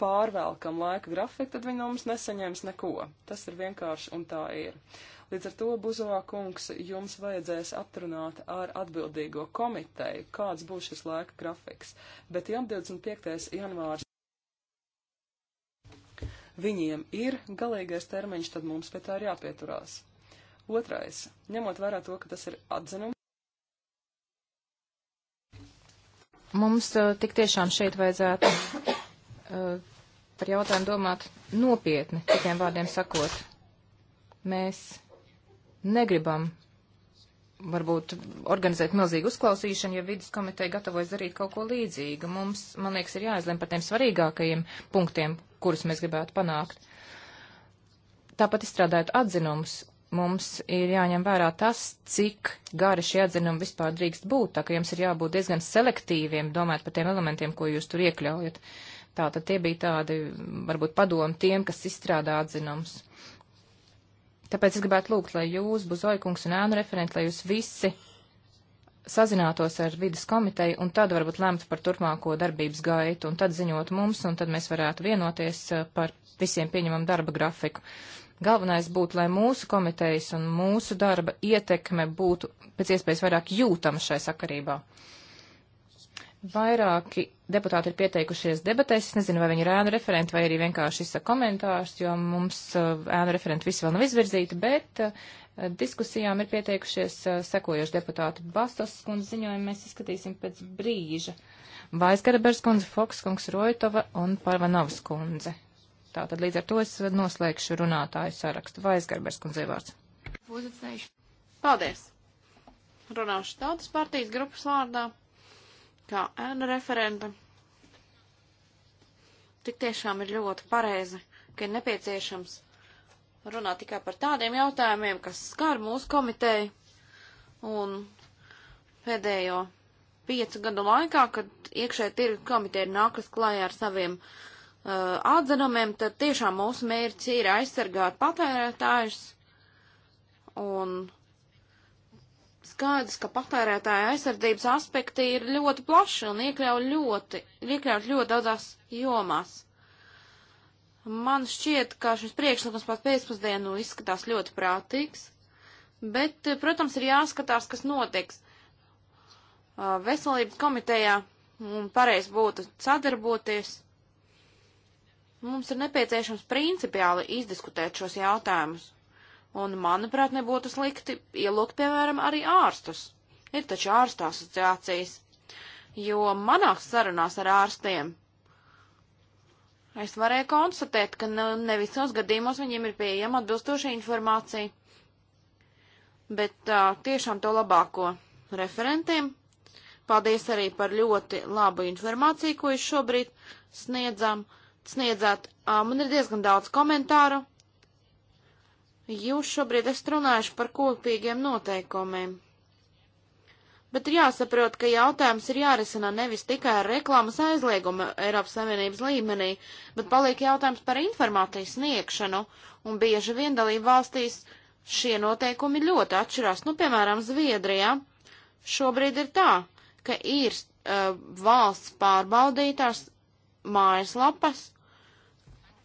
pārvelkam laika grafiku, tad viņi no mums nesaņems neko. Tas ir vienkārši un tā ir. Līdz ar to, Buzovā kungs, jums vajadzēs atrunāt ar atbildīgo komiteju, kāds būs šis laika grafiks. Bet ja 25. janvārs viņiem ir galīgais termiņš, tad mums pie tā ir jāpieturās. Otrais, ņemot vērā to, ka tas ir atzinums. Mums eh, tik tiešām šeit vajadzētu Uh, par jautājumu domāt nopietni, citiem vārdiem sakot. Mēs negribam varbūt organizēt milzīgu uzklausīšanu, ja vidas komiteja gatavojas darīt kaut ko līdzīgu. Mums, man liekas, ir jāizlem par tiem svarīgākajiem punktiem, kurus mēs gribētu panākt. Tāpat izstrādājot atzinumus, mums ir jāņem vērā tas, cik gari šie atzinumi vispār drīkst būt, tā ka jums ir jābūt diezgan selektīviem, domājot par tiem elementiem, ko jūs tur iekļaujat. Uh, Tātad tie bija tādi, varbūt, padomi tiem, kas izstrādā atzinums. Tāpēc es gribētu lūgt, lai jūs, Buzoikungs un ēnu referenti, lai jūs visi sazinātos ar vidas komiteju un tad varbūt lemtu par turpmāko darbības gaitu un tad ziņot mums un tad mēs varētu vienoties eh, par visiem pieņemam darba grafiku. Galvenais būtu, lai mūsu komitejas un mūsu darba ietekme būtu pēc iespējas vairāk jūtama šai sakarībā. Uh, Vairāki deputāti ir pieteikušies debatēs. Es nezinu, vai viņi ir ēnu referenti vai arī vienkārši izsaka komentārus, jo mums uh, ēnu referenti visi vēl nav izvirzīti, bet uh, diskusijām ir pieteikušies uh, sekojoši deputāti. Bastos skundze ziņojumu mēs izskatīsim pēc brīža. Vaisgarabers kundze, Foks kungs, Rojtova un Parvanovs kundze. Tātad līdz ar to es noslēgšu runātāju sarakstu. Vaisgarabers kundze vārds. Paldies! Runāšu tautas partijas grupas vārdā kā ēna referenta. Tik tiešām ir ļoti pareizi, ka ir nepieciešams runāt tikai par tādiem jautājumiem, kas skar mūsu komiteju. Un pēdējo piecu gadu laikā, kad iekšē tirgus komiteja ir nākas klājā ar saviem uh, atzinumiem, tad tiešām mūsu mērķis ir aizsargāt patērētājus un skaidrs, ka patērētāja aizsardzības aspekti ir ļoti plaši un iekļauj ļoti, iekļaut ļoti daudzās jomās. Man šķiet, ka šis priekšlikums pat pēcpusdienu izskatās ļoti prātīgs, bet, protams, ir jāskatās, kas notiks. Uh, veselības komitejā un mm, pareiz būtu sadarboties. Mums ir nepieciešams principiāli izdiskutēt šos jautājumus. Un, manuprāt, nebūtu slikti ielūgt, piemēram, arī ārstus. Ir taču ārstu asociācijas. Jo manās sarunās ar ārstiem es varēju konstatēt, ka ne, ne visos gadījumos viņiem ir pieejama atbilstoša informācija. Bet uh, tiešām to labāko referentiem. Paldies arī par ļoti labu informāciju, ko jūs šobrīd sniedzam, sniedzāt. Uh, man ir diezgan daudz komentāru. Jūs šobrīd esat runājuši par kopīgiem noteikumiem. Bet ir jāsaprot, ka jautājums ir jārisina nevis tikai ar reklāmas aizliegumu Eiropas Savienības līmenī, bet paliek jautājums par informācijas sniegšanu, un bieži vien dalību valstīs šie noteikumi ļoti atšķirās. Nu, piemēram, Zviedrijā šobrīd ir tā, ka ir uh, valsts pārbaudītās mājaslapas,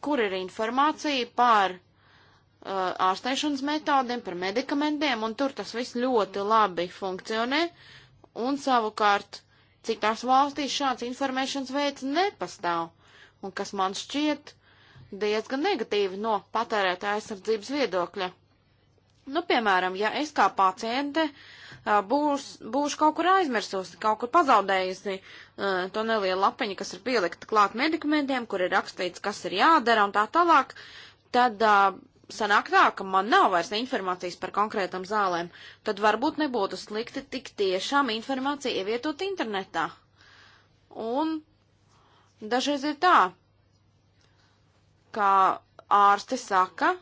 kur ir informācija par Uh, ārstēšanas metādēm, par medikamentiem, un tur tas viss ļoti labi funkcionē, un savukārt citās valstīs šāds informēšanas veids nepastāv, un kas man šķiet diezgan negatīvi no patērētāja aizsardzības viedokļa. Nu, piemēram, ja es kā paciente uh, būs, būšu kaut kur aizmirsusi, kaut kur pazaudējusi uh, to nelielu lapiņu, kas ir pielikta klāt medikamentiem, kur ir rakstīts, kas ir jādara un tā tālāk, tad uh, sanāk tā, ka man nav vairs informācijas par konkrētam zālēm, tad varbūt nebūtu slikti tik tiešām informāciju ievietot internetā. Un dažreiz ir tā, ka ārsti saka,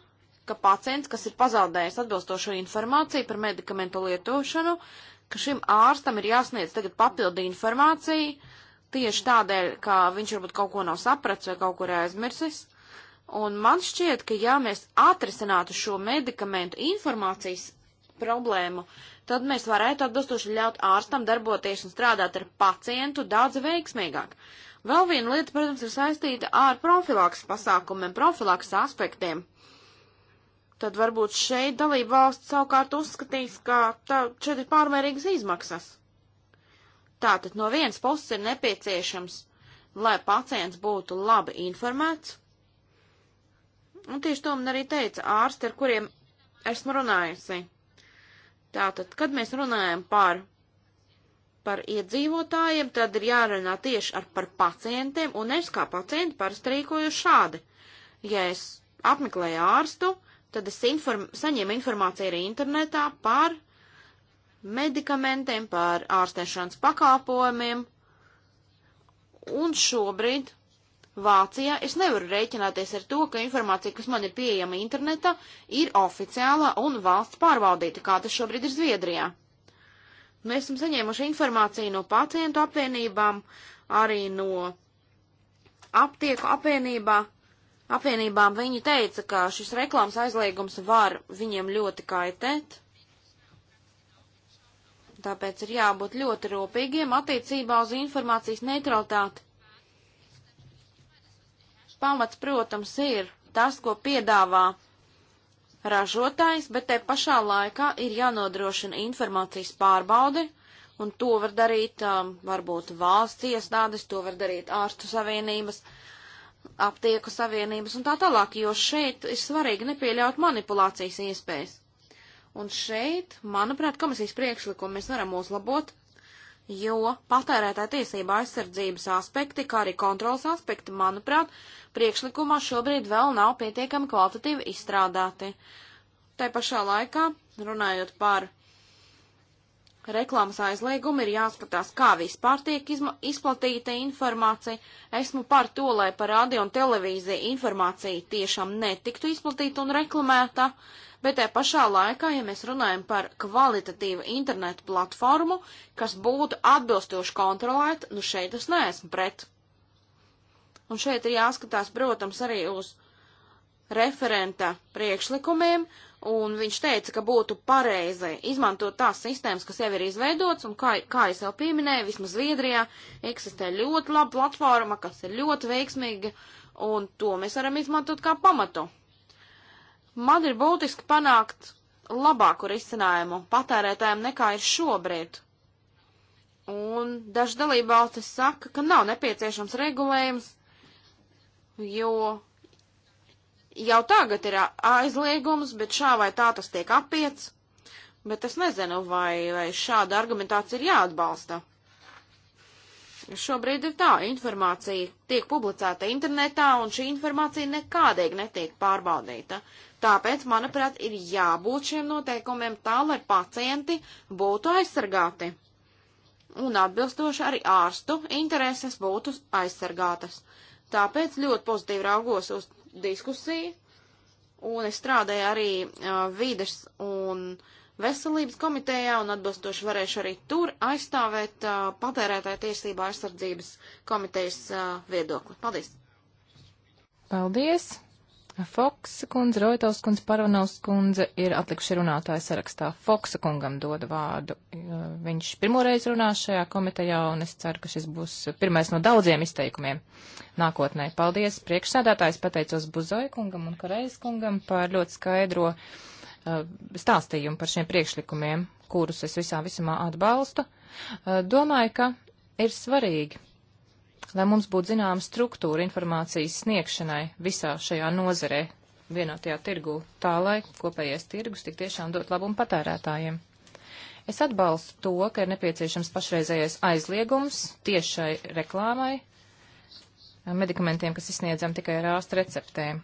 ka pacients, kas ir pazaudējis atbilstošo informāciju par medikamentu lietošanu, ka šim ārstam ir jāsniedz tagad papildi informācija tieši tādēļ, ka viņš varbūt kaut ko nav sapratis vai kaut kur aizmirsis. Uh, Un man šķiet, ka ja mēs atrisinātu šo medikamentu informācijas problēmu, tad mēs varētu atbilstoši ļaut ārstam darboties un strādāt ar pacientu daudz veiksmīgāk. Vēl viena lieta, protams, ir saistīta ar profilaks pasākumiem, profilaks aspektiem. Tad varbūt šeit dalība valsts savukārt uzskatīs, ka tā, šeit ir pārmērīgas izmaksas. Tātad no vienas puses ir nepieciešams, lai pacients būtu labi informēts, Un tieši to man arī teica ārsti, ar kuriem esmu runājusi. Tātad, kad mēs runājam par, par iedzīvotājiem, tad ir jārunā tieši ar par pacientiem, un es kā pacienti parasti rīkoju šādi. Ja es apmeklēju ārstu, tad es inform, saņēmu informāciju arī internetā par medikamentiem, par ārstēšanas pakāpojumiem, un šobrīd Vācijā es nevaru rēķināties ar to, ka informācija, kas man ir pieejama internetā, ir oficiālā un valsts pārvaldīta, kā tas šobrīd ir Zviedrijā. Mēs esam saņēmuši informāciju no pacientu apvienībām, arī no aptieku apvienībā. apvienībām. Viņi teica, ka šis reklāmas aizliegums var viņiem ļoti kaitēt. Tāpēc ir jābūt ļoti rūpīgiem attiecībā uz informācijas neutralitāti pamats, protams, ir tas, ko piedāvā ražotājs, bet te pašā laikā ir jānodrošina informācijas pārbaudi, un to var darīt um, varbūt valsts iestādes, to var darīt ārstu savienības, aptieku savienības un tā tālāk, jo šeit ir svarīgi nepieļaut manipulācijas iespējas. Un šeit, manuprāt, komisijas priekšlikumu mēs varam uzlabot, jo patērētāja tiesība aizsardzības aspekti, kā arī kontrolas aspekti, manuprāt, priekšlikumā šobrīd vēl nav pietiekami kvalitatīvi izstrādāti. Tā pašā laikā, runājot par reklāmas aizliegumu, ir jāskatās, kā vispār tiek izplatīta informācija. Esmu par to, lai par radio un televīziju informācija tiešām netiktu izplatīta un reklamēta. Uh, bet tajā pašā laikā, ja mēs runājam par kvalitatīvu internetu platformu, kas būtu atbilstoši kontrolēta, nu šeit es neesmu pret. Un šeit ir jāskatās, protams, arī uz referenta priekšlikumiem, un viņš teica, ka būtu pareizi izmantot tās sistēmas, kas jau ir izveidotas, un kā, kā es jau pieminēju, vismaz Zviedrijā eksistē ļoti laba platforma, kas ir ļoti veiksmīga, un to mēs varam izmantot kā pamatu. Man ir būtiski panākt labāku risinājumu patērētājiem nekā ir šobrīd. Un daži dalībvalstis saka, ka nav nepieciešams regulējums, jo jau tagad ir aizliegums, bet šā vai tā tas tiek apiets. Bet es nezinu, vai, vai šāda argumentācija ir jāatbalsta. Šobrīd ir tā, informācija tiek publicēta internetā, un šī informācija nekādīgi netiek pārbaudīta. Tāpēc, manuprāt, ir jābūt šiem noteikumiem tā, lai pacienti būtu aizsargāti. Un atbilstoši arī ārstu intereses būtu aizsargātas. Tāpēc ļoti pozitīvi raugos uz diskusiju, un es strādāju arī uh, vides un veselības komitejā, un atbilstoši varēšu arī tur aizstāvēt uh, patērētāju tiesību aizsardzības komitejas uh, viedokli. Paldies! Paldies! Foksa kundze, Roitovs kundze, Parvanovs kundze ir atlikuši runātāja sarakstā. Foksa kungam dod vārdu. Viņš pirmoreiz runā šajā komitejā, un es ceru, ka šis būs pirmais no daudziem izteikumiem nākotnē. Paldies, priekšsēdētājs, pateicos Buzoja kungam un Kareis kungam par ļoti skaidro uh, stāstījumu par šiem priekšlikumiem, kurus es visā visumā atbalstu. Uh, domāju, ka ir svarīgi lai mums būtu zināma struktūra informācijas sniegšanai visā šajā nozerē, vienotajā tirgū, tā lai kopējais tirgus tik tiešām dot labumu patērētājiem. Es atbalstu to, ka ir nepieciešams pašreizējais aizliegums tiešai reklāmai medikamentiem, kas izsniedzam tikai ar ārstu receptēm.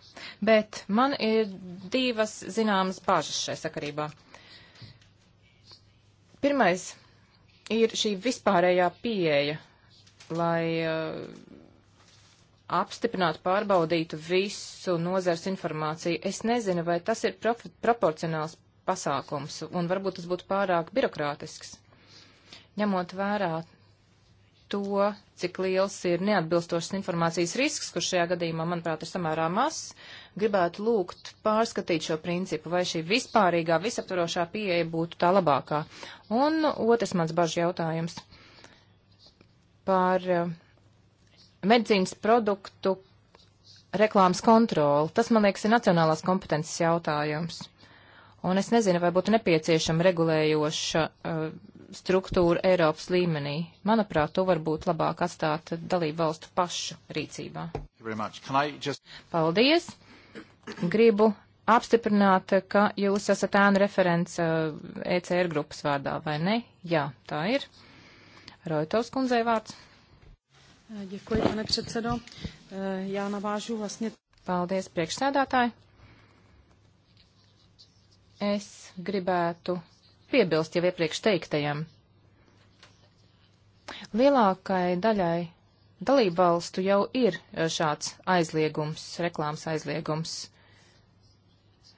Bet man ir divas zināmas bažas šai sakarībā. Pirmais ir šī vispārējā pieeja lai uh, apstiprinātu, pārbaudītu visu nozars informāciju. Es nezinu, vai tas ir pro proporcionāls pasākums, un varbūt tas būtu pārāk birokrātisks. Ņemot vērā to, cik liels ir neatbilstošas informācijas risks, kurš šajā gadījumā, manuprāt, ir samērā mazs, gribētu lūgt pārskatīt šo principu, vai šī vispārīgā, visaptvarošā pieeja būtu tā labākā. Un otrs mans bažu jautājums par eh, medicīnas produktu reklāmas kontroli. Tas, man liekas, ir nacionālās kompetences jautājums. Un es nezinu, vai būtu nepieciešama regulējoša uh, struktūra Eiropas līmenī. Manuprāt, to varbūt labāk atstāt dalību valstu pašu rīcībā. Just... Paldies! Gribu apstiprināt, ka jūs esat ēnu referents uh, eh, ECR grupas vārdā, vai ne? Jā, tā ir. Rojtovs kundzei vārds. Ďakujem, pane predsedo. Eh, Jā, navāžu vlastne. Paldies, priekšsēdātāji. Es gribētu piebilst jau iepriekš teiktajam. Lielākai daļai dalībvalstu jau ir eh, šāds aizliegums, reklāmas aizliegums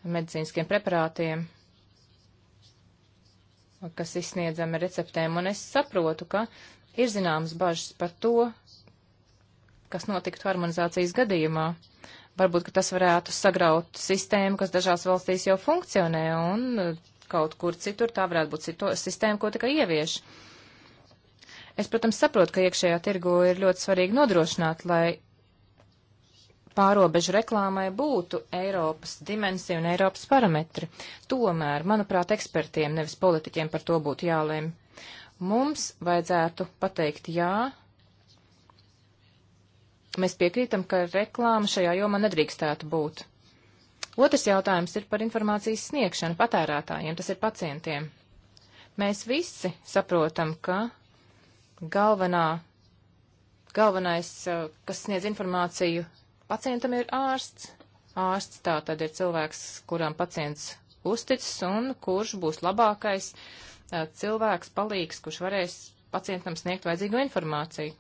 medicīniskiem preparātiem kas izsniedzami receptēm, un es saprotu, ka ir zināmas bažas par to, kas notiktu harmonizācijas gadījumā. Varbūt, ka tas varētu sagraut sistēmu, kas dažās valstīs jau funkcionē, un uh, kaut kur citur tā varētu būt cito, sistēma, ko tikai ievieš. Es, protams, saprotu, ka iekšējā tirgu ir ļoti svarīgi nodrošināt, lai pārobežu reklāmai būtu Eiropas dimensija un Eiropas parametri. Tomēr, manuprāt, ekspertiem, nevis politiķiem par to būtu jālēm. Mums vajadzētu pateikt jā. Mēs piekrītam, ka reklāma šajā jomā nedrīkstētu būt. Otrs jautājums ir par informācijas sniegšanu patērētājiem, tas ir pacientiem. Mēs visi saprotam, ka galvenā galvenais, eh, kas sniedz informāciju pacientam ir ārsts. Ārsts tā tad ir cilvēks, kuram pacients uzticis un kurš būs labākais cilvēks, palīgs, kurš varēs pacientam sniegt vajadzīgo informāciju.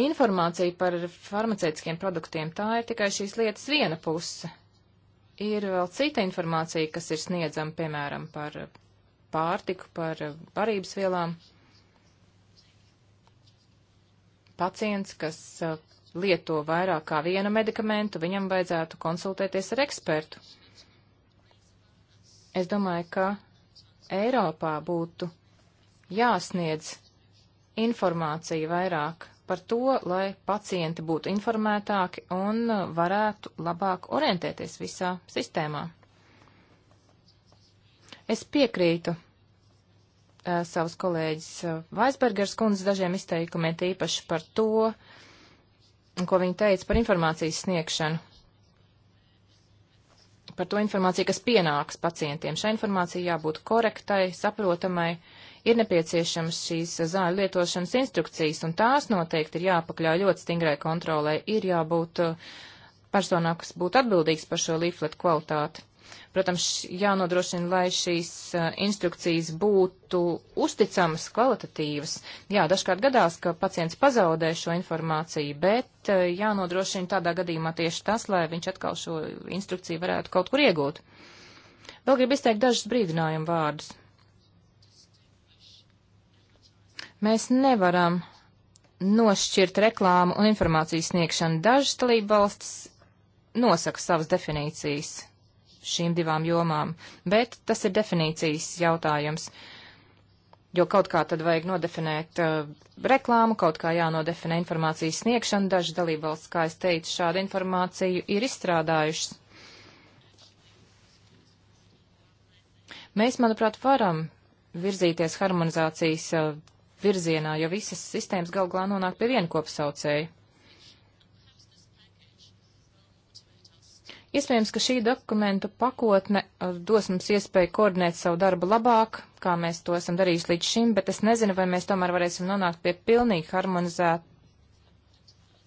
Informācija par farmaceitiskiem produktiem tā ir tikai šīs lietas viena puse. Ir vēl cita informācija, kas ir sniedzama, piemēram, par pārtiku, par barības vielām, pacients, kas uh, lieto vairāk kā vienu medikamentu, viņam vajadzētu konsultēties ar ekspertu. Es domāju, ka Eiropā būtu jāsniedz informācija vairāk par to, lai pacienti būtu informētāki un uh, varētu labāk orientēties visā sistēmā. Es piekrītu Eh, savus kolēģis Vaisbergers eh, kundzes dažiem izteikumiem, tīpaši par to, ko viņa teica par informācijas sniegšanu. Par to informāciju, kas pienāks pacientiem. Šai informācijai jābūt korektai, saprotamai, ir nepieciešams šīs zāļu lietošanas instrukcijas, un tās noteikti ir jāpakļauj ļoti stingrai kontrolē. Ir jābūt eh, personā, kas būtu atbildīgs par šo līfletu kvalitāti. Protams, jānodrošina, lai šīs instrukcijas būtu uzticamas, kvalitatīvas. Jā, dažkārt gadās, ka pacients pazaudē šo informāciju, bet jānodrošina tādā gadījumā tieši tas, lai viņš atkal šo instrukciju varētu kaut kur iegūt. Vēl gribu izteikt dažus brīdinājumu vārdus. Mēs nevaram nošķirt reklāmu un informācijas sniegšanu. Dažas dalība valstis nosaka savas definīcijas šīm divām jomām, bet tas ir definīcijas jautājums. Jo kaut kā tad vajag nodefinēt uh, reklāmu, kaut kā jānodefinē informācijas sniegšana. Daži dalībvalsts, kā es teicu, šādu informāciju ir izstrādājušas. Mēs, manuprāt, varam virzīties harmonizācijas uh, virzienā, jo visas sistēmas galvā nonāk pie viena kopsaucēja. Iespējams, ka šī dokumentu pakotne uh, dos mums iespēju koordinēt savu darbu labāk, kā mēs to esam darījuši līdz šim, bet es nezinu, vai mēs tomēr varēsim nonākt pie pilnīgi harmonizētas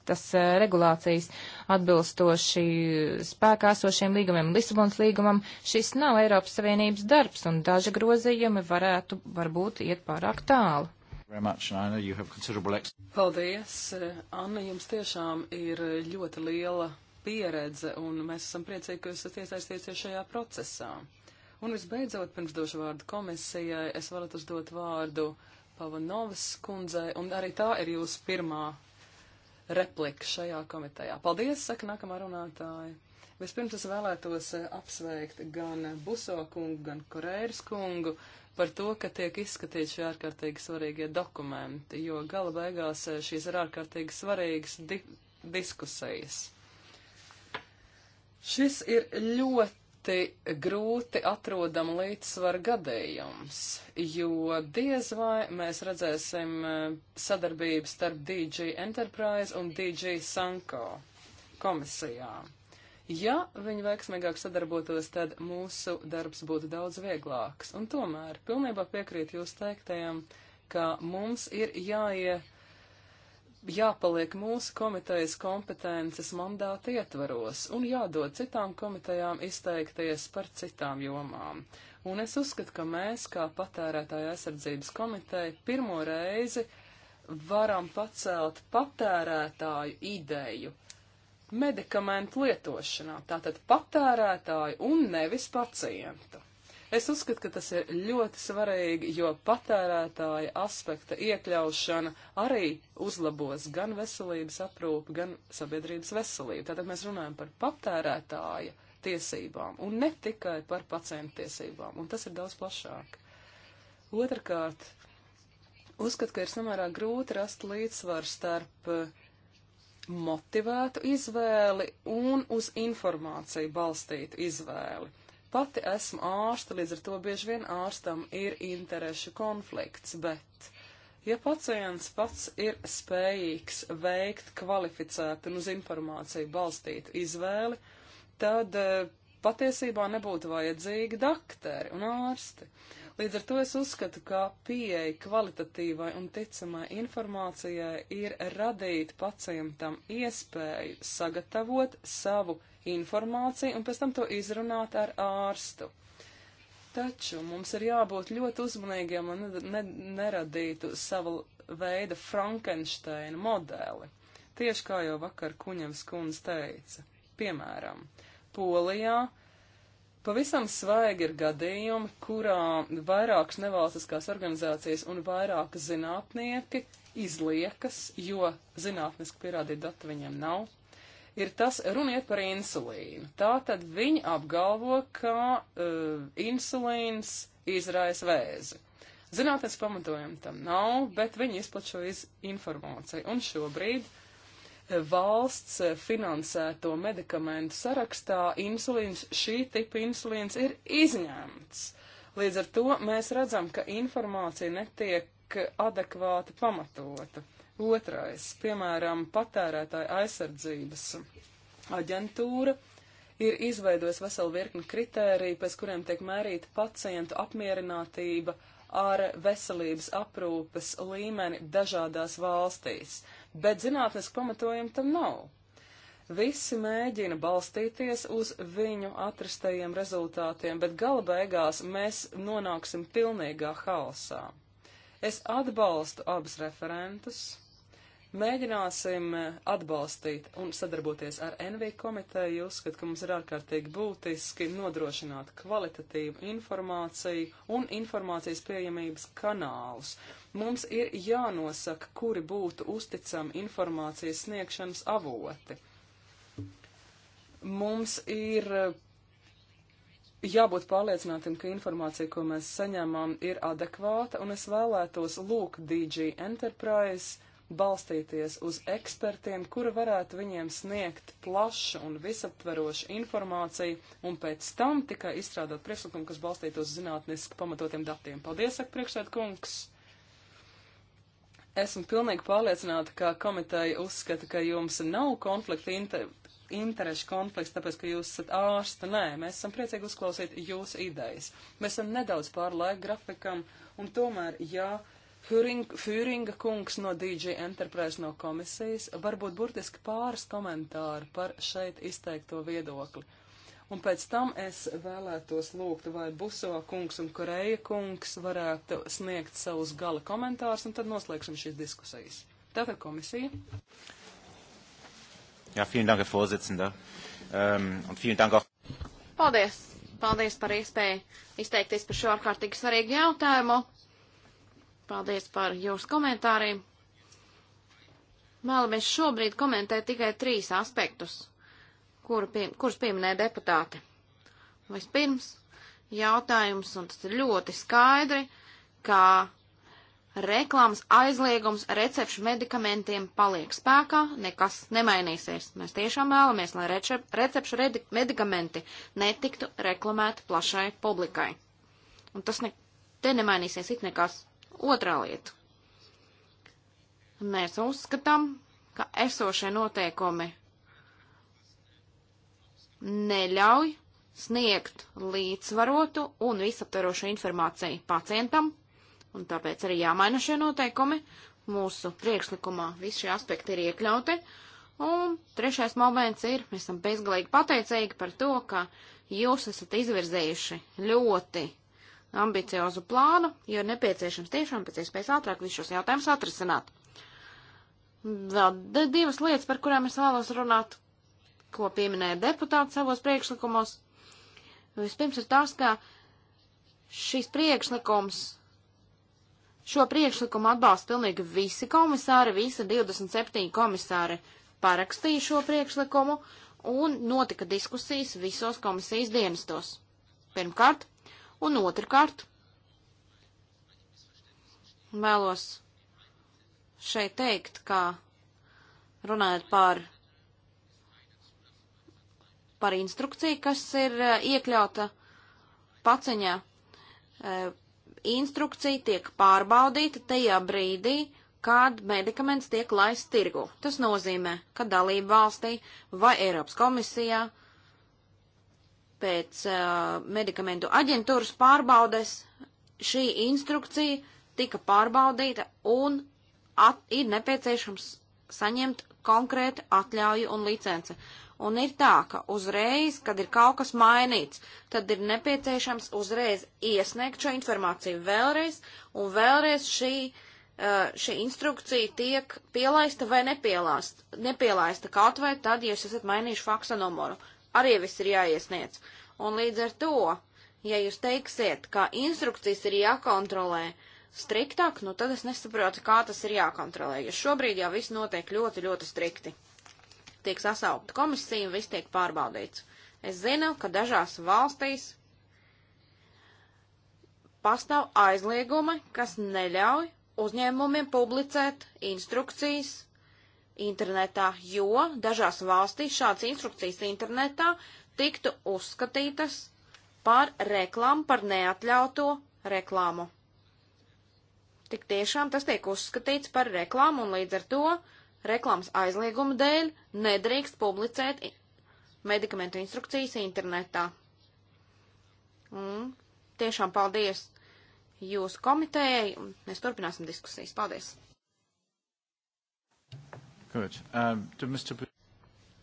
uh, regulācijas atbilstoši spēkā esošiem līgumiem. Lisabons līgumam šis nav Eiropas Savienības darbs, un daži grozījumi varētu varbūt iet pārāk tālu. Much, Paldies, Anna, jums tiešām ir ļoti liela pieredze, un mēs esam priecīgi, ka jūs esat iesaistījušies šajā procesā. Un visbeidzot, pirms došu vārdu komisijai, es varat uzdot vārdu Pavanovas kundzei, un arī tā ir jūsu pirmā replika šajā komitejā. Paldies, saka nākamā runātāja. Vispirms es vēlētos apsveikt gan Buso kungu, gan Korēras kungu, par to, ka tiek izskatīti šie ārkārtīgi svarīgie dokumenti, jo gala beigās šīs ir ārkārtīgi svarīgas di diskusijas. Šis ir ļoti grūti atrodama līdzsvara gadījums, jo diez vai mēs redzēsim eh, sadarbību starp DG Enterprise un DG Sanko komisijā. Ja viņi veiksmīgāk sadarbotos, tad mūsu darbs būtu daudz vieglāks. Un tomēr pilnībā piekrīt jūs teiktajam, ka mums ir jāie jāpaliek mūsu komitejas kompetences mandāta ietvaros un jādod citām komitejām izteikties par citām jomām. Un es uzskatu, ka mēs, kā patērētāja aizsardzības komiteja, pirmo reizi varam pacelt patērētāju ideju medikamentu lietošanā, tātad patērētāju un nevis pacientu. Es uzskatu, ka tas ir ļoti svarīgi, jo patērētāja aspekta iekļaušana arī uzlabos gan veselības aprūpi, gan sabiedrības veselību. Tātad mēs runājam par patērētāja tiesībām un ne tikai par pacientu tiesībām, un tas ir daudz plašāk. Otrakārt, uzskatu, ka ir samērā grūti rast līdzsvaru starp eh, motivētu izvēli un uz informāciju balstītu izvēli. Pati esmu ārsta, līdz ar to bieži vien ārstam ir interešu konflikts, bet ja pacients pats ir spējīgs veikt kvalificētu un uz informāciju balstītu izvēli, tad eh, patiesībā nebūtu vajadzīgi dakteri un ārsti. Uh, Līdz ar to es uzskatu, ka pieeja kvalitatīvai un ticamai informācijai ir radīt pacientam iespēju sagatavot savu informāciju un pēc tam to izrunāt ar ārstu. Taču mums ir jābūt ļoti uzmanīgiem un ne, neradītu savu veidu Frankensteina modeli. Tieši kā jau vakar Kuņevs kundze teica, piemēram, Polijā Pavisam svaigi ir gadījumi, kurā vairākas nevalstiskās organizācijas un vairākas zinātnieki izliekas, jo zinātniski pierādīt datu viņiem nav. Ir tas runiet par insulīnu. Tā tad viņi apgalvo, ka uh, insulīns izraisa vēzi. Zinātnes pamatojumi tam nav, bet viņi izplačo iz informāciju. Un šobrīd uh, valsts finansēto medikamentu sarakstā insulīns, šī tipa insulīns ir izņemts. Līdz ar to mēs redzam, ka informācija netiek adekvāti pamatota. Otrais, piemēram, patērētāja aizsardzības aģentūra ir izveidojis veselu virkni kritēriju, pēc kuriem tiek mērīta pacientu apmierinātība ar veselības aprūpes līmeni dažādās valstīs bet zinātniski pamatojumi tam nav. Visi mēģina balstīties uz viņu atrastajiem rezultātiem, bet gala beigās mēs nonāksim pilnīgā haosā. Es atbalstu abus referentus, Mēģināsim eh, atbalstīt un sadarboties ar NV komiteju. Uzskatu, ka mums ir ārkārtīgi būtiski nodrošināt kvalitatīvu informāciju un informācijas pieejamības kanālus. Mums ir jānosaka, kuri būtu uzticami informācijas sniegšanas avoti. Mums ir eh, jābūt pārliecinātam, ka informācija, ko mēs saņemam, ir adekvāta, un es vēlētos lūgt DG Enterprise balstīties uz ekspertiem, kuri varētu viņiem sniegt plašu un visaptverošu informāciju, un pēc tam tikai izstrādāt priekšlikumu, kas balstītos uz zinātniski pamatotiem datiem. Paldies, saka priekšsēd kungs! Esmu pilnīgi pārliecināta, ka komiteja uzskata, ka jums nav konflikta inter interešu konflikts, tāpēc, ka jūs esat ārsta. Nē, mēs esam priecīgi uzklausīt jūsu idejas. Mēs esam nedaudz pāri laika grafikam, un tomēr, ja. Jā Fūringa kungs no DJ Enterprise no komisijas, varbūt burtiski pāris komentāri par šeit izteikto viedokli. Un pēc tam es vēlētos lūgt, vai Buso kungs un Koreja kungs varētu sniegt savus gala komentārus, un tad noslēgsim šīs diskusijas. Tātad komisija. Jā, vielen dank, Vorsitzende. Um, ähm, un vielen dank auch. Paldies. Paldies par iespēju izteikties par šo ārkārtīgi svarīgu jautājumu. Paldies par jūsu komentāriem. Vēlamies šobrīd komentēt tikai trīs aspektus, kur pie, kurus pieminēja deputāti. Vispirms jautājums, un tas ir ļoti skaidri, ka reklāmas aizliegums recepšu medikamentiem paliek spēkā, nekas nemainīsies. Mēs tiešām vēlamies, lai recepšu medikamenti netiktu reklamēti plašai publikai. Un tas ne, te nemainīsies it nekas. Otrā lieta. Mēs uzskatām, ka esošie noteikumi neļauj sniegt līdzsvarotu un visaptverošu informāciju pacientam, un tāpēc arī jāmaina šie noteikumi. Mūsu priekšlikumā visi šie aspekti ir iekļauti. Un trešais moments ir, mēs esam bezgalīgi pateicīgi par to, ka jūs esat izvirzējuši ļoti ambiciozu plānu, jo ir nepieciešams tiešām pēc iespējas ātrāk visus šos jautājumus atrisināt. Vēl divas lietas, par kurām es vēlos runāt, ko pieminēja deputāti savos priekšlikumos. Vispirms ir tas, ka šīs priekšlikums, šo priekšlikumu atbalsta pilnīgi visi komisāri, visi 27 komisāri parakstīja šo priekšlikumu un notika diskusijas visos komisijas dienestos. Pirmkārt, Un otrkārt, vēlos šeit teikt, ka runājot par, par instrukciju, kas ir e, iekļauta paciņā, e, instrukcija tiek pārbaudīta tajā brīdī, kad medikaments tiek laists tirgu. Tas nozīmē, ka dalība valstī vai Eiropas komisijā uh, pēc uh, medikamentu aģentūras pārbaudes šī instrukcija tika pārbaudīta un at, ir nepieciešams saņemt konkrēti atļauju un licenci. Un ir tā, ka uzreiz, kad ir kaut kas mainīts, tad ir nepieciešams uzreiz iesniegt šo informāciju vēlreiz, un vēlreiz šī, uh, šī instrukcija tiek pielaista vai nepielāsta, nepielaista kaut vai tad, ja jūs esat mainījuši faksa numuru. Uh, arī viss ir jāiesniedz. Un līdz ar to, ja jūs teiksiet, ka instrukcijas ir jākontrolē striktāk, nu tad es nesaprotu, kā tas ir jākontrolē, jo šobrīd jau viss notiek ļoti, ļoti strikti. Tiek sasaukta komisija un viss tiek pārbaudīts. Es zinu, ka dažās valstīs pastāv aizliegumi, kas neļauj uzņēmumiem publicēt instrukcijas internetā, jo dažās valstīs šādas instrukcijas internetā tiktu uzskatītas par reklāmu, par neatļautu reklāmu. Tik tiešām tas tiek uzskatīts par reklāmu un līdz ar to reklāmas aizlieguma dēļ nedrīkst publicēt medikamentu instrukcijas internetā. Un tiešām paldies jūsu komitējai, un mēs turpināsim diskusijas. Paldies! Good. Um, to Mr. B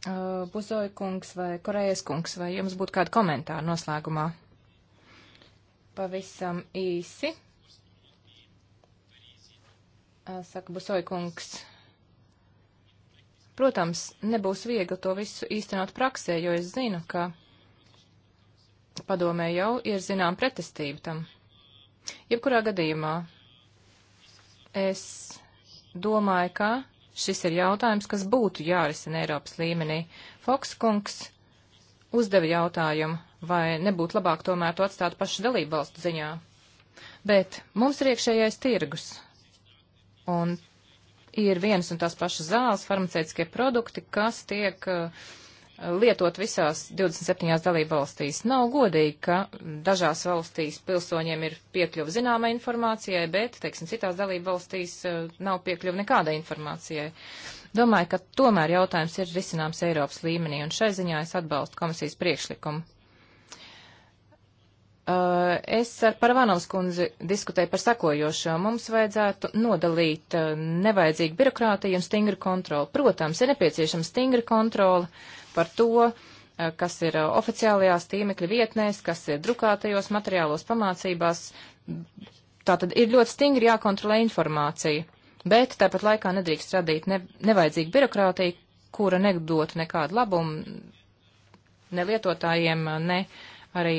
uh, Buzoja kungs vai Korejas kungs, vai jums būtu kādi komentāri noslēgumā? Pavisam īsi. Uh, saka Buzoja kungs. Protams, nebūs viegli to visu īstenot praksē, jo es zinu, ka padomē jau ir zinām pretestība tam. Jebkurā gadījumā es domāju, ka Šis ir jautājums, kas būtu jārisina Eiropas līmenī. Fokskungs uzdeva jautājumu, vai nebūtu labāk tomēr to atstāt pašu dalību valstu ziņā. Bet mums ir iekšējais tirgus, un ir vienas un tās pašas zāles, farmaceitiskie produkti, kas tiek uh, lietot visās 27 dalību valstīs. Nav godīgi, ka dažās valstīs pilsoņiem ir piekļuva zināmai informācijai, bet, teiksim, citās dalību valstīs eh, nav piekļuva nekādai informācijai. Domāju, ka tomēr jautājums ir risināms Eiropas līmenī, un šai ziņā es atbalstu komisijas priekšlikumu. Eh, es ar Parvanovs kundzi diskutēju par sakojošo. Mums vajadzētu nodalīt eh, nevajadzīgu birokrātiju un stingru kontroli. Protams, ir nepieciešama stingra kontrola par to, eh, kas ir oficiālajās tīmekļa vietnēs, kas ir drukātajos materiālos pamācībās. Tātad ir ļoti stingri jākontrolē informācija, bet tāpat laikā nedrīkst radīt ne, nevajadzīgu birokrātiju, kura nedotu nekādu labumu ne lietotājiem, ne uh, arī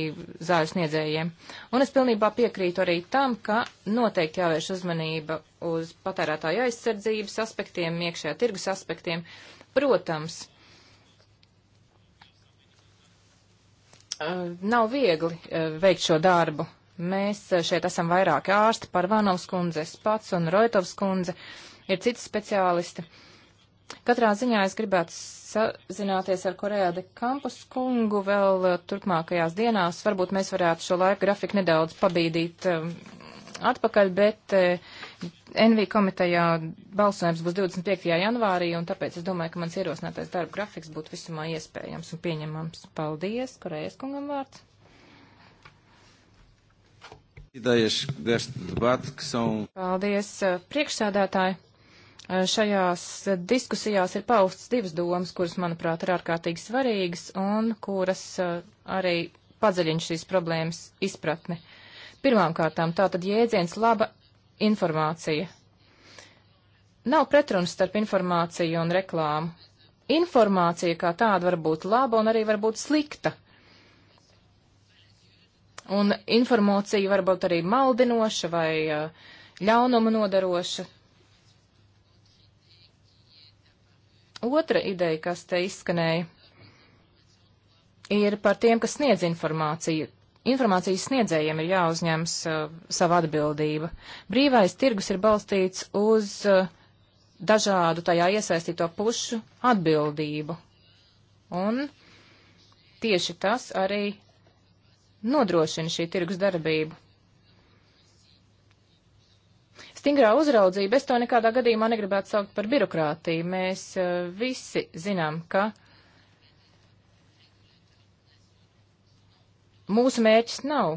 zāļu sniedzējiem. Un es pilnībā piekrītu arī tam, ka noteikti jāvērš uzmanība uz patērētāju aizsardzības aspektiem, iekšējā tirgus aspektiem. Protams, nav viegli veikt šo darbu. Mēs šeit esam vairāki ārsti, Parvanovs kundze, es pats un Roitovs kundze, ir citi speciālisti. Uh, Katrā ziņā es gribētu sazināties ar Korejā de Kampus kungu vēl eh, turpmākajās dienās. Varbūt mēs varētu šo laiku grafiku nedaudz pabīdīt um, atpakaļ, bet uh, eh, NV komitejā balsojums būs 25. janvārī, un tāpēc es domāju, ka mans ierosinātais darba grafiks būtu visumā iespējams un pieņemams. Paldies, Korejas kungam vārds. Idejas deste debate, ka são. Paldies, priekšsēdētāji. Eh, šajās diskusijās ir paustas divas domas, kuras, manuprāt, ir ārkārtīgi svarīgas un kuras eh, arī padziļina šīs problēmas izpratni. Pirmkārtām, tātad jēdziens laba informācija. Nav pretrunas starp informāciju un reklāmu. Informācija kā tāda var būt laba un arī var būt slikta. Un informācija var būt arī maldinoša vai eh, ļaunuma nodaroša. Otra ideja, kas te izskanēja, ir par tiem, kas sniedz informāciju. Informācijas sniedzējiem ir jāuzņems uh, sava atbildība. Brīvais tirgus ir balstīts uz uh, dažādu tajā iesaistīto pušu atbildību. Un tieši tas arī nodrošina šī tirgus darbību. Stingrā uzraudzība, es to nekādā gadījumā negribētu saukt par birokrātiju. Mēs eh, visi zinām, ka mūsu mērķis nav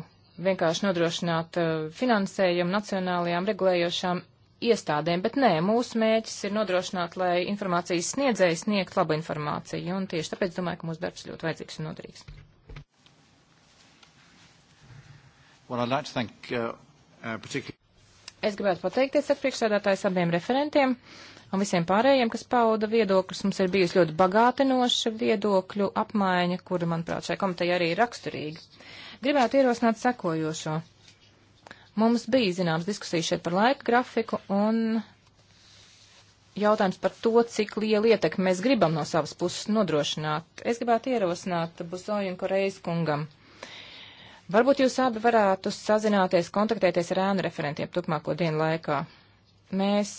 vienkārši nodrošināt eh, finansējumu nacionālajām regulējošām iestādēm, bet nē, mūsu mērķis ir nodrošināt, lai informācijas sniedzējs sniegt labu informāciju, un tieši tāpēc domāju, ka mūsu darbs ļoti vajadzīgs un noderīgs. Well, I'd like to thank, uh, uh, particularly... Es gribētu pateikties ar priekšsēdētājs abiem referentiem un visiem pārējiem, kas pauda viedokļus. Mums ir bijusi ļoti bagātinoša viedokļu apmaiņa, kura, manuprāt, šai komitei arī ir raksturīga. Gribētu ierosināt sekojošo. Mums bija zināms diskusija šeit par laika grafiku un jautājums par to, cik lielu ietekmi mēs gribam no savas puses nodrošināt. Es gribētu ierosināt Buzoju un Korejas kungam. Uh, Varbūt jūs abi varētu sazināties, kontaktēties ar ēnu referentiem turpmāko dienu laikā. Mēs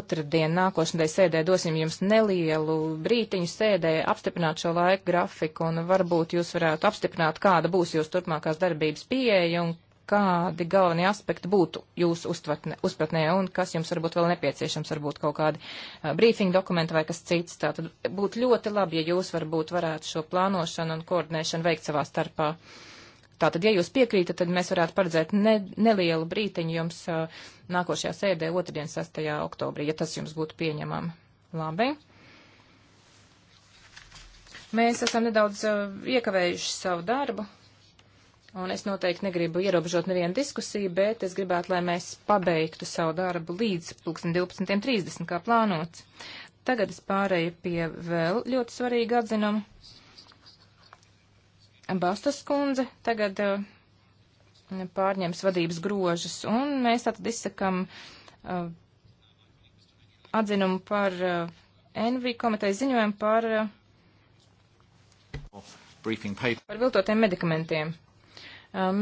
otrdien nākošanai sēdē dosim jums nelielu brītiņu sēdē apstiprināt šo laiku grafiku un varbūt jūs varētu apstiprināt, kāda būs jūs turpmākās darbības pieeja un kādi galvenie aspekti būtu jūsu uzpratnē un kas jums varbūt vēl nepieciešams, varbūt kaut kādi uh, brīfinga dokumenti vai kas cits. Tātad būtu ļoti labi, ja jūs varbūt varētu šo plānošanu un koordinēšanu veikt savā starpā. Tātad, ja jūs piekrītat, tad mēs varētu paredzēt ne, nelielu brītiņu jums uh, nākošajā sēdē otrdien 6. oktobrī, ja tas jums būtu pieņemami. Labi. Mēs esam nedaudz uh, iekavējuši savu darbu. Un es noteikti negribu ierobežot nevienu diskusiju, bet es gribētu, lai mēs pabeigtu savu darbu līdz 12.30, kā plānots. Tagad es pārēju pie vēl ļoti svarīga atzinuma. Bastas kundze tagad uh, pārņems vadības grožus, un mēs tātad izsakam uh, atzinumu par uh, NV komitejas ziņojumu par, uh, par viltotiem medikamentiem.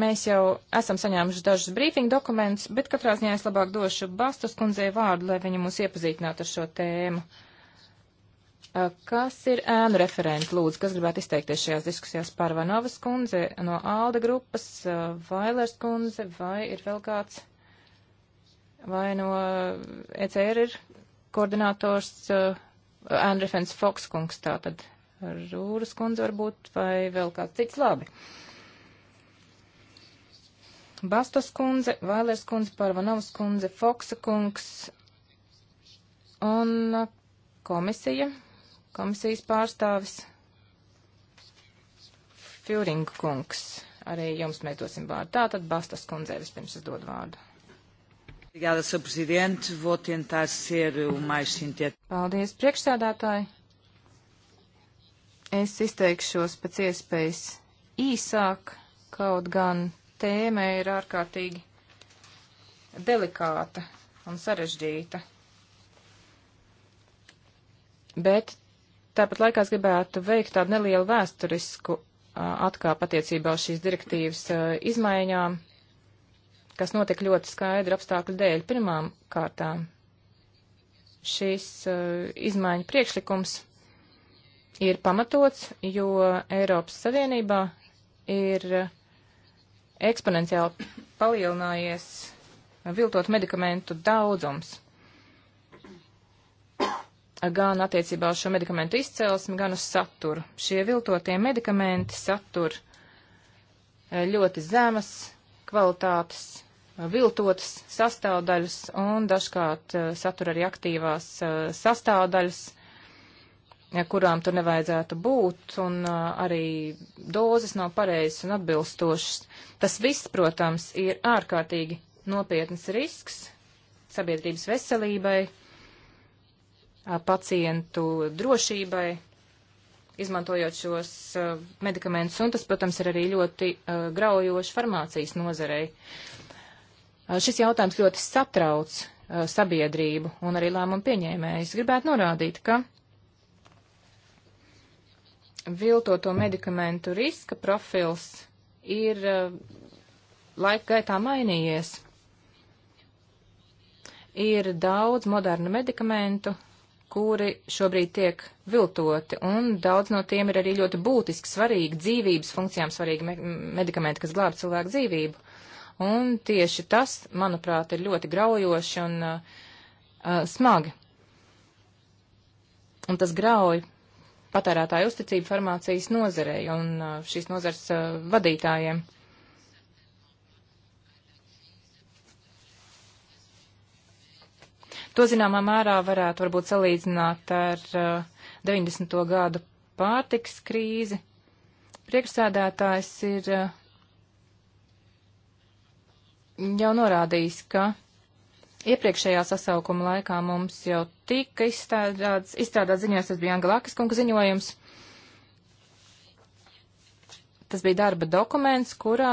Mēs jau esam saņēmuši dažus brīfingu dokumentus, bet katrā ziņā es labāk došu Bastus kundzei vārdu, lai viņa mūs iepazīstinātu ar šo tēmu. Kas ir ēnu referenti, lūdzu, kas gribētu izteikties šajās diskusijās par Vanovas kundze no Alda grupas, Vailers kundze, vai ir vēl kāds, vai no ECR ir koordinators ēnu referents Foks kungs, tātad Rūras kundze varbūt, vai vēl kāds cits labi. Uh, Bastos kundze, Vailers kundze, Parvanovas kundze, Foksa kungs un komisija, komisijas pārstāvis Fjūringa kungs. Arī jums mēs dosim vārdu. Tātad Bastos kundze vispirms es dodu vārdu. Obrigada, Sr. Presidente. Vou tentar ser o mais sintético. Paldies, priekšsēdētāji. Es izteikšos pēc iespējas īsāk, kaut gan tēma ir ārkārtīgi delikāta un sarežģīta. Bet tāpat laikā es gribētu veikt tādu nelielu vēsturisku atkāpu attiecībā uz šīs direktīvas izmaiņām, kas notika ļoti skaidri apstākļu dēļ. Pirmām kārtām šīs izmaiņu priekšlikums ir pamatots, jo Eiropas Savienībā ir eksponenciāli palielinājies viltot medikamentu daudzums. Gan attiecībā uz šo medikamentu izcelsmi, gan uz saturu. Šie viltotie medikamenti satur e, ļoti zemas kvalitātes, e, viltotas sastāvdaļas un dažkārt e, satur arī aktīvās sastāvdaļas, kurām tur nevajadzētu būt, un arī dozes nav pareizas un atbilstošas. Tas viss, protams, ir ārkārtīgi nopietnas risks sabiedrības veselībai, pacientu drošībai, izmantojot šos medikamentus, un tas, protams, ir arī ļoti graujoši farmācijas nozarei. Šis jautājums ļoti satrauc sabiedrību un arī lēmumu pieņēmējus. Gribētu norādīt, ka viltoto medikamentu riska profils ir eh, laika gaitā mainījies. Ir daudz modernu medikamentu, kuri šobrīd tiek viltoti, un daudz no tiem ir arī ļoti būtiski svarīgi dzīvības funkcijām svarīgi me medikamenti, kas glāb cilvēku dzīvību. Un tieši tas, manuprāt, ir ļoti graujoši un uh, smagi. Un tas grauj patērētāju uzticību farmācijas nozarei un uh, šīs nozars uh, vadītājiem. To zināmā mērā varētu varbūt salīdzināt ar 90. Uh, gadu pārtiks krīzi. Priekšsēdētājs ir jau norādījis, ka Iepriekšējā sasaukuma laikā mums jau tika izstrādāts, izstrādāts ziņojums, tas bija Angelakis kunga ziņojums. Tas bija darba dokuments, kurā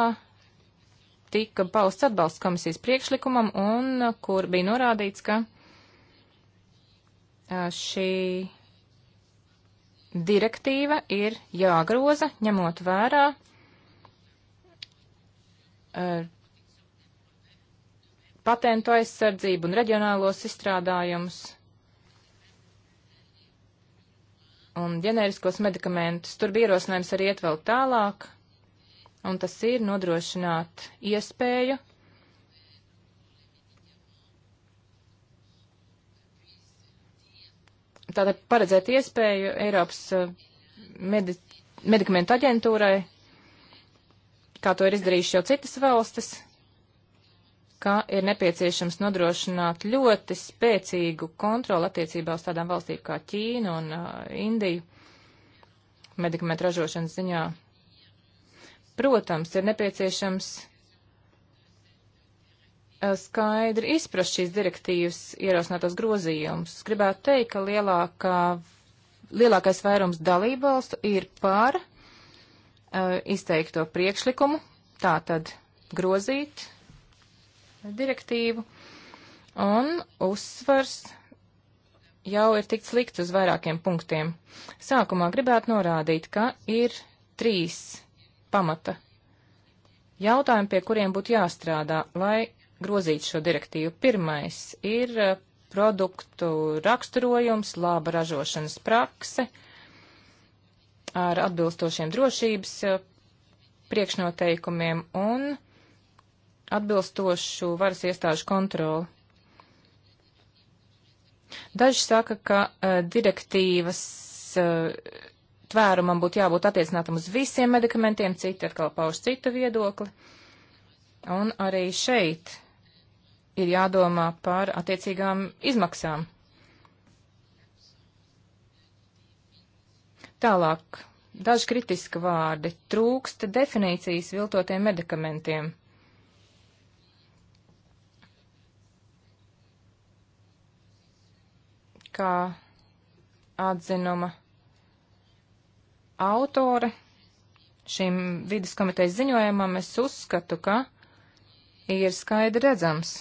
tika pausts atbalsts komisijas priekšlikumam un kur bija norādīts, ka šī direktīva ir jāgroza, ņemot vērā patentu aizsardzību un reģionālos izstrādājumus un ģenēriskos medikamentus. Tur bija ierosinājums arī iet vēl tālāk, un tas ir nodrošināt iespēju tātad paredzēt iespēju Eiropas uh, medi medikamentu aģentūrai, kā to ir izdarījuši jau citas valstis, ka ir nepieciešams nodrošināt ļoti spēcīgu kontroli attiecībā uz tādām valstīm kā Ķīna un uh, Indija medikamentu ražošanas ziņā. Protams, ir nepieciešams uh, skaidri izprast šīs direktīvas ierosinātos grozījumus. Gribētu teikt, ka lielākā, lielākais vairums dalībvalstu ir pār uh, izteikto priekšlikumu, tātad grozīt direktīvu, un uzsvars jau ir tikts likt uz vairākiem punktiem. Sākumā gribētu norādīt, ka ir trīs pamata jautājumi, pie kuriem būtu jāstrādā, lai grozītu šo direktīvu. Pirmais ir eh, produktu raksturojums, laba ražošanas prakse ar atbilstošiem drošības eh, priekšnoteikumiem un atbilstošu varas iestāžu kontroli. Daži saka, ka uh, direktīvas uh, tvērumam būtu jābūt attiecinātam uz visiem medikamentiem, citi atkal pauž citu viedokli. Un arī šeit ir jādomā par attiecīgām izmaksām. Tālāk, daži kritiski vārdi. Trūksta definīcijas viltotiem medikamentiem. kā atzinuma autore šim vidas komitejas ziņojumam, es uzskatu, ka ir skaidri redzams,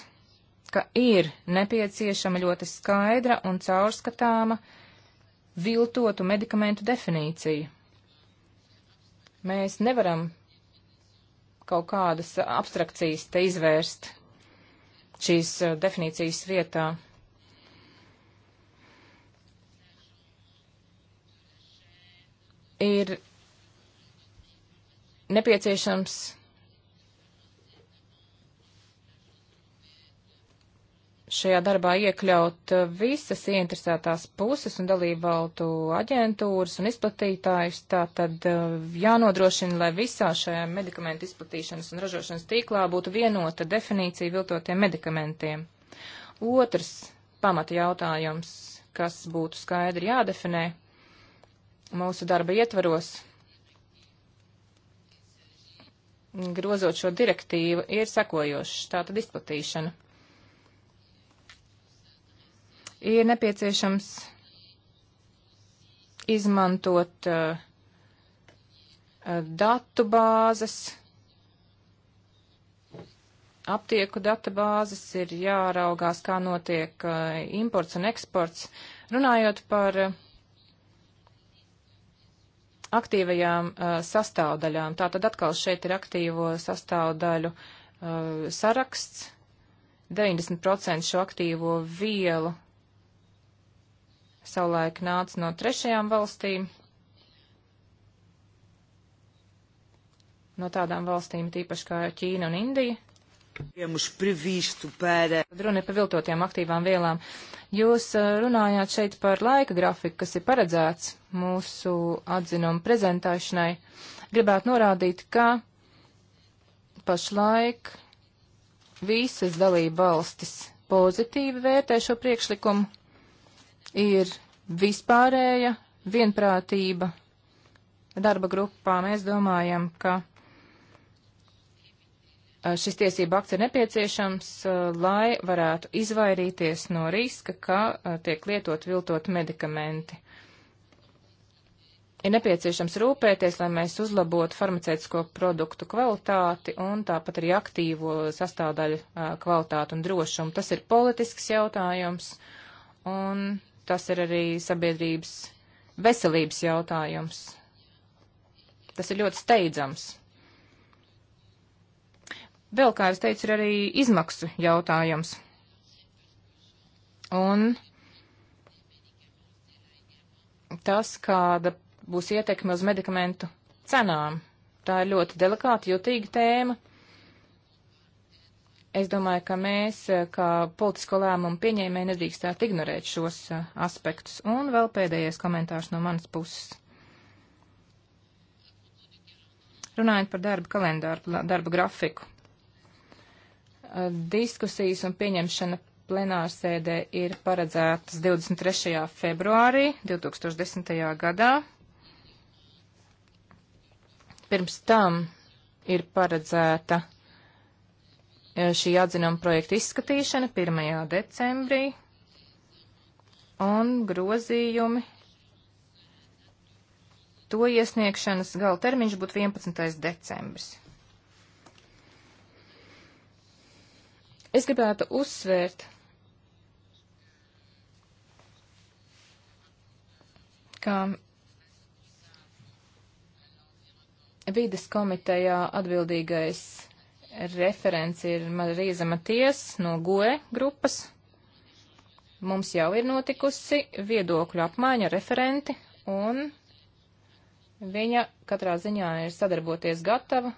ka ir nepieciešama ļoti skaidra un caurskatāma viltotu medikamentu definīcija. Mēs nevaram kaut kādas abstrakcijas te izvērst šīs eh, definīcijas vietā. ir nepieciešams šajā darbā iekļaut visas ieinteresētās puses un dalībvaltu aģentūras un izplatītājus. Tā tad eh, jānodrošina, lai visā šajā medikamentu izplatīšanas un ražošanas tīklā būtu vienota definīcija viltotiem medikamentiem. Otrs pamata jautājums, kas būtu skaidri jādefinē, mūsu darba ietvaros, grozot šo direktīvu, ir sekojošs tātad izplatīšana. Ir nepieciešams izmantot uh, datu bāzes, aptieku datu bāzes, ir jāraugās, kā notiek uh, imports un eksports. Runājot par uh, aktīvajām uh, sastāvdaļām. Tātad atkal šeit ir aktīvo sastāvdaļu uh, saraksts. 90% šo aktīvo vielu savulaik nāca no trešajām valstīm, no tādām valstīm tīpaši kā Ķīna un Indija. Runa par viltotiem aktīvām vielām. Jūs eh, runājāt šeit par laika grafiku, kas ir paredzēts mūsu atzinumu prezentēšanai. Gribētu norādīt, ka pašlaik visas dalība valstis pozitīvi vērtē šo priekšlikumu. Ir vispārēja vienprātība darba grupā. Mēs domājam, ka Eh, šis tiesība akts ir nepieciešams, eh, lai varētu izvairīties no riska, ka eh, tiek lietot viltot medikamenti. Ir nepieciešams rūpēties, lai mēs uzlabotu farmaceitisko produktu kvalitāti un tāpat arī aktīvo sastāvdaļu kvalitātu un drošumu. Tas ir politisks jautājums un tas ir arī sabiedrības veselības jautājums. Tas ir ļoti steidzams. Vēl, kā es teicu, ir arī izmaksu jautājums. Un tas, kāda būs ietekme uz medikamentu cenām. Tā ir ļoti delikāta, jutīga tēma. Es domāju, ka mēs, kā politisko lēmumu pieņēmēji, nedrīkstētu ignorēt šos aspektus. Un vēl pēdējais komentārs no manas puses. Runājot par darba kalendāru, darba grafiku. Diskusijas un pieņemšana plenārsēdē ir paredzētas 23. februārī 2010. gadā. Pirms tam ir paredzēta e, šī atzinuma projekta izskatīšana 1. decembrī un grozījumi. To iesniegšanas gala termiņš būtu 11. decembris. Es gribētu uzsvērt, ka vides komitejā atbildīgais referents ir Marīza Maties no GOE grupas. Mums jau ir notikusi viedokļu apmaiņa referenti, un viņa katrā ziņā ir sadarboties gatava,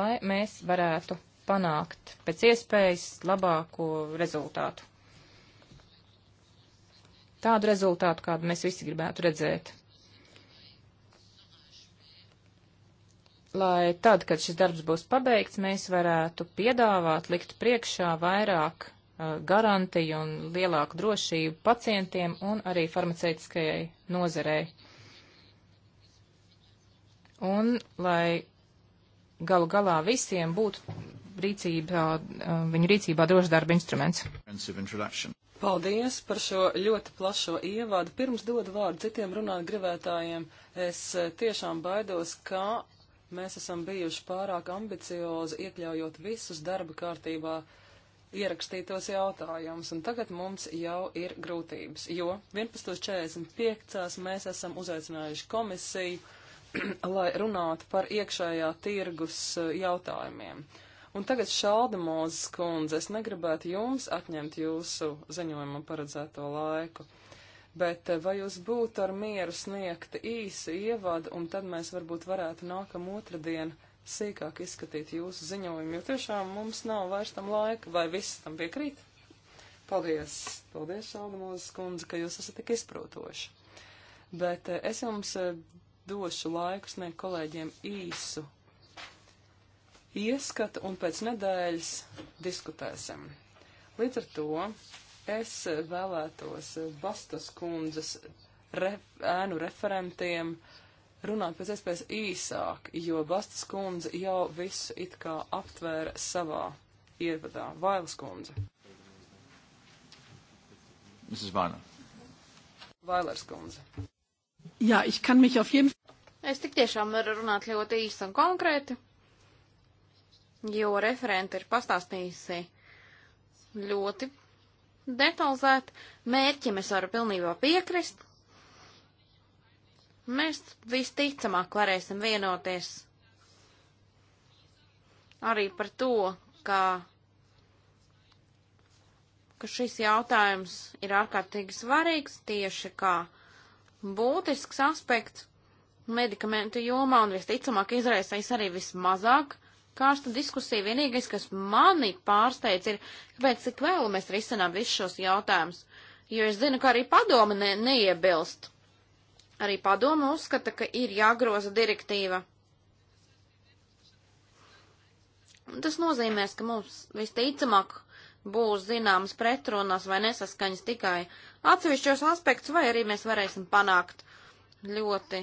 lai mēs varētu panākt pēc iespējas labāko rezultātu. Tādu rezultātu, kādu mēs visi gribētu redzēt. lai tad, kad šis darbs būs pabeigts, mēs varētu piedāvāt, likt priekšā vairāk uh, garantiju un lielāku drošību pacientiem un arī farmaceitiskajai nozarei. Un lai galu galā visiem būtu rīcībā, uh, viņu rīcībā drošdarba instruments. Paldies par šo ļoti plašo ievādu. Pirms dodu vārdu citiem runāt gribētājiem, es eh, tiešām baidos, ka mēs esam bijuši pārāk ambiciozi, iekļaujot visus darba kārtībā ierakstītos jautājumus, un tagad mums jau ir grūtības, jo 11.45. mēs esam uzaicinājuši komisiju, [CLEARS THROAT] lai runātu par iekšējā tirgus eh, jautājumiem. Un tagad šalda mūzes kundze, es negribētu jums atņemt jūsu ziņojumu paredzēto laiku, bet eh, vai jūs būtu ar mieru sniegt īsu ievadu, un tad mēs varbūt varētu nākam otrdien sīkāk izskatīt jūsu ziņojumu, jo tiešām mums nav vairs tam laika, vai viss tam piekrīt? Paldies! Paldies, šalda mūzes kundze, ka jūs esat tik izprotoši. Bet eh, es jums eh, došu laiku sniegt kolēģiem īsu ieskatu un pēc nedēļas diskutēsim. Līdz ar to es vēlētos Bastas kundzes ref, ēnu referentiem runāt pēc iespējas īsāk, jo Bastas kundze jau visu it kā aptvēra savā ievadā. Vailas kundze. Mrs. Vana. Vailers kundze. Jā, ich kann mich auf jeden Fall. Es tik tiešām varu runāt ļoti īsi un konkrēti jo referenta ir pastāstījusi ļoti detalizēti. Mērķim es varu pilnībā piekrist. Mēs visticamāk varēsim vienoties arī par to, ka, ka šis jautājums ir ārkārtīgi svarīgs tieši kā būtisks aspekts medikamentu jomā un visticamāk izraisīs arī vismazāk karsta diskusija. Vienīgais, kas mani pārsteidz, ir, kāpēc cik vēlu mēs risinām visus šos jautājumus. Jo es zinu, ka arī padome ne, neiebilst. Arī padome uzskata, ka ir jāgroza direktīva. Un tas nozīmēs, ka mums visticamāk būs zināmas pretrunas vai nesaskaņas tikai atsevišķos aspektus, vai arī mēs varēsim panākt ļoti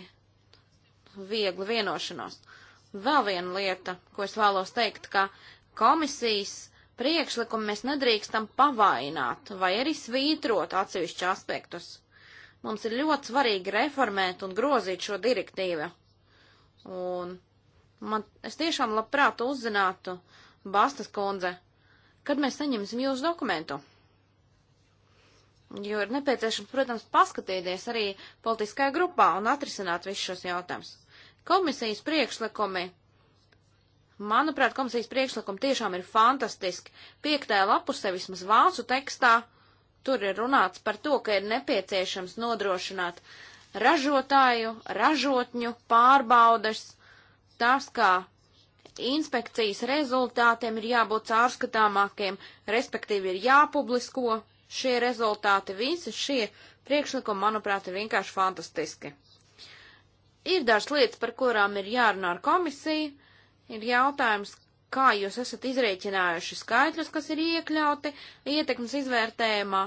vieglu vienošanos. Uh, Vēl viena lieta, ko es vēlos teikt, ka komisijas priekšlikumu mēs nedrīkstam pavainot vai arī svītrot atsevišķu aspektus. Mums ir ļoti svarīgi reformēt un grozīt šo direktīvu. Un man, es tiešām labprāt uzzinātu, Bastas kundze, kad mēs saņemsim jūsu dokumentu. Jo ir nepieciešams, protams, paskatīties arī politiskajā grupā un atrisināt visus šos jautājumus. Komisijas priekšlikumi. Manuprāt, komisijas priekšlikumi tiešām ir fantastiski. Piektajā lapusē vismaz vācu tekstā tur ir runāts par to, ka ir nepieciešams nodrošināt ražotāju, ražotņu pārbaudas, tas, kā inspekcijas rezultātiem ir jābūt caurskatāmākiem, respektīvi ir jāpublisko šie rezultāti, visi šie priekšlikumi, manuprāt, ir vienkārši fantastiski. Ir dažas lietas, par kurām ir jārunā ar komisiju. Ir jautājums, kā jūs esat izrēķinājuši skaitļus, kas ir iekļauti ietekmes izvērtējumā.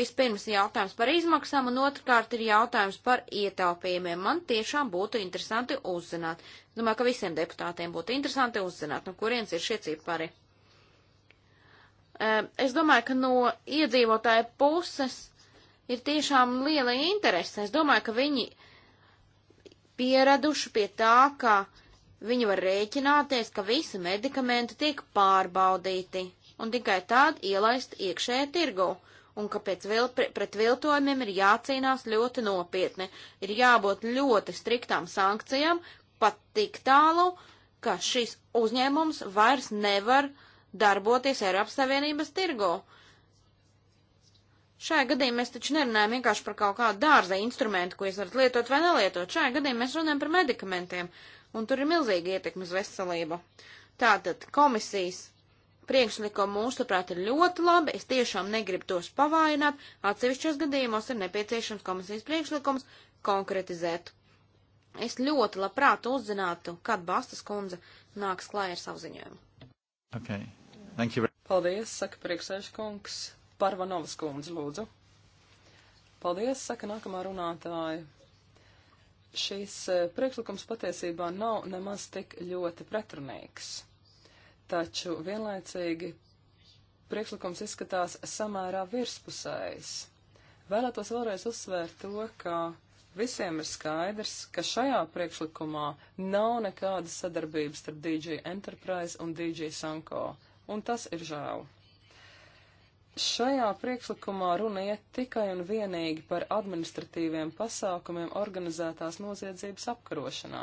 Vispirms jautājums par izmaksām, un otrkārt ir jautājums par ietaupījumiem. Man tiešām būtu interesanti uzzināt. Domāju, ka visiem deputātiem būtu interesanti uzzināt, no kurienes ir šie cipari. Es domāju, ka no iedzīvotāja puses ir tiešām liela interese. Es domāju, ka viņi pieraduši pie tā, ka viņi var rēķināties, ka visi medikamenti tiek pārbaudīti un tikai tad ielaist iekšējā tirgu, un ka vil, pret viltojumiem ir jācīnās ļoti nopietni. Ir jābūt ļoti striktām sankcijām, pat tik tālu, ka šis uzņēmums vairs nevar darboties Eiropas Savienības tirgu. Šajā gadījumā mēs taču nerunājam vienkārši par kaut kādu dārza instrumentu, ko jūs varat lietot vai nelietot. Šajā gadījumā mēs runājam par medikamentiem, un tur ir milzīga ietekme uz veselību. Tātad komisijas priekšlikumi mūsuprāt ir ļoti labi, es tiešām negribu tos pavājināt, atsevišķos gadījumos ir nepieciešams komisijas priekšlikums konkretizēt. Es ļoti labprāt uzzinātu, kad Bastas kundze nāks klāja ar savu ziņojumu. Okay. Paldies, saka priekšsēžkungs. Parvanovas kundze, lūdzu. Paldies, saka nākamā runātāja. Šīs e, priekšlikums patiesībā nav nemaz tik ļoti pretrunīgs, taču vienlaicīgi priekšlikums izskatās samērā virspusējs. Vēlētos vēlreiz uzsvērt to, ka visiem ir skaidrs, ka šajā priekšlikumā nav nekādas sadarbības starp DJ Enterprise un DJ Sanko, un tas ir žēl. Šajā priekšlikumā runa iet tikai un vienīgi par administratīviem pasākumiem organizētās noziedzības apkarošanā.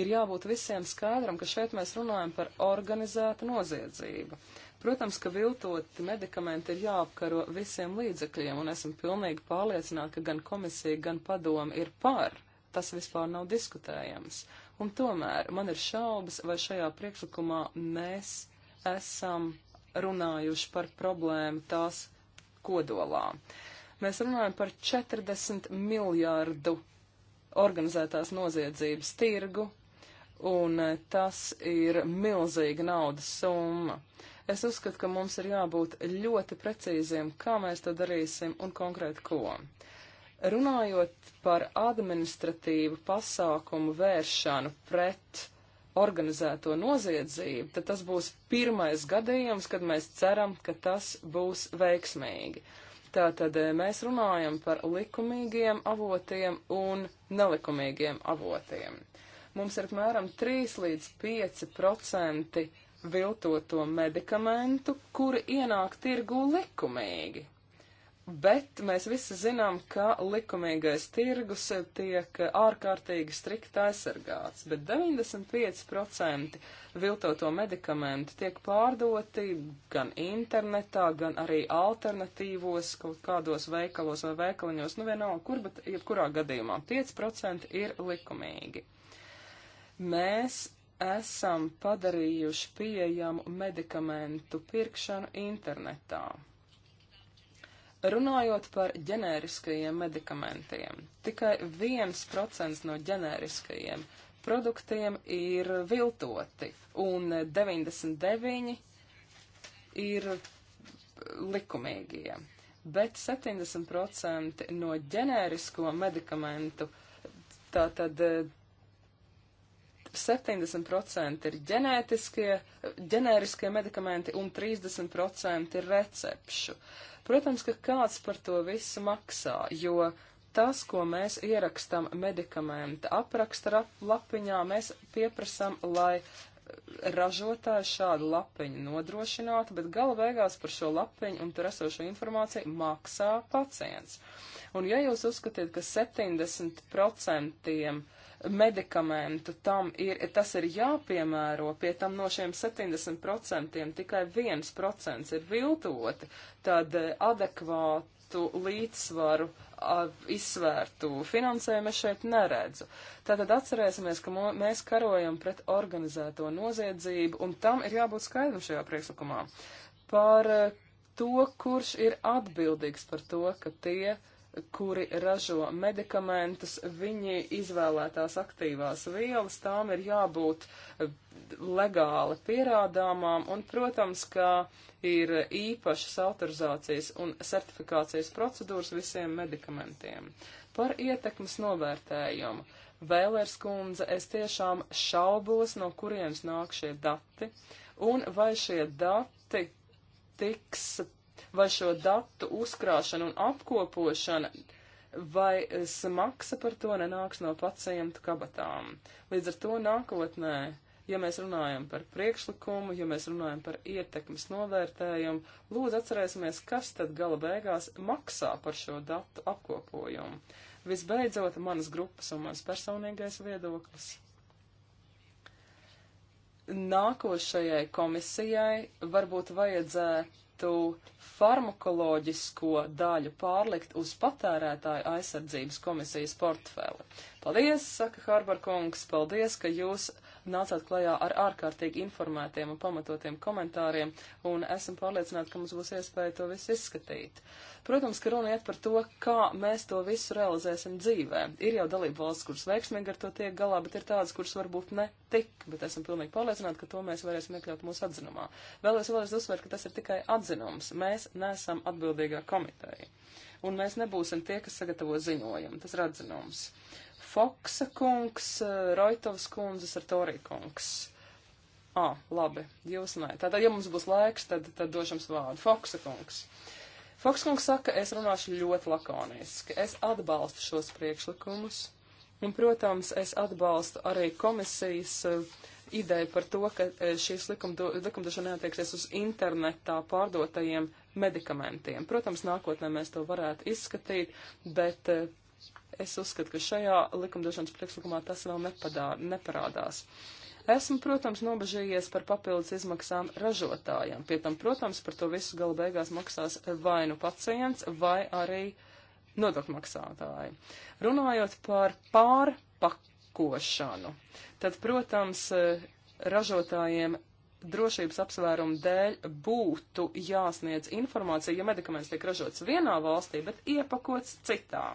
Ir jābūt visiem skaidram, ka šeit mēs runājam par organizētu noziedzību. Protams, ka viltoti medikamenti ir jāapkaro visiem līdzekļiem, un esam pilnīgi pārliecināti, ka gan komisija, gan padoma ir par. Tas vispār nav diskutējams. Un tomēr man ir šaubas, vai šajā priekšlikumā mēs esam runājuši par problēmu tās kodolā. Mēs runājam par 40 miljārdu organizētās noziedzības tirgu, un eh, tas ir milzīga naudas summa. Es uzskatu, ka mums ir jābūt ļoti precīziem, kā mēs to darīsim un konkrēti ko. Runājot par administratīvu pasākumu vēršanu pret uh, organizēto noziedzību, tad tas būs pirmais gadījums, kad mēs ceram, ka tas būs veiksmīgi. Tātad eh, mēs runājam par likumīgiem avotiem un nelikumīgiem avotiem. Mums ir apmēram 3 līdz 5 procenti viltoto medikamentu, kuri ienāk tirgū likumīgi. Bet mēs visi zinām, ka likumīgais tirgus tiek ārkārtīgi strikt aizsargāts, bet 95% viltoto medikamentu tiek pārdoti gan internetā, gan arī alternatīvos kaut kādos veikalos vai veikaliņos, nu vienalga kur, bet jebkurā gadījumā 5% ir likumīgi. Mēs esam padarījuši pieejamu medikamentu pirkšanu internetā Runājot par ģenēriskajiem medikamentiem, tikai 1% no ģenēriskajiem produktiem ir viltoti, un 99% ir likumīgie. Bet 70% no ģenērisko medikamentu, tātad 70% ir ģenētiskie, ģenēriskie medikamenti un 30% ir recepšu. Protams, ka kāds par to visu maksā, jo tas, ko mēs ierakstam medikamenta apraksta lapiņā, mēs pieprasam, lai ražotāji šādu lapiņu nodrošinātu, bet gala beigās par šo lapiņu un tur esošo informāciju maksā pacients. Un ja jūs uzskatiet, ka 70% medikamentu tam ir, tas ir jāpiemēro, pie tam no šiem 70% tikai 1% ir viltoti, tad eh, adekvātu līdzsvaru izsvērtu finansējumu es šeit neredzu. Tātad atcerēsimies, ka mēs karojam pret organizēto noziedzību, un tam ir jābūt skaidru šajā priekšlikumā. Par eh, to, kurš ir atbildīgs par to, ka tie uh, kuri ražo medikamentus, viņi izvēlētās aktīvās vielas, tām ir jābūt eh, legāli pierādāmām, un, protams, ka ir īpašas autorizācijas un certifikācijas procedūras visiem medikamentiem. Par ietekmes novērtējumu. Vēlērs kundze, es tiešām šaubos, no kurienes nāk šie dati, un vai šie dati tiks vai šo datu uzkrāšana un apkopošana, vai smaksa par to nenāks no pacientu kabatām. Līdz ar to nākotnē, ja mēs runājam par priekšlikumu, ja mēs runājam par ietekmes novērtējumu, lūdzu atcerēsimies, kas tad gala beigās maksā par šo datu apkopojumu. Visbeidzot, manas grupas un mans personīgais viedoklis nākošajai komisijai varbūt vajadzētu varētu farmakoloģisko daļu pārlikt uz patērētāju aizsardzības komisijas portfeli. Paldies, saka Harbar kungs, paldies, ka jūs nācāt klajā ar ārkārtīgi informētiem un pamatotiem komentāriem, un esam pārliecināti, ka mums būs iespēja to visu izskatīt. Protams, ka runa iet par to, kā mēs to visu realizēsim dzīvē. Ir jau dalība valsts, kuras veiksmīgi ar to tiek galā, bet ir tādas, kuras varbūt ne tik, bet esam pilnīgi pārliecināti, ka to mēs varēsim iekļaut mūsu atzinumā. Vēlreiz vēlreiz uzsvērt, ka tas ir tikai atzinums. Mēs neesam atbildīgā komiteja. Un mēs nebūsim tie, kas sagatavo ziņojumu. Tas ir atzinums. Foksa kungs, eh, Roitovs kundzes ar Torī kungs. Ā, ah, labi, jūs nē. Tātad, ja mums būs laiks, tad, tad došams vārdu. Foksa kungs. Foksa kungs saka, es runāšu ļoti lakoniski. Es atbalstu šos priekšlikumus. Un, protams, es atbalstu arī komisijas uh, eh, ideja par to, ka eh, šīs likumdo, likumdošana neatieksies uz internetā pārdotajiem medikamentiem. Protams, nākotnē mēs to varētu izskatīt, bet Es uzskatu, ka šajā likumdošanas priekšlikumā tas vēl nepadā, neparādās. Esmu, protams, nobežījies par papildus izmaksām ražotājiem. Pie tam, protams, par to visu gala beigās maksās vai nu pacients, vai arī nodokļu maksātāji. Runājot par pārpakošanu, tad, protams, ražotājiem drošības apsvērumu dēļ būtu jāsniedz informācija, ja medikaments tiek ražots vienā valstī, bet iepakots citā.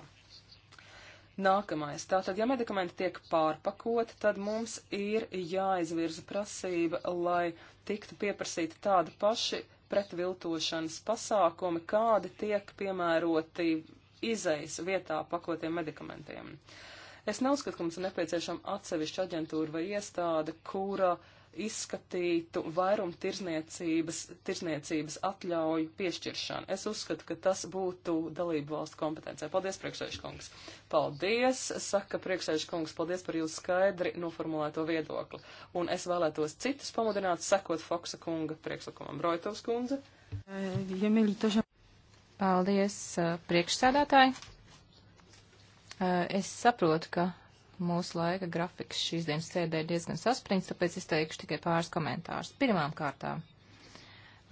Nākamais. Tātad, ja medikamenti tiek pārpakoti, tad mums ir jāizvirza prasība, lai tiktu pieprasīti tādi paši pretviltošanas pasākumi, kādi tiek piemēroti izejas vietā pakotiem medikamentiem. Es neuzskatu, ka mums ir nepieciešama atsevišķa aģentūra vai iestāde, kura uh, izskatītu vairumu tirzniecības, tirzniecības atļauju piešķiršanu. Es uzskatu, ka tas būtu dalību valstu kompetencija. Paldies, priekšsēžkungs. Paldies, saka priekšsēžkungs, paldies par jūsu skaidri noformulēto viedokli. Un es vēlētos citus pamudināt sekot Foksa kunga priekšlikumam. Roitovs kundze. Paldies, priekšsēdētāji. Es saprotu, ka mūsu laika grafiks šīs dienas sēdē ir diezgan saspringts, tāpēc izteikšu tikai pāris komentārus. Pirmām kārtām,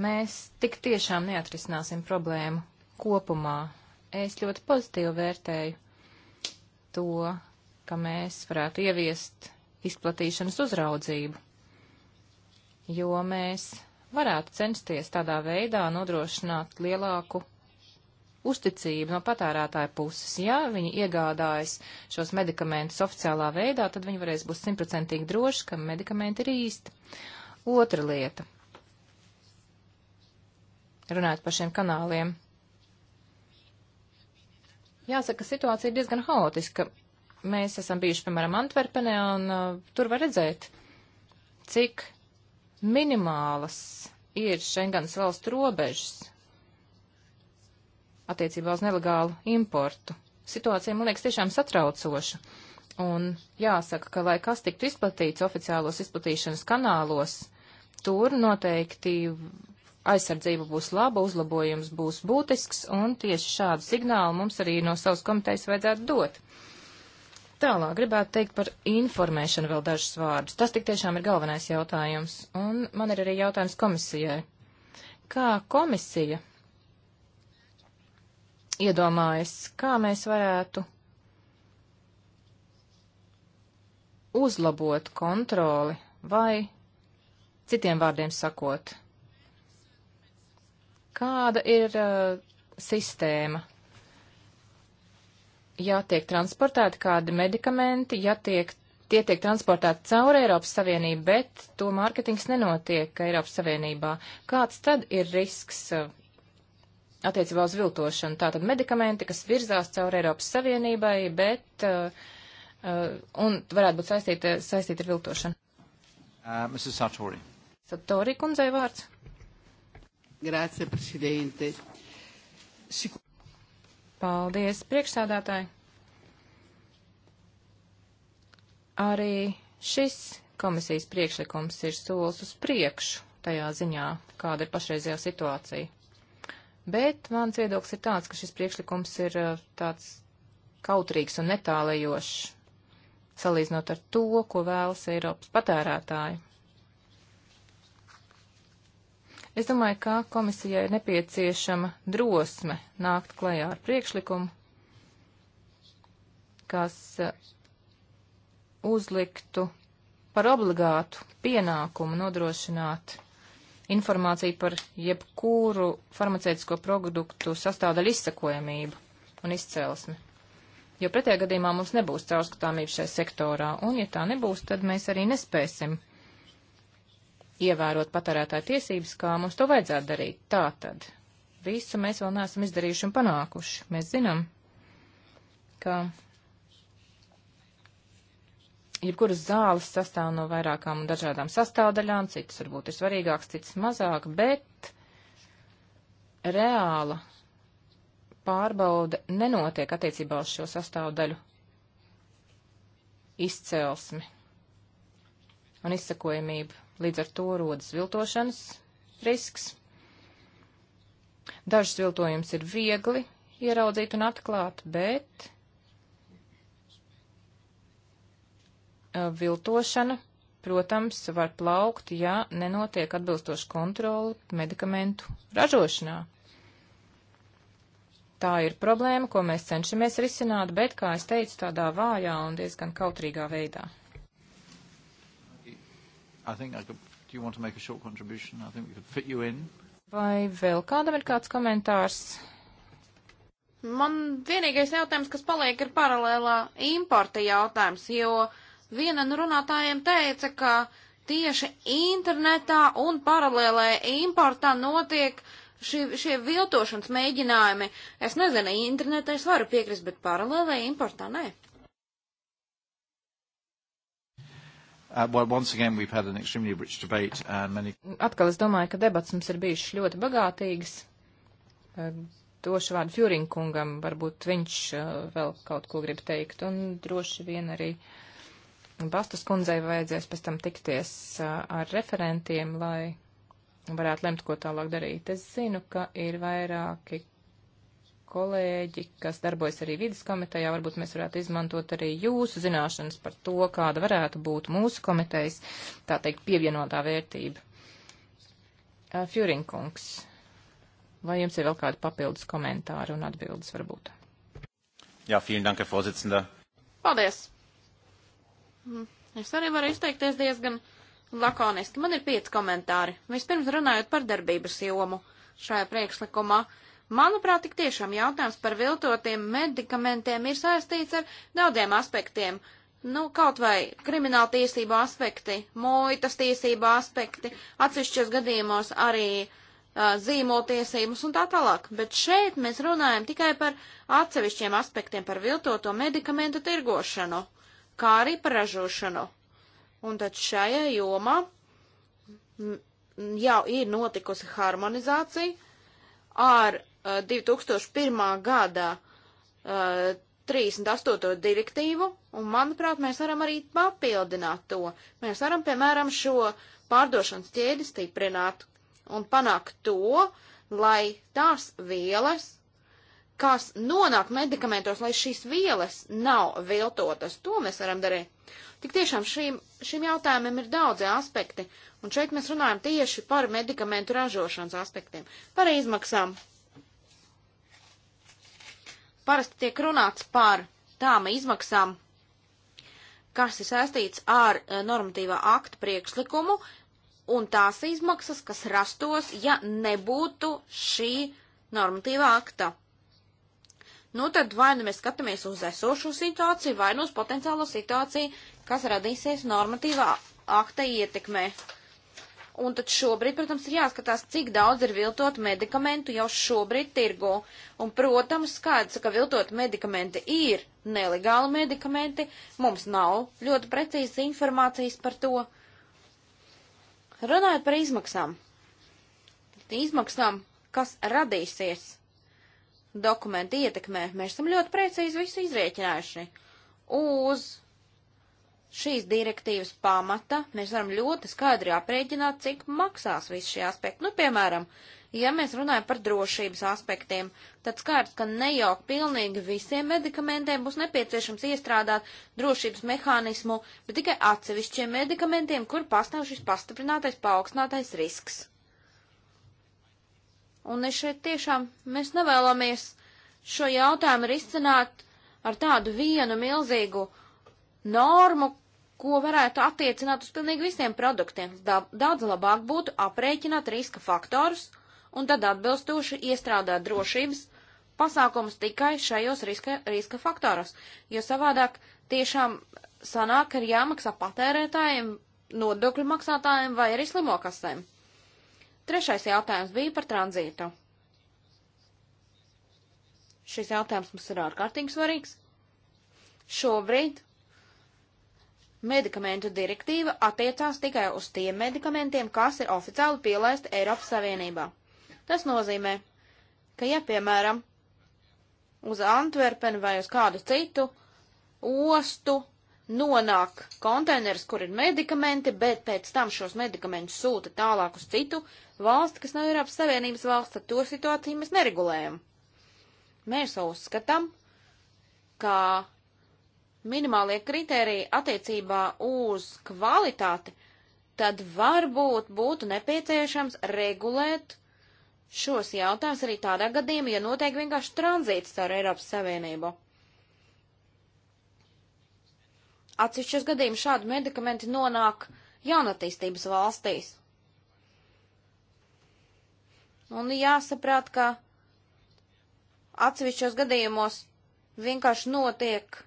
mēs tik tiešām neatrisināsim problēmu kopumā. Es ļoti pozitīvi vērtēju to, ka mēs varētu ieviest izplatīšanas uzraudzību, jo mēs varētu censties tādā veidā nodrošināt lielāku uzticību no patērētāja puses. Ja viņi iegādājas šos medikamentus oficiālā veidā, tad viņi varēs būt simtprocentīgi droši, ka medikamenti ir īsti. Otra lieta. Runājot par šiem kanāliem. Jāsaka, situācija ir diezgan haotiska. Mēs esam bijuši, piemēram, Antverpenē, un uh, tur var redzēt, cik minimālas ir Schengens valstu robežas attiecībā uz nelegālu importu. Situācija, man liekas, tiešām satraucoša. Un jāsaka, ka, lai kas tiktu izplatīts oficiālos izplatīšanas kanālos, tur noteikti aizsardzība būs laba, uzlabojums būs būtisks, un tieši šādu signālu mums arī no savas komitejas vajadzētu dot. Tālāk gribētu teikt par informēšanu vēl dažus vārdus. Tas tik tiešām ir galvenais jautājums, un man ir arī jautājums komisijai. Kā komisija iedomājas, kā mēs varētu uzlabot kontroli vai, citiem vārdiem sakot, kāda ir uh, sistēma? Ja tiek transportēti kādi medikamenti, ja tiek, tie tiek transportēti cauri Eiropas Savienību, bet to mārketings nenotiek Eiropas Savienībā, kāds tad ir risks uh, attiecībā uz viltošanu. Tātad medikamenti, kas virzās caur Eiropas Savienībai, bet uh, uh, un varētu būt saistīti, saistīti ar viltošanu. Uh, Mrs. Satori. Satori kundzei vārds. Grācija, prezidente. Siku... Paldies, priekšsādātāji. Arī šis komisijas priekšlikums ir solis uz priekšu tajā ziņā, kāda ir pašreizējā situācija. Bet mans viedoklis ir tāds, ka šis priekšlikums ir uh, tāds kautrīgs un netālējošs, salīdzinot ar to, ko vēlas Eiropas patērētāji. Es domāju, ka komisijai ir nepieciešama drosme nākt klajā ar priekšlikumu, kas uh, uzliktu par obligātu pienākumu nodrošināt informāciju par jebkuru farmaceitisko produktu sastāvdaļu izsakojamību un izcelsmi. Jo pretējā gadījumā mums nebūs caurskatāmības šajā sektorā, un ja tā nebūs, tad mēs arī nespēsim ievērot patērētāju tiesības, kā mums to vajadzētu darīt. Tā tad visu mēs vēl neesam izdarījuši un panākuši. Mēs zinām, ka jebkuras zāles sastāv no vairākām dažādām sastāvdaļām, citas varbūt ir svarīgākas, citas mazāk, bet reāla pārbauda nenotiek attiecībā uz šo sastāvdaļu izcelsmi un izsakojamību. Līdz ar to rodas viltošanas risks. Dažus viltojumus ir viegli ieraudzīt un atklāt, bet Uh, viltošana, protams, var plaukt, ja nenotiek atbilstoši kontroli medikamentu ražošanā. Tā ir problēma, ko mēs cenšamies risināt, bet, kā es teicu, tādā vājā un diezgan kautrīgā veidā. I I could, Vai vēl kādam ir kāds komentārs? Man vienīgais jautājums, kas paliek, ir paralēlā importa jautājums, jo uh, Viena no runātājiem teica, ka tieši internetā un paralēlē importā notiek šie, šie viltošanas mēģinājumi. Es nezinu, internetā es varu piekrist, bet paralēlē importā nē. Uh, well, again, debate, uh, many... Atkal es domāju, ka debats mums ir bijušas ļoti bagātīgas. Uh, došu vārdu Fjurinkungam, varbūt viņš uh, vēl kaut ko grib teikt, un droši vien arī uh, Bastas kundzei vajadzēs pēc tam tikties ar referentiem, lai varētu lemt, ko tālāk darīt. Es zinu, ka ir vairāki kolēģi, kas darbojas arī vidas komitejā, varbūt mēs varētu izmantot arī jūsu zināšanas par to, kāda varētu būt mūsu komitejas, tā teikt, pievienotā vērtība. Fjūrinkungs, vai jums ir vēl kādi papildus komentāri un atbildes varbūt? Jā, vielen dank, Herr Vorsitzender. Paldies! Mm. Es arī varu izteikties diezgan lakoniski. Man ir pieci komentāri. Vispirms runājot par darbības jomu šajā priekšlikumā. Manuprāt, tik tiešām jautājums par viltotiem medikamentiem ir saistīts ar daudziem aspektiem. Nu, kaut vai krimināla tiesība aspekti, muitas tiesība aspekti, atsevišķos gadījumos arī uh, zīmoltiesības un tā tālāk. Bet šeit mēs runājam tikai par atsevišķiem aspektiem, par viltoto medikamentu tirgošanu kā arī par ražošanu. Un tad šajā jomā jau ir notikusi harmonizācija ar uh, 2001. gada uh, 38. direktīvu, un manuprāt, mēs varam arī papildināt to. Mēs varam, piemēram, šo pārdošanas ķēdi stiprināt un panākt to, lai tās vielas, kas nonāk medikamentos, lai šīs vielas nav viltotas. To mēs varam darīt. Tik tiešām šīm, šīm jautājumiem ir daudzi aspekti, un šeit mēs runājam tieši par medikamentu ražošanas aspektiem, par izmaksām. Parasti tiek runāts par tām izmaksām, kas ir saistīts ar eh, normatīvā akta priekšlikumu, un tās izmaksas, kas rastos, ja nebūtu šī normatīvā akta. Nu tad vai nu mēs skatāmies uz esošo situāciju, vai nu uz potenciālo situāciju, kas radīsies normatīvā akta ietekmē. Un tad šobrīd, protams, ir jāskatās, cik daudz ir viltotu medikamentu jau šobrīd tirgu. Un, protams, skaidrs, ka viltotu medikamenti ir nelegāli medikamenti. Mums nav ļoti precīzas informācijas par to. Runājot par izmaksām. Izmaksām, kas radīsies dokumenta ietekmē, mēs esam ļoti precīzi visu izrēķinājuši. Uz šīs direktīvas pamata mēs varam ļoti skaidri aprēķināt, cik maksās visi šie aspekti. Nu, piemēram, ja mēs runājam par drošības aspektiem, tad skārts, ka ne jau pilnīgi visiem medikamentiem būs nepieciešams iestrādāt drošības mehānismu, bet tikai atsevišķiem medikamentiem, kur pastāv šis pastiprinātais paaugstinātais risks. Un es šeit tiešām mēs nevēlamies šo jautājumu risināt ar tādu vienu milzīgu normu, ko varētu attiecināt uz pilnīgi visiem produktiem. Daudz labāk būtu aprēķināt riska faktorus un tad atbilstoši iestrādāt drošības pasākumus tikai šajos riska, riska faktoros, jo savādāk tiešām sanāk, ka ir jāmaksā patērētājiem, nodokļu maksātājiem vai arī slimokasēm. Trešais jautājums bija par tranzītu. Šis jautājums mums ir ārkārtīgi svarīgs. Šobrīd medikamentu direktīva attiecās tikai uz tiem medikamentiem, kas ir oficiāli pielaisti Eiropas Savienībā. Tas nozīmē, ka, ja, piemēram, uz Antverpeni vai uz kādu citu ostu nonāk konteiners, kur ir medikamenti, bet pēc tam šos medikamentus sūta tālāk uz citu valsti, kas nav Eiropas Savienības valsts, tad to situāciju mēs neregulējam. Mēs uzskatām, ka minimālie kriteriji attiecībā uz kvalitāti, tad varbūt būtu nepieciešams regulēt šos jautājumus arī tādā gadījumā, ja notiek vienkārši tranzīts caur Eiropas Savienību. Atsevišķos gadījumos šādi medikamenti nonāk jaunatīstības valstīs. Un jāsaprāt, ka atsevišķos gadījumos vienkārši notiek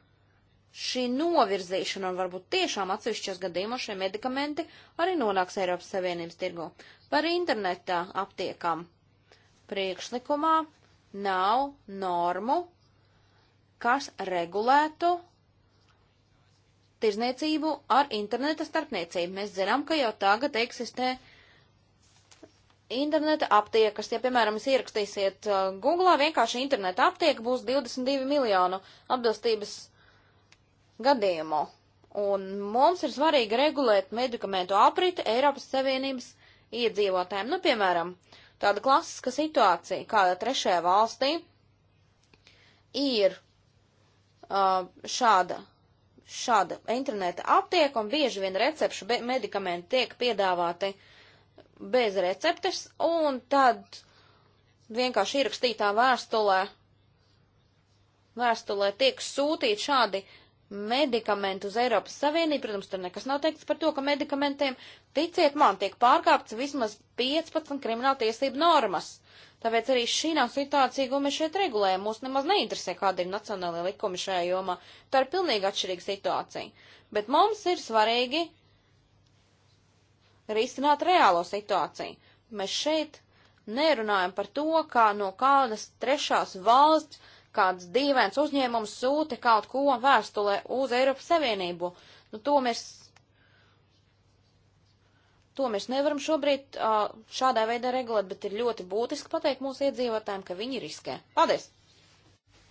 šī novirzīšana, un varbūt tiešām atsevišķos gadījumos šie medikamenti arī nonāks Eiropas Savienības tirgu. Par internetā aptiekam priekšlikumā nav normu, kas regulētu tirzniecību ar interneta starpniecību. Mēs zinām, ka jau tagad eksistē interneta aptiekas. Ja, piemēram, jūs ierakstīsiet uh, Google, vienkārši interneta aptieka būs 22 miljonu atbilstības gadījumu. Un mums ir svarīgi regulēt medikamentu apriti Eiropas Savienības iedzīvotājiem. Nu, piemēram, tāda klasiska situācija kādā trešajā valstī ir uh, šāda šāda interneta aptieka un bieži vien recepšu medikamenti tiek piedāvāti bez receptes un tad vienkārši ierakstītā vēstulē, vēstulē tiek sūtīti šādi medikamentu uz Eiropas Savienību. Protams, tur nekas nav teikts par to, ka medikamentiem, ticiet man, tiek pārkāpts vismaz 15 krimināla tiesību normas. Tāpēc arī šī nav situācija, ko mēs šeit regulējam. Mūs nemaz neinteresē, kāda ir nacionālajā likuma šajā jomā. Tā ir pilnīgi atšķirīga situācija. Bet mums ir svarīgi risināt reālo situāciju. Mēs šeit nerunājam par to, kā no kādas trešās valsts kāds dīvains uzņēmums sūta kaut ko vēstulē uz Eiropas Savienību. Nu, to mēs To mēs nevaram šobrīd uh, šādā veidā regulēt, bet ir ļoti būtiski pateikt mūsu iedzīvotājiem, ka viņi riskē. Paldies!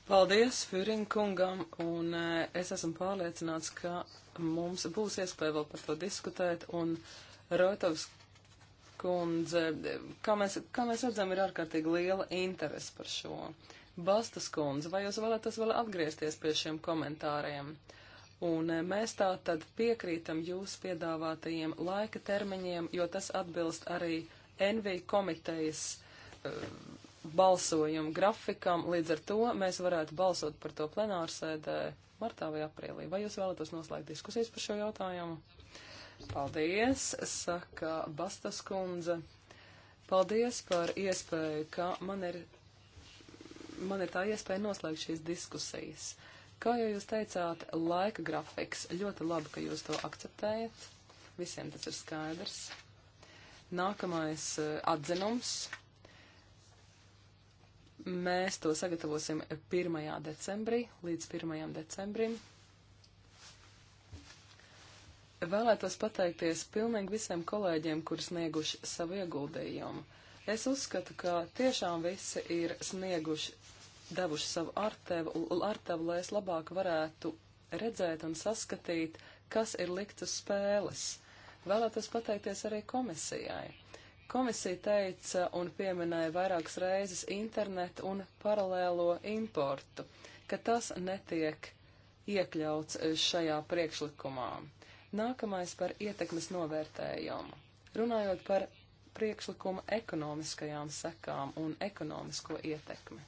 Paldies Firinkungam, un uh, es esmu pārliecināts, ka mums būs iespēja vēl par to diskutēt, un Rotovs kundze, kā mēs, kā mēs redzam, ir ārkārtīgi liela interese par šo. Bastas kundze, vai jūs vēlētos vēl atgriezties pie šiem komentāriem? Uh, Un eh, mēs tā tad piekrītam jūsu piedāvātajiem laika termiņiem, jo tas atbilst arī NV komitejas uh, eh, balsojumu grafikam. Līdz ar to mēs varētu balsot par to plenārsēdē martā vai aprīlī. Vai jūs vēlatos noslēgt diskusijas par šo jautājumu? Paldies, saka Bastas kundze. Paldies par iespēju, ka man ir, man ir tā iespēja noslēgt šīs diskusijas. Kā jau jūs teicāt, laika grafiks. Ļoti labi, ka jūs to akceptējat. Visiem tas ir skaidrs. Nākamais eh, atzinums. Mēs to sagatavosim 1. decembrī līdz 1. decembrim. Vēlētos pateikties pilnīgi visiem kolēģiem, kuri snieguši savu ieguldījumu. Es uzskatu, ka tiešām visi ir snieguši devuši savu artavu, artavu, lai es labāk varētu redzēt un saskatīt, kas ir likts uz spēles. Vēlētos pateikties arī komisijai. Komisija teica un pieminēja vairākas reizes internetu un paralēlo importu, ka tas netiek iekļauts šajā priekšlikumā. Nākamais par ietekmes novērtējumu. Runājot par priekšlikuma ekonomiskajām sekām un ekonomisko ietekmi.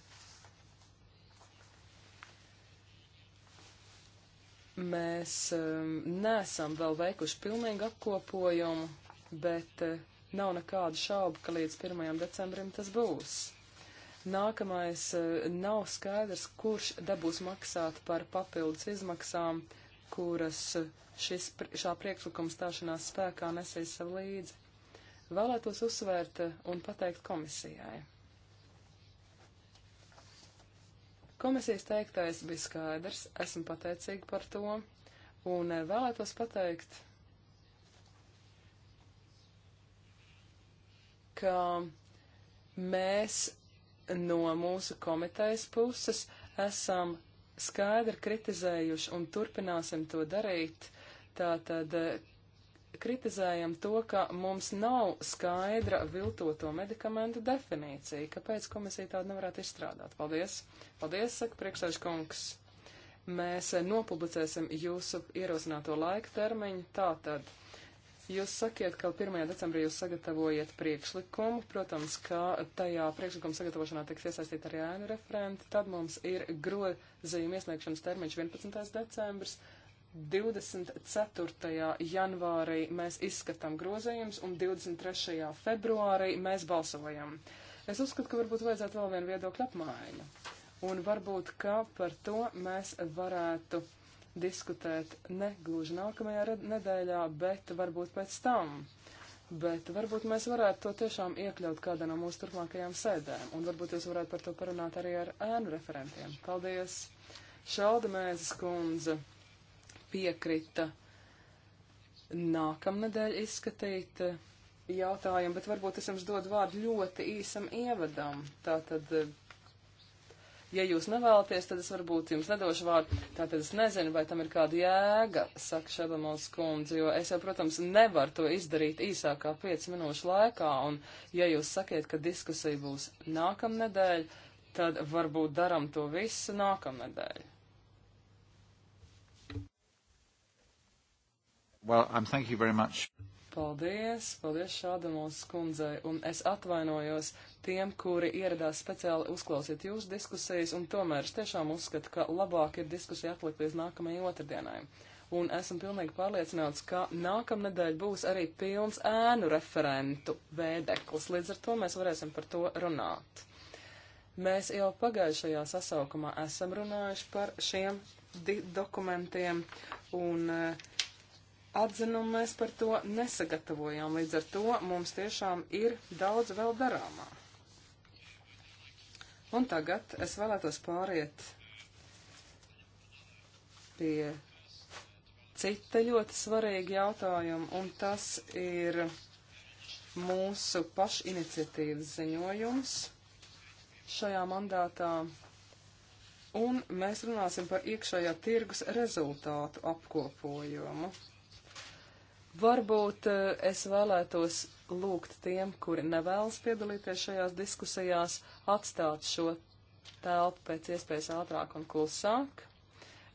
Mēs um, nesam vēl veikuši pilnīgu apkopojumu, bet uh, nav nekādu šaubu, ka līdz 1. decembrim tas būs. Nākamais uh, nav skaidrs, kurš dabūs maksāt par papildus izmaksām, kuras uh, šis, šā priekšlikuma stāšanās spēkā nesīs sev līdzi. Vēlētos uzsvērt uh, un pateikt komisijai Komisijas teiktais bija skaidrs, esmu pateicīga par to, un eh, vēlētos pateikt, ka mēs no mūsu komitejas puses esam skaidri kritizējuši un turpināsim to darīt. Tātad eh, kritizējam to, ka mums nav skaidra viltoto medikamentu definīcija. Kāpēc komisija tādu nevarētu izstrādāt? Paldies! Paldies, saka priekšsēžkungs! Mēs nopublicēsim jūsu ierosināto laika termiņu. Tātad. Jūs sakiet, ka 1. decembrī jūs sagatavojiet priekšlikumu, protams, ka tajā priekšlikuma sagatavošanā tiks iesaistīta arī ēnu referenti, tad mums ir grozījuma iesniegšanas termiņš 11. decembris, 24. janvārī mēs izskatām grozījumus un 23. februārī mēs balsojam. Es uzskatu, ka varbūt vajadzētu vēl vienu viedokļu apmaiņu. Un varbūt, ka par to mēs varētu diskutēt ne gluži nākamajā nedēļā, bet varbūt pēc tam. Bet varbūt mēs varētu to tiešām iekļaut kādā no mūsu turpmākajām sēdēm, un varbūt jūs varētu par to parunāt arī ar ēnu referentiem. Paldies! Šalda Mēzes kundze! piekrita nākamnedēļ izskatīt eh, jautājumu, bet varbūt es jums dodu vārdu ļoti īsam ievadam. Tātad, eh, ja jūs nevēlaties, tad es varbūt jums nedošu vārdu. Tātad es nezinu, vai tam ir kāda jēga, saka Šelamons kundze, jo es jau, protams, nevaru to izdarīt īsākā 5 minūšu laikā. Un ja jūs sakiet, ka diskusija būs nākamnedēļ, tad varbūt daram to visu nākamnedēļ. Well, um, thank you very much. Paldies, paldies šāda mūsu skundzei, un es atvainojos tiem, kuri ieradās speciāli uzklausīt jūsu diskusijas, un tomēr es tiešām uzskatu, ka labāk ir diskusija atlikt līdz nākamajai otrdienai. Un esmu pilnīgi pārliecināts, ka nākamnedēļ būs arī pilns ēnu referentu vēdeklis, līdz ar to mēs varēsim par to runāt. Mēs jau pagājušajā sasaukumā esam runājuši par šiem dokumentiem, un uh, atzinumu mēs par to nesagatavojām, līdz ar to mums tiešām ir daudz vēl darāmā. Un tagad es vēlētos pāriet pie cita ļoti svarīga jautājuma, un tas ir mūsu pašiniciatīvas ziņojums šajā mandātā. Un mēs runāsim par iekšējā tirgus rezultātu apkopojumu. Varbūt eh, es vēlētos lūgt tiem, kuri nevēlas piedalīties šajās diskusijās, atstāt šo telpu pēc iespējas ātrāk un klusāk.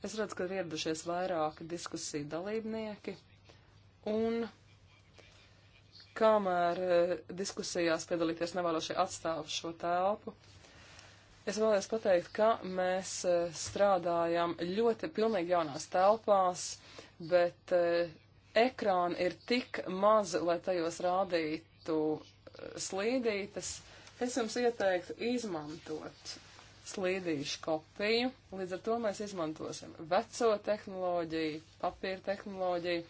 Es redzu, ka ir ieradušies vairāki diskusiju dalībnieki, un kamēr eh, diskusijās piedalīties nevēlošie atstāv šo telpu, Es vēlējos pateikt, ka mēs eh, strādājam ļoti pilnīgi jaunās telpās, bet ekrāni ir tik mazi, lai tajos rādītu eh, slīdītas, es jums ieteiktu izmantot slīdīšu kopiju. Līdz ar to mēs izmantosim veco tehnoloģiju, papīra tehnoloģiju.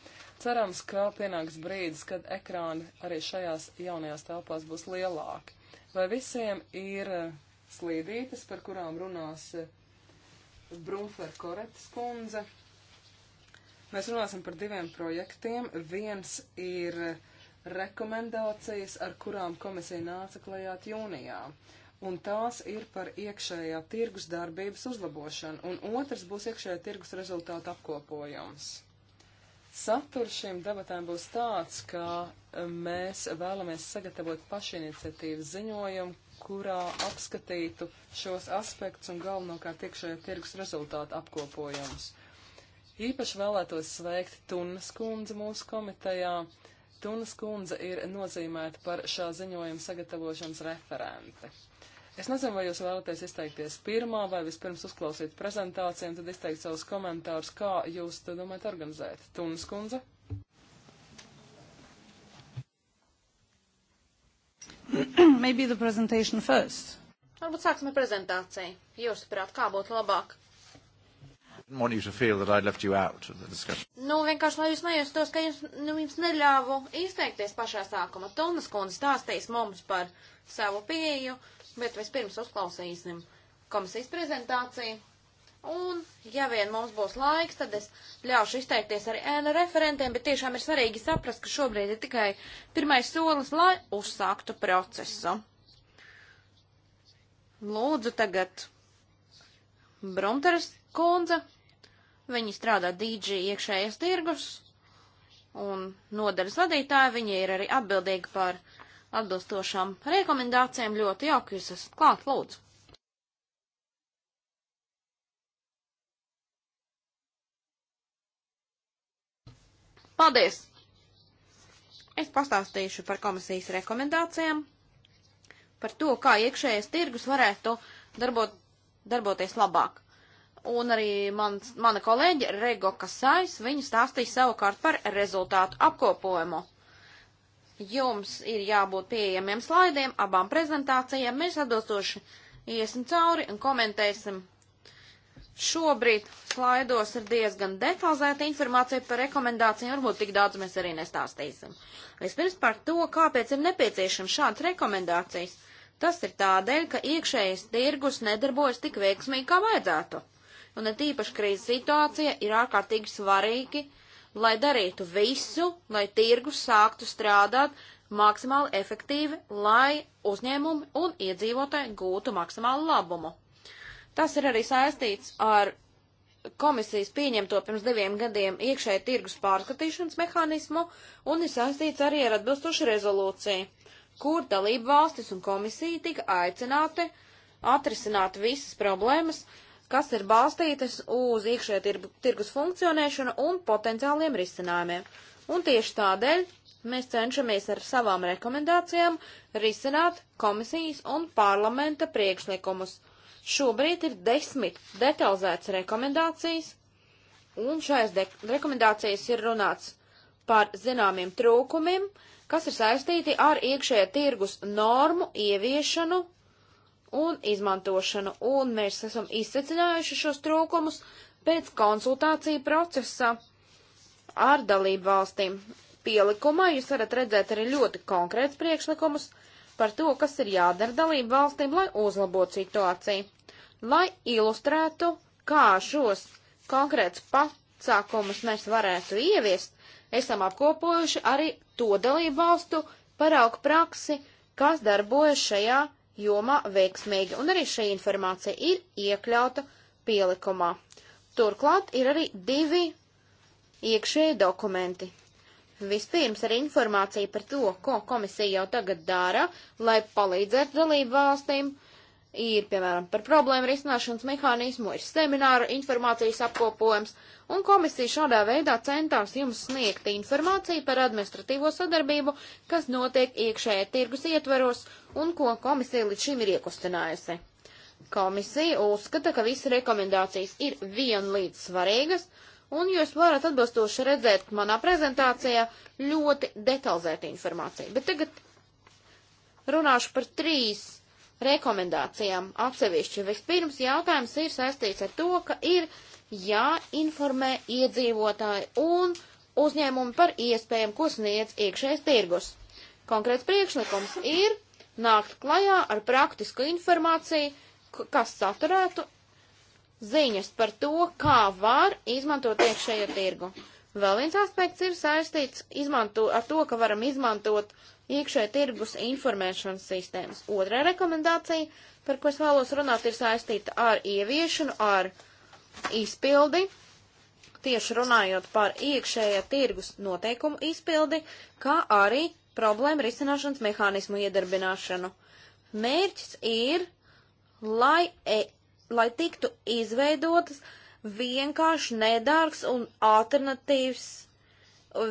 Cerams, ka pienāks brīdis, kad ekrāni arī šajās jaunajās telpās būs lielāki. Vai visiem ir eh, slīdītes, par kurām runās eh, Brunfer Koretas kundze? Mēs runāsim par diviem projektiem. Viens ir rekomendācijas, ar kurām komisija nāca klajāt jūnijā. Un tās ir par iekšējā tirgus darbības uzlabošanu, un otrs būs iekšējā tirgus rezultātu apkopojums. Saturs šīm debatēm būs tāds, ka eh, mēs vēlamies sagatavot pašiniciatīvas ziņojumu, kurā apskatītu šos aspektus un galvenokārt iekšējā tirgus rezultātu apkopojumus. Īpaši vēlētos sveikt Tunas kundzi mūsu komitejā. Tunas kundze ir nozīmēta par šā ziņojuma sagatavošanas referenti. Es nezinu, vai jūs vēlaties izteikties pirmā vai vispirms uzklausīt prezentāciju un tad izteikt savus komentārus, kā jūs to domājat organizēt. Tunas kundze? Maybe the presentation first. Varbūt sāksim ar prezentāciju. Jūs saprāt, kā būtu labāk? want you to feel that I left you out of the discussion. Nu, vienkārši, lai jūs nejustos, ka jums, nu, jums neļāvu izteikties pašā sākuma. Tomas kundze stāstīs mums par savu pieeju, bet vispirms uzklausīsim komisijas prezentāciju. Un, ja vien mums būs laiks, tad es ļaušu izteikties arī ēnu referentiem, bet tiešām ir svarīgi saprast, ka šobrīd ir tikai pirmais solis, lai uzsāktu procesu. Lūdzu tagad Brumteres kundze, Viņi strādā DG iekšējais tirgus un nodaļas vadītāji. Viņi ir arī atbildīgi par atbilstošām rekomendācijām. Ļoti jauki jūs esat klāt, lūdzu. Paldies! Es pastāstīšu par komisijas rekomendācijām, par to, kā iekšējais tirgus varētu darbot, darboties labāk un arī man, mana kolēģe Rego Kasais, viņa stāstīja savukārt par rezultātu apkopojumu. Jums ir jābūt pieejamiem slaidiem abām prezentācijām, mēs atbilstoši iesim cauri un komentēsim. Šobrīd slaidos ir diezgan detalizēta informācija par rekomendācijām, varbūt tik daudz mēs arī nestāstīsim. Vispirms par to, kāpēc ir nepieciešams šādas rekomendācijas. Tas ir tādēļ, ka iekšējais tirgus nedarbojas tik veiksmīgi, kā vajadzētu un ne tīpaši krīzes situācija, ir ārkārtīgi svarīgi, lai darītu visu, lai tirgus sāktu strādāt maksimāli efektīvi, lai uzņēmumi un iedzīvotāji gūtu maksimālu labumu. Tas ir arī saistīts ar komisijas pieņemto pirms diviem gadiem iekšēja tirgus pārskatīšanas mehānismu un ir saistīts arī ar atbilstošu rezolūciju, kur dalību valstis un komisija tika aicināti atrisināt visas problēmas, kas ir balstītas uz iekšē tirgus funkcionēšanu un potenciāliem risinājumiem. Un tieši tādēļ mēs cenšamies ar savām rekomendācijām risināt komisijas un parlamenta priekšlikumus. Šobrīd ir desmit detalizētas rekomendācijas, un šajās rekomendācijas ir runāts par zināmiem trūkumiem, kas ir saistīti ar iekšējā tirgus normu ieviešanu un izmantošanu, un mēs esam izsecinājuši šos trūkumus pēc konsultāciju procesa ar dalību valstīm. Pielikumā jūs varat redzēt arī ļoti konkrēts priekšlikumus par to, kas ir jādara dalību valstīm, lai uzlabotu situāciju, lai ilustrētu, kā šos konkrēts pasākumus mēs varētu ieviest, esam apkopojuši arī to dalību valstu paraugu praksi, kas darbojas šajā jomā veiksmīgi, un arī šī informācija ir iekļauta pielikumā. Turklāt ir arī divi iekšēji dokumenti. Vispirms ir informācija par to, ko komisija jau tagad dara, lai palīdzētu dalību valstīm ir, piemēram, par problēmu risināšanas mehānismu, ir semināru informācijas apkopojums, un komisija šādā veidā centās jums sniegt informāciju par administratīvo sadarbību, kas notiek iekšējā tirgus ietveros un ko komisija līdz šim ir iekustinājusi. Komisija uzskata, ka visas rekomendācijas ir vienlīdz svarīgas, un jūs varat atbilstoši redzēt manā prezentācijā ļoti detalizētu informāciju. Bet tagad runāšu par trīs rekomendācijām atsevišķi. Vispirms jautājums ir saistīts ar to, ka ir jāinformē iedzīvotāji un uzņēmumi par iespējām, ko sniedz iekšējais tirgus. Konkrēts priekšlikums ir nākt klajā ar praktisku informāciju, kas saturētu ziņas par to, kā var izmantot iekšējo tirgu. Vēl viens aspekts ir saistīts izmanto, ar to, ka varam izmantot uh, iekšē tirgus informēšanas sistēmas. Otrā rekomendācija, par ko es vēlos runāt, ir saistīta ar ieviešanu, ar izpildi, tieši runājot par iekšējā tirgus noteikumu izpildi, kā arī problēmu risināšanas mehānismu iedarbināšanu. Mērķis ir, lai, e, lai tiktu izveidotas vienkārši nedārgs un alternatīvs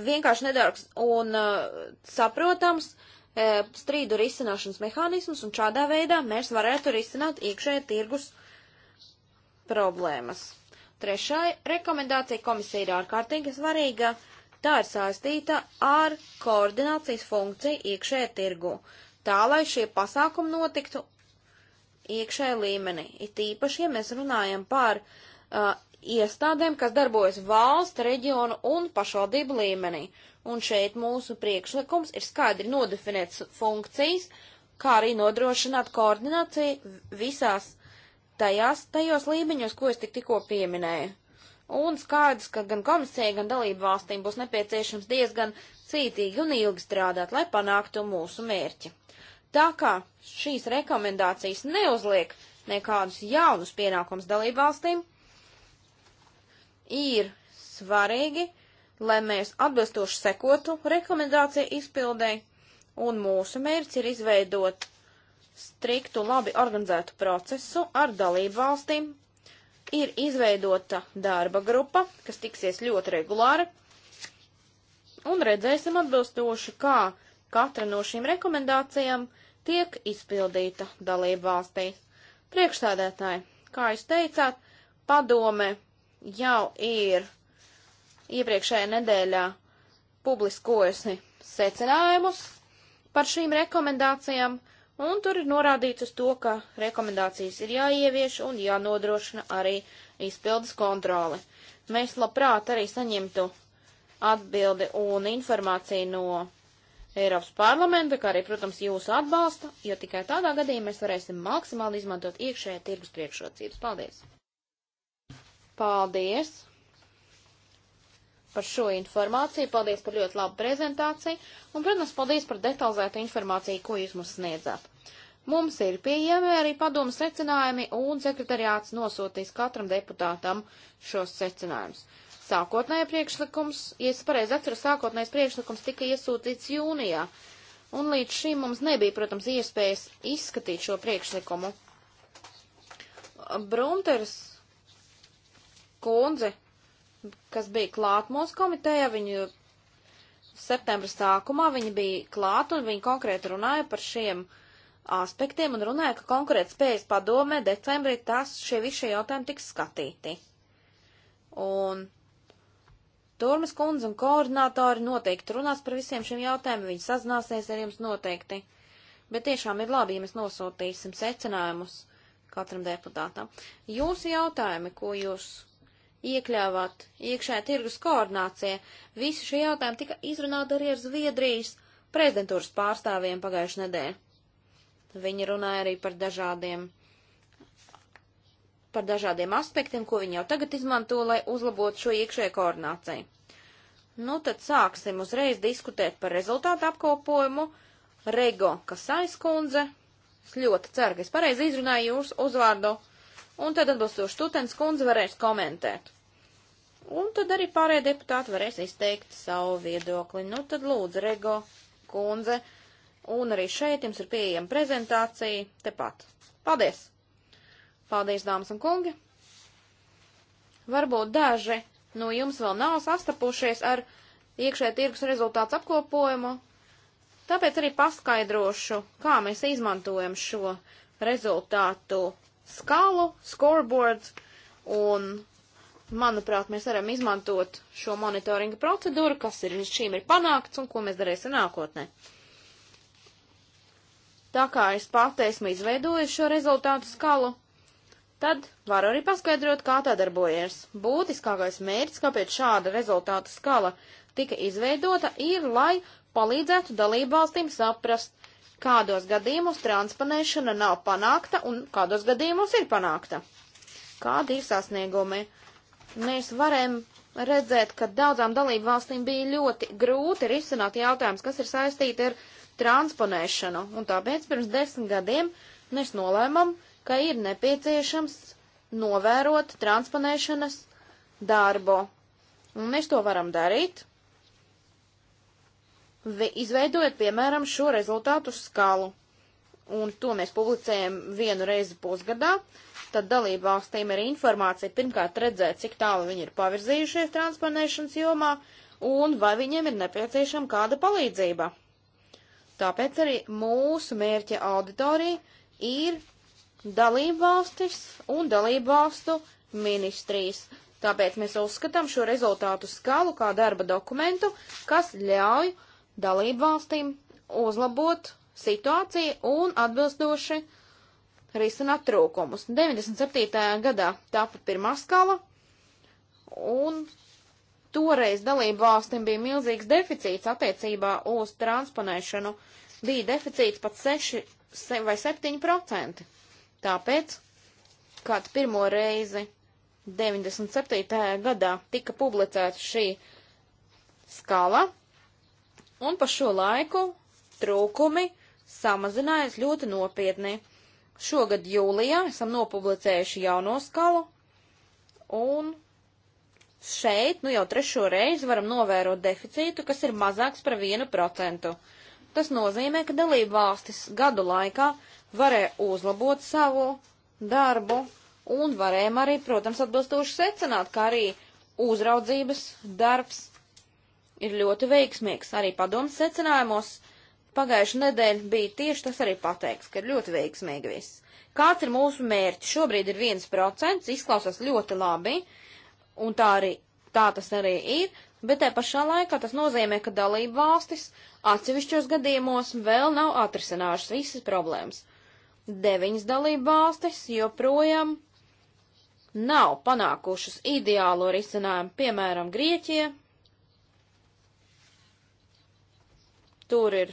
vienkārši nedārgs un uh, saprotams uh, strīdu risināšanas mehānisms, un šādā veidā mēs varētu risināt iekšējā tirgus problēmas. Trešā rekomendācija komisija ir ārkārtīgi svarīga. Tā ir saistīta ar koordinācijas funkciju iekšējā tirgu, tā lai šie pasākumi notiktu iekšējā līmenī. It īpaši, ja mēs runājam par uh, iestādēm, kas darbojas valsts, reģionu un pašvaldību līmenī. Un šeit mūsu priekšlikums ir skaidri nodefinēt funkcijas, kā arī nodrošināt koordināciju visās tajās, tajos līmeņos, ko es tik tikko pieminēju. Un skaidrs, ka gan komisija, gan dalību valstīm būs nepieciešams diezgan cītīgi un ilgi strādāt, lai panāktu mūsu mērķi. Tā kā šīs rekomendācijas neuzliek nekādus jaunus pienākums dalību valstīm, ir svarīgi, lai mēs atbilstoši sekotu rekomendāciju izpildēji, un mūsu mērķis ir izveidot striktu, labi organizētu procesu ar dalību valstīm. Ir izveidota darba grupa, kas tiksies ļoti regulāri, un redzēsim atbilstoši, kā katra no šīm rekomendācijām tiek izpildīta dalību valstī. Priekšsēdētāji, kā jūs teicāt, padome jau ir iepriekšējā nedēļā publiskojusi secinājumus par šīm rekomendācijām, un tur ir norādīts uz to, ka rekomendācijas ir jāievieš un jānodrošina arī izpildes kontroli. Mēs labprāt arī saņemtu atbildi un informāciju no Eiropas parlamenta, kā arī, protams, jūsu atbalsta, jo tikai tādā gadījumā mēs varēsim maksimāli izmantot iekšējā tirgus priekšrocības. Paldies! Paldies par šo informāciju, paldies par ļoti labu prezentāciju un, protams, paldies par detalizētu informāciju, ko jūs mums sniedzāt. Mums ir pieejami arī padomas secinājumi un sekretariāts nosūtīs katram deputātam šos secinājumus. Sākotnējais priekšlikums, ja es pareizi atceros, sākotnējais priekšlikums tika iesūtīts jūnijā, un līdz šim mums nebija, protams, iespējas izskatīt šo priekšlikumu. Brunters kundzi, kas bija klāt mūsu komitejā, viņu septembra sākumā viņi bija klāt un viņi konkrēti runāja par šiem aspektiem un runāja, ka konkrēti spējas padomē decembrī tas šie visi jautājumi tiks skatīti. Un Turmas kundze un koordinātori noteikti runās par visiem šiem jautājumiem, viņi sazināsies ar jums noteikti. Bet tiešām ir labi, ja mēs nosūtīsim secinājumus katram deputātam. Jūsu jautājumi, ko jūs iekļāvāt iekšē tirgus koordinācija. Visi šie jautājumi tika izrunāti arī ar Zviedrijas prezidentūras pārstāvjiem pagājušajā nedēļā. Viņi runāja arī par dažādiem, par dažādiem aspektiem, ko viņi jau tagad izmanto, lai uzlabotu šo iekšējo koordināciju. Nu, tad sāksim uzreiz diskutēt par rezultātu apkopojumu. Rego Kasaiskundze, es ļoti ceru, ka es pareizi izrunāju jūsu uzvārdu un tad atbilstoši Tutens kundze varēs komentēt. Un tad arī pārējie deputāti varēs izteikt savu viedokli. Nu tad lūdzu, Rego kundze, un arī šeit jums ir pieejama prezentācija tepat. Paldies! Paldies, dāmas un kungi! Varbūt daži no jums vēl nav sastapušies ar iekšē tirgus rezultātu apkopojumu, tāpēc arī paskaidrošu, kā mēs izmantojam šo rezultātu skalu, scoreboard, un, manuprāt, mēs varam izmantot šo monitoringa procedūru, kas ir līdz šīm ir panākts un ko mēs darīsim nākotnē. Tā kā es pati esmu izveidojis šo rezultātu skalu, tad varu arī paskaidrot, kā tā darbojas. Būtiskākais mērķis, kāpēc šāda rezultātu skala tika izveidota, ir, lai palīdzētu dalībvalstīm saprast, kādos gadījumos transponēšana nav panākta un kādos gadījumos ir panākta. Kādi ir sasniegumi? Mēs varējām redzēt, ka daudzām dalību valstīm bija ļoti grūti risināt jautājumus, kas ir saistīti ar transponēšanu, un tāpēc pirms desmit gadiem mēs nolēmam, ka ir nepieciešams novērot transponēšanas darbu. Un mēs to varam darīt, izveidojot, piemēram, šo rezultātu skalu. Un to mēs publicējam vienu reizi pusgadā. Tad dalību valstīm ir informācija pirmkārt redzēt, cik tālu viņi ir pavirzījušies transponēšanas jomā un vai viņiem ir nepieciešama kāda palīdzība. Tāpēc arī mūsu mērķa auditorija ir dalību valstis un dalību valstu ministrijas. Tāpēc mēs uzskatām šo rezultātu skalu kā darba dokumentu, kas ļauj uh, dalību valstīm uzlabot situāciju un atbilstoši risināt trūkumus. 97. gadā tāpa pirmā skala, un toreiz dalību valstīm bija milzīgs deficīts attiecībā uz transponēšanu. Bija deficīts pat 6 vai 7 procenti. Tāpēc, kad pirmo reizi 97. gadā tika publicēta šī skala, un pa šo laiku trūkumi samazinājas ļoti nopietni. Šogad jūlijā esam nopublicējuši jauno skalu, un šeit, nu jau trešo reizi varam novērot deficītu, kas ir mazāks par vienu procentu. Tas nozīmē, ka dalība valstis gadu laikā varēja uzlabot savu darbu un varējām arī, protams, atbilstoši secināt, ka arī uzraudzības darbs ir ļoti veiksmīgs. Arī padomas secinājumos pagājušajā nedēļā bija tieši tas arī pateikts, ka ir ļoti veiksmīgi viss. Kāds ir mūsu mērķis? Šobrīd ir viens procents, izklausās ļoti labi, un tā, arī, tā tas arī ir, bet te pašā laikā tas nozīmē, ka dalību valstis atsevišķos gadījumos vēl nav atrisinājušas visas problēmas. Deviņas dalību valstis joprojām nav panākušas ideālo risinājumu, piemēram, Grieķija, Tur ir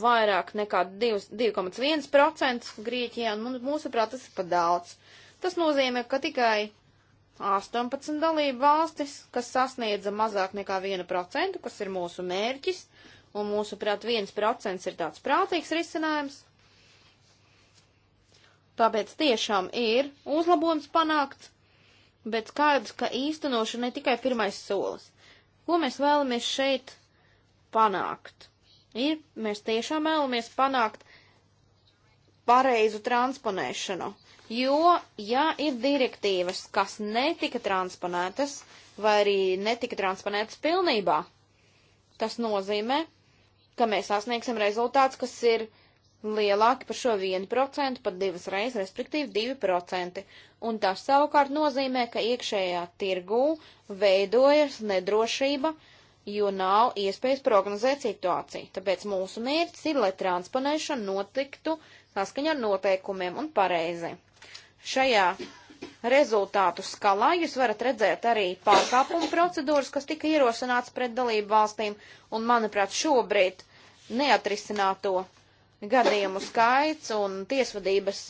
vairāk nekā 2,1% Grieķijā, un mūsuprāt tas ir pat daudz. Tas nozīmē, ka tikai 18 dalību valstis, kas sasniedza mazāk nekā 1%, kas ir mūsu mērķis, un mūsuprāt 1% ir tāds prātīgs risinājums. Tāpēc tiešām ir uzlabojums panākts, bet skaidrs, ka īstenošana ir tikai pirmais solis. Ko mēs vēlamies šeit panākt. Ir, mēs tiešām vēlamies panākt pareizu transponēšanu, jo, ja ir direktīvas, kas netika transponētas vai arī netika transponētas pilnībā, tas nozīmē, ka mēs sasniegsim rezultāts, kas ir lielāki par šo 1%, pat divas reizes, respektīvi 2%. Un tas savukārt nozīmē, ka iekšējā tirgū veidojas nedrošība, uh, jo nav iespējas prognozēt situāciju. Tāpēc mūsu mērķis ir, lai transponēšana notiktu saskaņā ar noteikumiem un pareizi. Šajā rezultātu skalā jūs varat redzēt arī pārkāpumu procedūras, kas tika ierosināts pret dalību valstīm, un, manuprāt, šobrīd neatrisināto gadījumu skaits un tiesvedības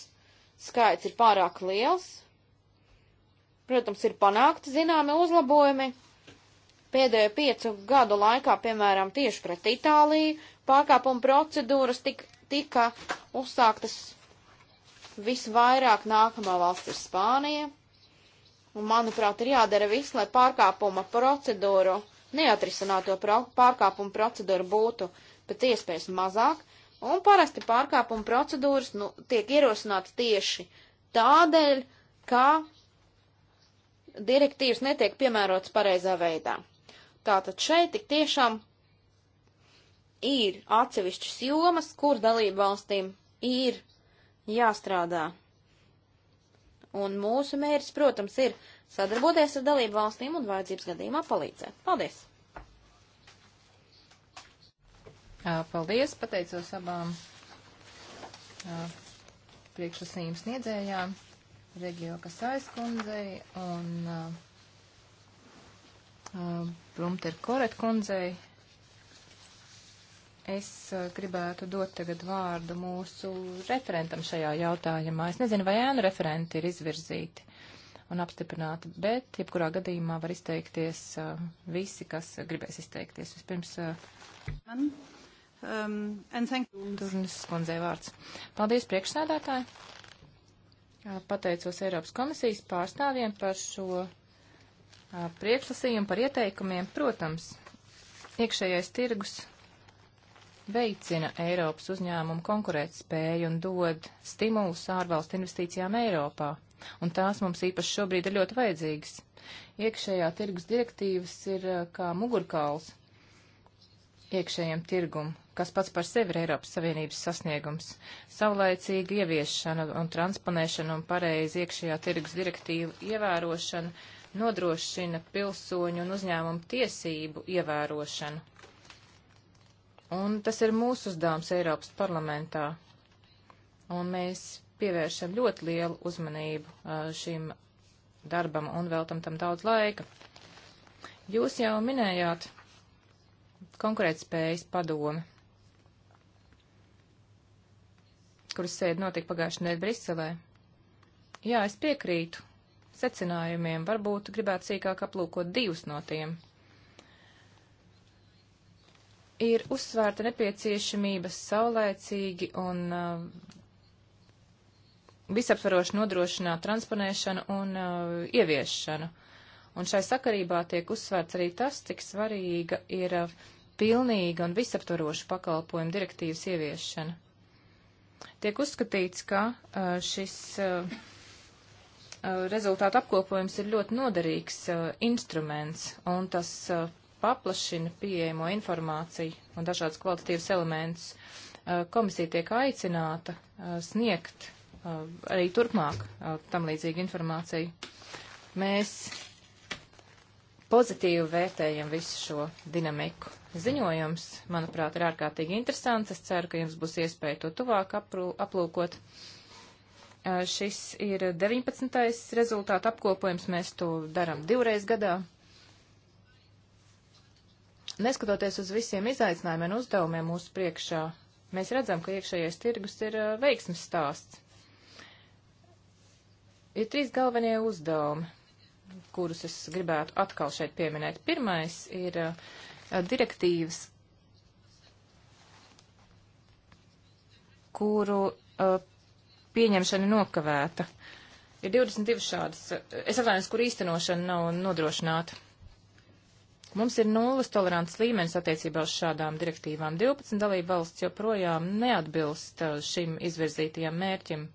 skaits ir pārāk liels. Protams, ir panākti zināmi uzlabojumi, Pēdējo piecu gadu laikā, piemēram, tieši pret Itāliju, pārkāpuma procedūras tik, tika uzsāktas visvairāk nākamā valsts ir Spānija. Un, manuprāt, ir jādara viss, lai pārkāpuma procedūru, neatrisināto pro, pārkāpuma procedūru būtu pēc iespējas mazāk, un parasti pārkāpuma procedūras nu, tiek ierosināts tieši tādēļ, ka direktīvas netiek piemērotas pareizā veidā. Tātad šeit tik tiešām ir atsevišķas jomas, kur dalību valstīm ir jāstrādā. Un mūsu mērķis, protams, ir sadarboties ar dalību valstīm un vajadzības gadījumā palīdzēt. Paldies! Paldies, pateicos abām priekšlasījuma sniedzējām, Regio Kasais kundzei un Plumter Koret kundzei. Es uh, gribētu dot tagad vārdu mūsu referentam šajā jautājumā. Es nezinu, vai ēnu referenti ir izvirzīti un apstiprināti, bet jebkurā gadījumā var izteikties uh, visi, kas gribēs izteikties. Vispirms. Uh, Man, um, Turnes kundzei vārds. Paldies priekšsēdētāji. Pateicos Eiropas komisijas pārstāvjiem par šo priekšlasījumu par ieteikumiem. Protams, iekšējais tirgus veicina Eiropas uzņēmumu konkurētspēju un dod stimulus ārvalstu investīcijām Eiropā, un tās mums īpaši šobrīd ir ļoti vajadzīgas. Iekšējā tirgus direktīvas ir kā mugurkauls iekšējiem tirgum, kas pats par sevi ir Eiropas Savienības sasniegums. Savlaicīga ieviešana un transponēšana un pareizi iekšējā tirgus direktīvu ievērošana nodrošina pilsoņu un uzņēmumu tiesību ievērošanu. Un tas ir mūsu uzdevums Eiropas parlamentā. Un mēs pievēršam ļoti lielu uzmanību šim darbam un veltam tam daudz laika. Jūs jau minējāt konkurētspējas padomi, kuras sēdi notika pagājušajā nedēļā Briselē. Jā, es piekrītu secinājumiem. Varbūt gribētu sīkāk aplūkot divus no tiem. Ir uzsvērta nepieciešamība saulēcīgi un uh, visaptvaroši nodrošināt transponēšanu un uh, ieviešanu. Un šai sakarībā tiek uzsvērts arī tas, cik svarīga ir uh, pilnīga un visaptvaroša pakalpojuma direktīvas ieviešana. Tiek uzskatīts, ka uh, šis uh, Eh, rezultātu apkopojums ir ļoti noderīgs uh, instruments, un tas uh, paplašina pieejamo informāciju un dažādas kvalitatīvas elementus. Uh, komisija tiek aicināta sniegt arī turpmāk tam līdzīgu informāciju. Mēs pozitīvi vērtējam visu šo dinamiku. Ziņojums, manuprāt, ir ārkārtīgi interesants. Es ceru, ka jums būs iespēja to tuvāk aprū, aplūkot. Uh, Šis ir 19. rezultātu apkopojums, mēs to darām divreiz gadā. Neskatoties uz visiem izaicinājumiem un uzdevumiem mūsu priekšā, mēs redzam, ka iekšējais tirgus ir veiksmes stāsts. Ir trīs galvenie uzdevumi, kurus es gribētu atkal šeit pieminēt. Pirmais ir direktīvas, kuru pieņemšana nokavēta. Ir 22 šādas, eh, es atvainojos, kur īstenošana nav nodrošināta. Mums ir nulles tolerants līmenis attiecībā uz šādām direktīvām. 12 dalība valsts joprojām neatbilst eh, šim izvirzītajam mērķim.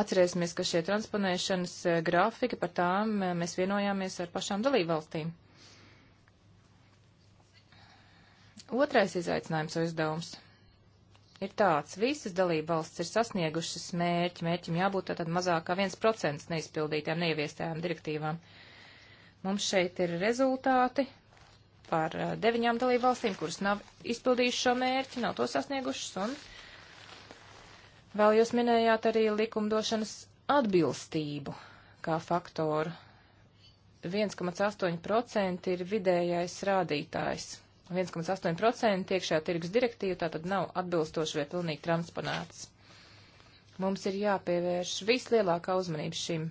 Atcerēsimies, ka šie transponēšanas eh, grafika par tām mēs vienojāmies ar pašām dalību valstīm. Otrais izaicinājums vai uzdevums ir tāds. Visas dalība valsts ir sasniegušas mērķi. Mērķim jābūt tātad mazāk kā 1% neizpildītām, neieviestām direktīvām. Mums šeit ir rezultāti par deviņām dalību valstīm, kuras nav izpildījušas šo mērķi, nav to sasniegušas. Un vēl jūs minējāt arī likumdošanas atbilstību kā faktoru. 1,8% ir vidējais rādītājs 1,8% iekšējā tirgus direktīva tātad nav atbilstoši vai pilnīgi transponēts. Mums ir jāpievērš vislielākā uzmanība šim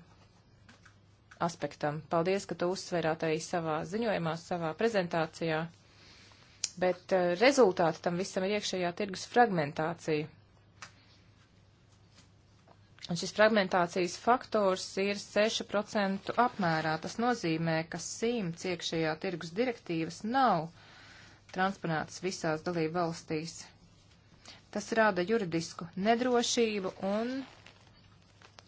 aspektam. Paldies, ka to uzsverāt arī savā ziņojumā, savā prezentācijā. Bet uh, rezultāti tam visam ir iekšējā tirgus fragmentācija. Un šis fragmentācijas faktors ir 6% apmērā. Tas nozīmē, ka simts iekšējā tirgus direktīvas nav transponētas visās dalību valstīs. Tas rada juridisku nedrošību un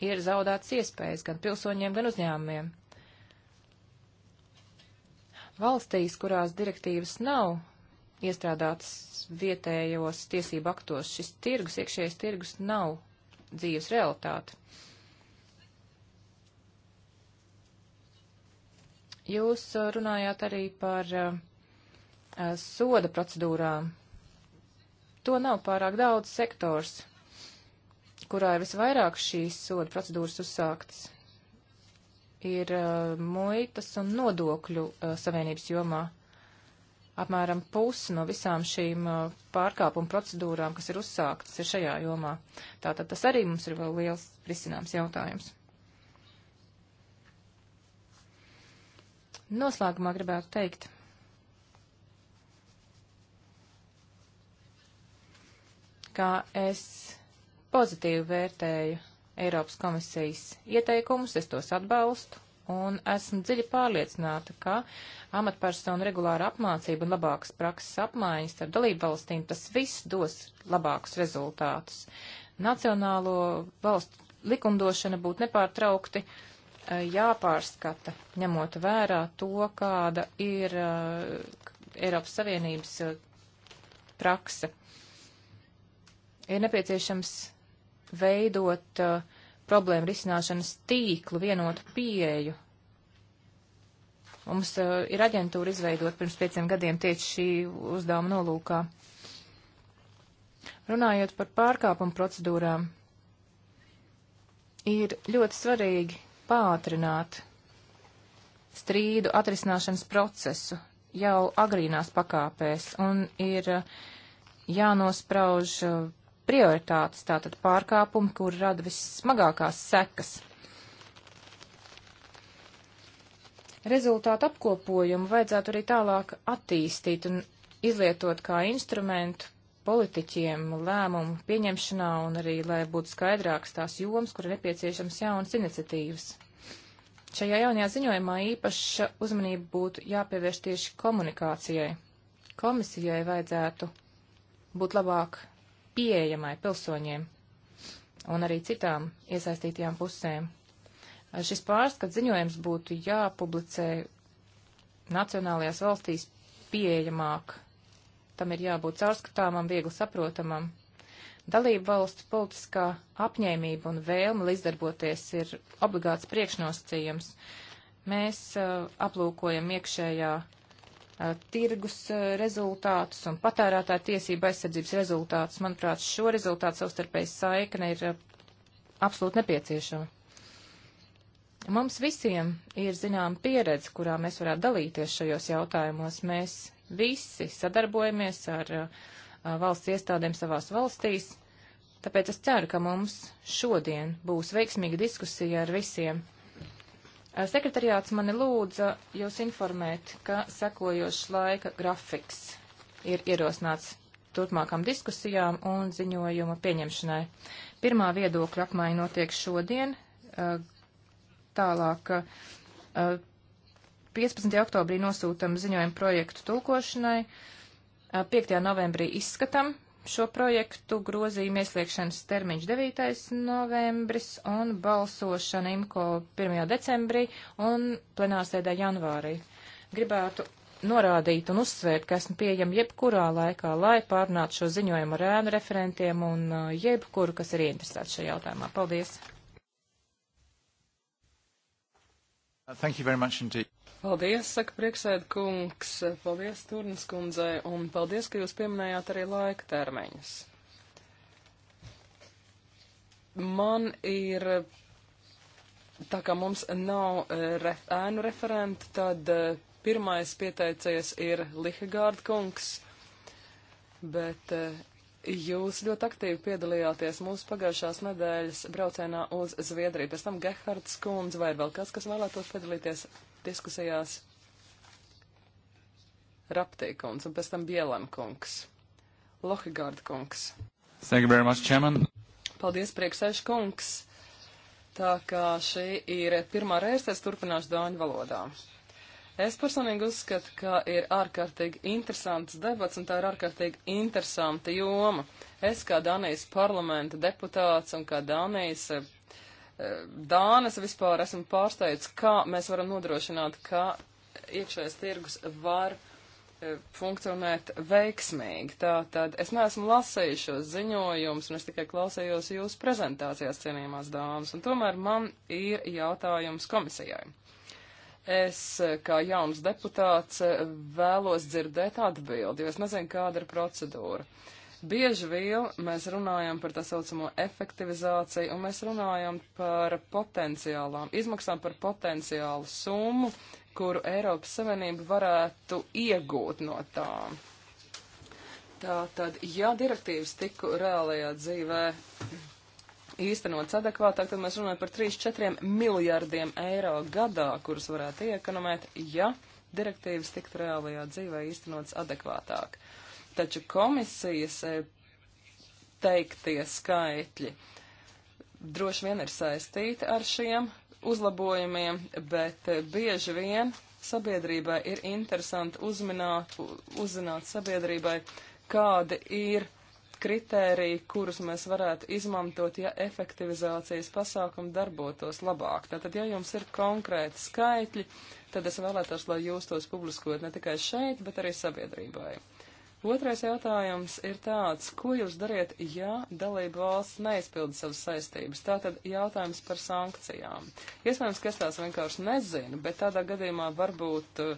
ir zaudēts iespējas gan pilsoņiem, gan uzņēmumiem. Valstīs, kurās direktīvas nav iestrādātas vietējos tiesību aktos, šis tirgus, iekšējais tirgus nav dzīves realitāte. Jūs uh, runājāt arī par uh, Eh, soda procedūrām. To nav pārāk daudz sektors, kurā ir visvairāk šīs soda procedūras uzsāktas. Ir uh, muitas un nodokļu uh, savienības jomā. Apmēram pusi no visām šīm uh, pārkāpuma procedūrām, kas ir uzsāktas, ir šajā jomā. Tātad tas arī mums ir vēl liels risināms jautājums. Noslēgumā gribētu teikt, ka es pozitīvi vērtēju Eiropas komisijas ieteikumus, es tos atbalstu un esmu dziļi pārliecināta, ka amatpersonu regulāra apmācība un labākas prakses apmaiņas ar dalību valstīm tas viss dos labākus rezultātus. Nacionālo valstu likumdošana būtu nepārtraukti eh, jāpārskata, ņemot vērā to, kāda ir eh, Eiropas Savienības eh, prakse ir nepieciešams veidot uh, problēmu risināšanas tīklu, vienotu pieeju. Mums uh, ir aģentūra izveidot pirms pieciem gadiem tieši šī uzdevuma nolūkā. Runājot par pārkāpumu procedūrām, ir ļoti svarīgi pātrināt strīdu atrisināšanas procesu jau agrīnās pakāpēs un ir uh, jānosprauž uh, prioritātes, tātad pārkāpumi, kur rada vissmagākās sekas. Rezultātu apkopojumu vajadzētu arī tālāk attīstīt un izlietot kā instrumentu politiķiem lēmumu pieņemšanā un arī, lai būtu skaidrākas tās jomas, kur ir nepieciešams jaunas iniciatīvas. Šajā jaunajā ziņojumā īpaša uzmanība būtu jāpievērš tieši komunikācijai. Komisijai vajadzētu būt labāk pieejamai pilsoņiem un arī citām iesaistītajām pusēm. Šis pārskats ziņojums būtu jāpublicē nacionālajās valstīs pieejamāk. Tam ir jābūt caurskatāmam, viegli saprotamam. Dalība valsts politiskā apņēmība un vēlme līdzdarboties ir obligāts priekšnosacījums. Mēs uh, aplūkojam iekšējā uh, Uh, tirgus uh, rezultātus un patērētāja tiesība aizsardzības rezultātus. Manuprāt, šo rezultātu savstarpējas saikne ir uh, absolūti nepieciešama. Mums visiem ir zinām pieredze, kurā mēs varētu dalīties šajos jautājumos. Mēs visi sadarbojamies ar a, valsts iestādēm savās valstīs, tāpēc es ceru, ka mums šodien būs veiksmīga diskusija ar visiem Eh, sekretariāts mani lūdza jūs informēt, ka sekojošs laika grafiks ir ierosināts turpmākām diskusijām un ziņojuma pieņemšanai. Pirmā viedokļa apmaiņa notiek šodien, eh, tālāk 15. Eh, oktobrī nosūtam ziņojumu projektu tulkošanai, 5. novembrī izskatam šo projektu grozījuma ieslēgšanas termiņš 9. novembris un balsošana IMKO 1. decembrī un plenārsēdē janvārī. Gribētu norādīt un uzsvērt, ka esmu pieejama jebkurā laikā, lai pārnātu šo ziņojumu ar ēnu referentiem un uh, jebkuru, kas ir ieinteresēts šajā jautājumā. Paldies! Thank you very much indeed. Paldies, saka prieksēda kungs, paldies Turnas kundzei, un paldies, ka jūs pieminējāt arī laika termiņus. Man ir, tā kā mums nav eh, ref, ēnu referenta, tad eh, pirmais pieteicies ir Lihegārda kungs, bet eh, Jūs ļoti aktīvi piedalījāties mūsu pagājušās nedēļas braucienā uz Zviedriju. Pēc tam Gehards Kunz vai ir vēl kāds, kas vēlētos piedalīties diskusijās Raptīkungs un pēc tam Bielankungs. Lohigārda kungs. Thank you very much, Chairman. Paldies, priekšsēž kungs. Tā kā šī ir pirmā reize, es turpināšu dāņu valodā. Es personīgi uzskatu, ka ir ārkārtīgi interesants debats un tā ir ārkārtīgi interesanta joma. Es kā Danijas parlamenta deputāts un kā Danijas Dānes vispār esmu pārsteigts, kā mēs varam nodrošināt, ka iekšējais tirgus var e, funkcionēt veiksmīgi. Tātad es neesmu lasījis šos ziņojumus, un es tikai klausījos jūsu prezentācijās, cienījumās dāmas, un tomēr man ir jautājums komisijai. Es, e, kā jauns deputāts, e, vēlos dzirdēt atbildi, jo es nezinu, kāda ir procedūra. Uh, Bieži vien mēs runājam par tā saucamo efektivizāciju, un mēs runājam par potenciālām izmaksām, par potenciālu summu, kuru Eiropas Savienība varētu iegūt no tām. Tātad, ja direktīvas tiku reālajā dzīvē īstenots adekvātāk, tad mēs runājam par 3-4 miljārdiem eiro gadā, kurus varētu iekonomēt, ja direktīvas tiktu reālajā dzīvē īstenots adekvātāk. Uh, taču komisijas e, teiktie skaitļi droši vien ir saistīti ar šiem uzlabojumiem, bet e, bieži vien sabiedrībai ir interesanti uzmināt, uzzināt sabiedrībai, kādi ir kritēriji, kurus mēs varētu izmantot, ja efektivizācijas pasākumi darbotos labāk. Tātad, ja jums ir konkrēti skaitļi, tad es vēlētos, lai jūs tos publiskot ne tikai šeit, bet arī sabiedrībai. Otrais jautājums ir tāds, ko jūs dariet, ja dalība valsts neizpilda savas saistības? Tātad jautājums par sankcijām. Iespējams, ka es tās vienkārši nezinu, bet tādā gadījumā varbūt eh,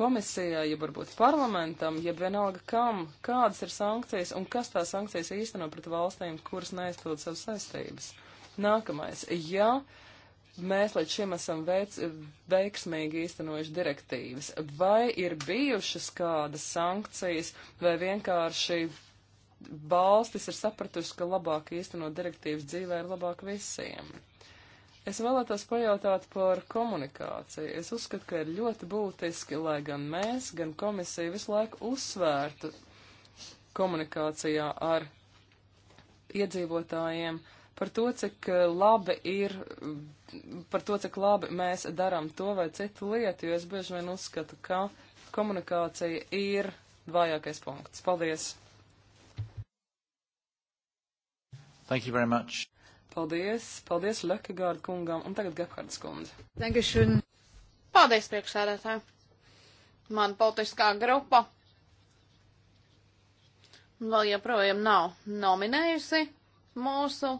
komisijai, ja varbūt parlamentam, ja vienalga kam, kādas ir sankcijas un kas tās sankcijas īsteno pret valstīm, kuras neizpilda savas saistības. Nākamais. Ja mēs līdz šim esam veic, veiksmīgi īstenojuši direktīvas. Vai ir bijušas kādas sankcijas, vai vienkārši valstis ir sapratusi, ka labāk īstenot direktīvas dzīvē ir labāk visiem? Es vēlētos pajautāt par komunikāciju. Es uzskatu, ka ir ļoti būtiski, lai gan mēs, gan komisija visu laiku uzsvērtu komunikācijā ar iedzīvotājiem, uh, par to, cik eh, labi ir, par to, cik labi mēs darām to vai citu lietu, jo es bieži vien uzskatu, ka komunikācija ir vājākais punkts. Paldies! Thank you very much. Paldies, paldies Lekagārda kungam un tagad Gephardas kundze. Dankeschön. Paldies, priekšsēdētāji. Man politiskā grupa vēl joprojām nav nominējusi mūsu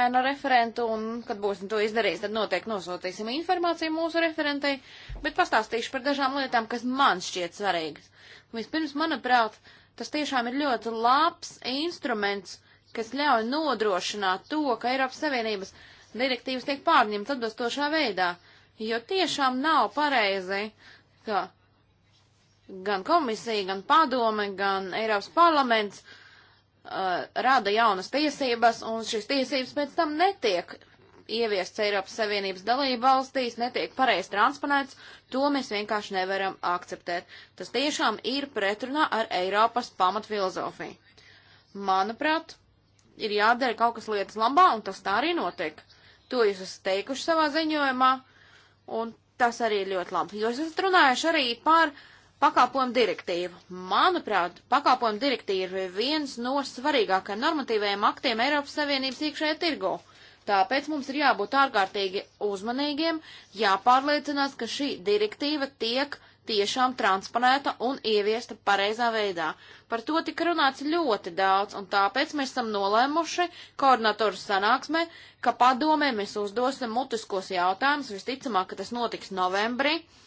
ēnu referentu, un, kad būsim to izdarījis, tad noteikti nosūtīsim informāciju mūsu referentei, bet pastāstīšu par dažām lietām, kas man šķiet svarīgas. Vispirms, manuprāt, tas tiešām ir ļoti labs instruments, kas ļauj nodrošināt to, ka Eiropas Savienības direktīvas tiek pārņemtas atbilstošā veidā, jo tiešām nav pareizi, ka gan komisija, gan padome, gan Eiropas parlaments uh, uh, rada jaunas tiesības, un šīs tiesības pēc tam netiek ieviests Eiropas Savienības dalību valstīs, netiek pareizi transponēts, to mēs vienkārši nevaram akceptēt. Tas tiešām ir pretrunā ar Eiropas pamatfilozofiju. Manuprāt, ir jādara kaut kas lietas labā, un tas tā arī notiek. To jūs esat teikuši savā ziņojumā, un tas arī ir ļoti labi. Jūs esat runājuši arī par uh, pakalpojumu direktīvu. Manuprāt, pakalpojumu direktīva ir viens no svarīgākajiem normatīvajiem aktiem Eiropas Savienības iekšējā tirgu. Tāpēc mums ir jābūt ārkārtīgi uzmanīgiem, jāpārliecinās, ka šī direktīva tiek tiešām transponēta un ieviesta pareizā veidā. Par to tika runāts ļoti daudz, un tāpēc mēs esam nolēmuši koordinatoru sanāksmē, ka padomē mēs uzdosim mutiskos jautājumus, visticamāk, ka tas notiks novembrī. Uh,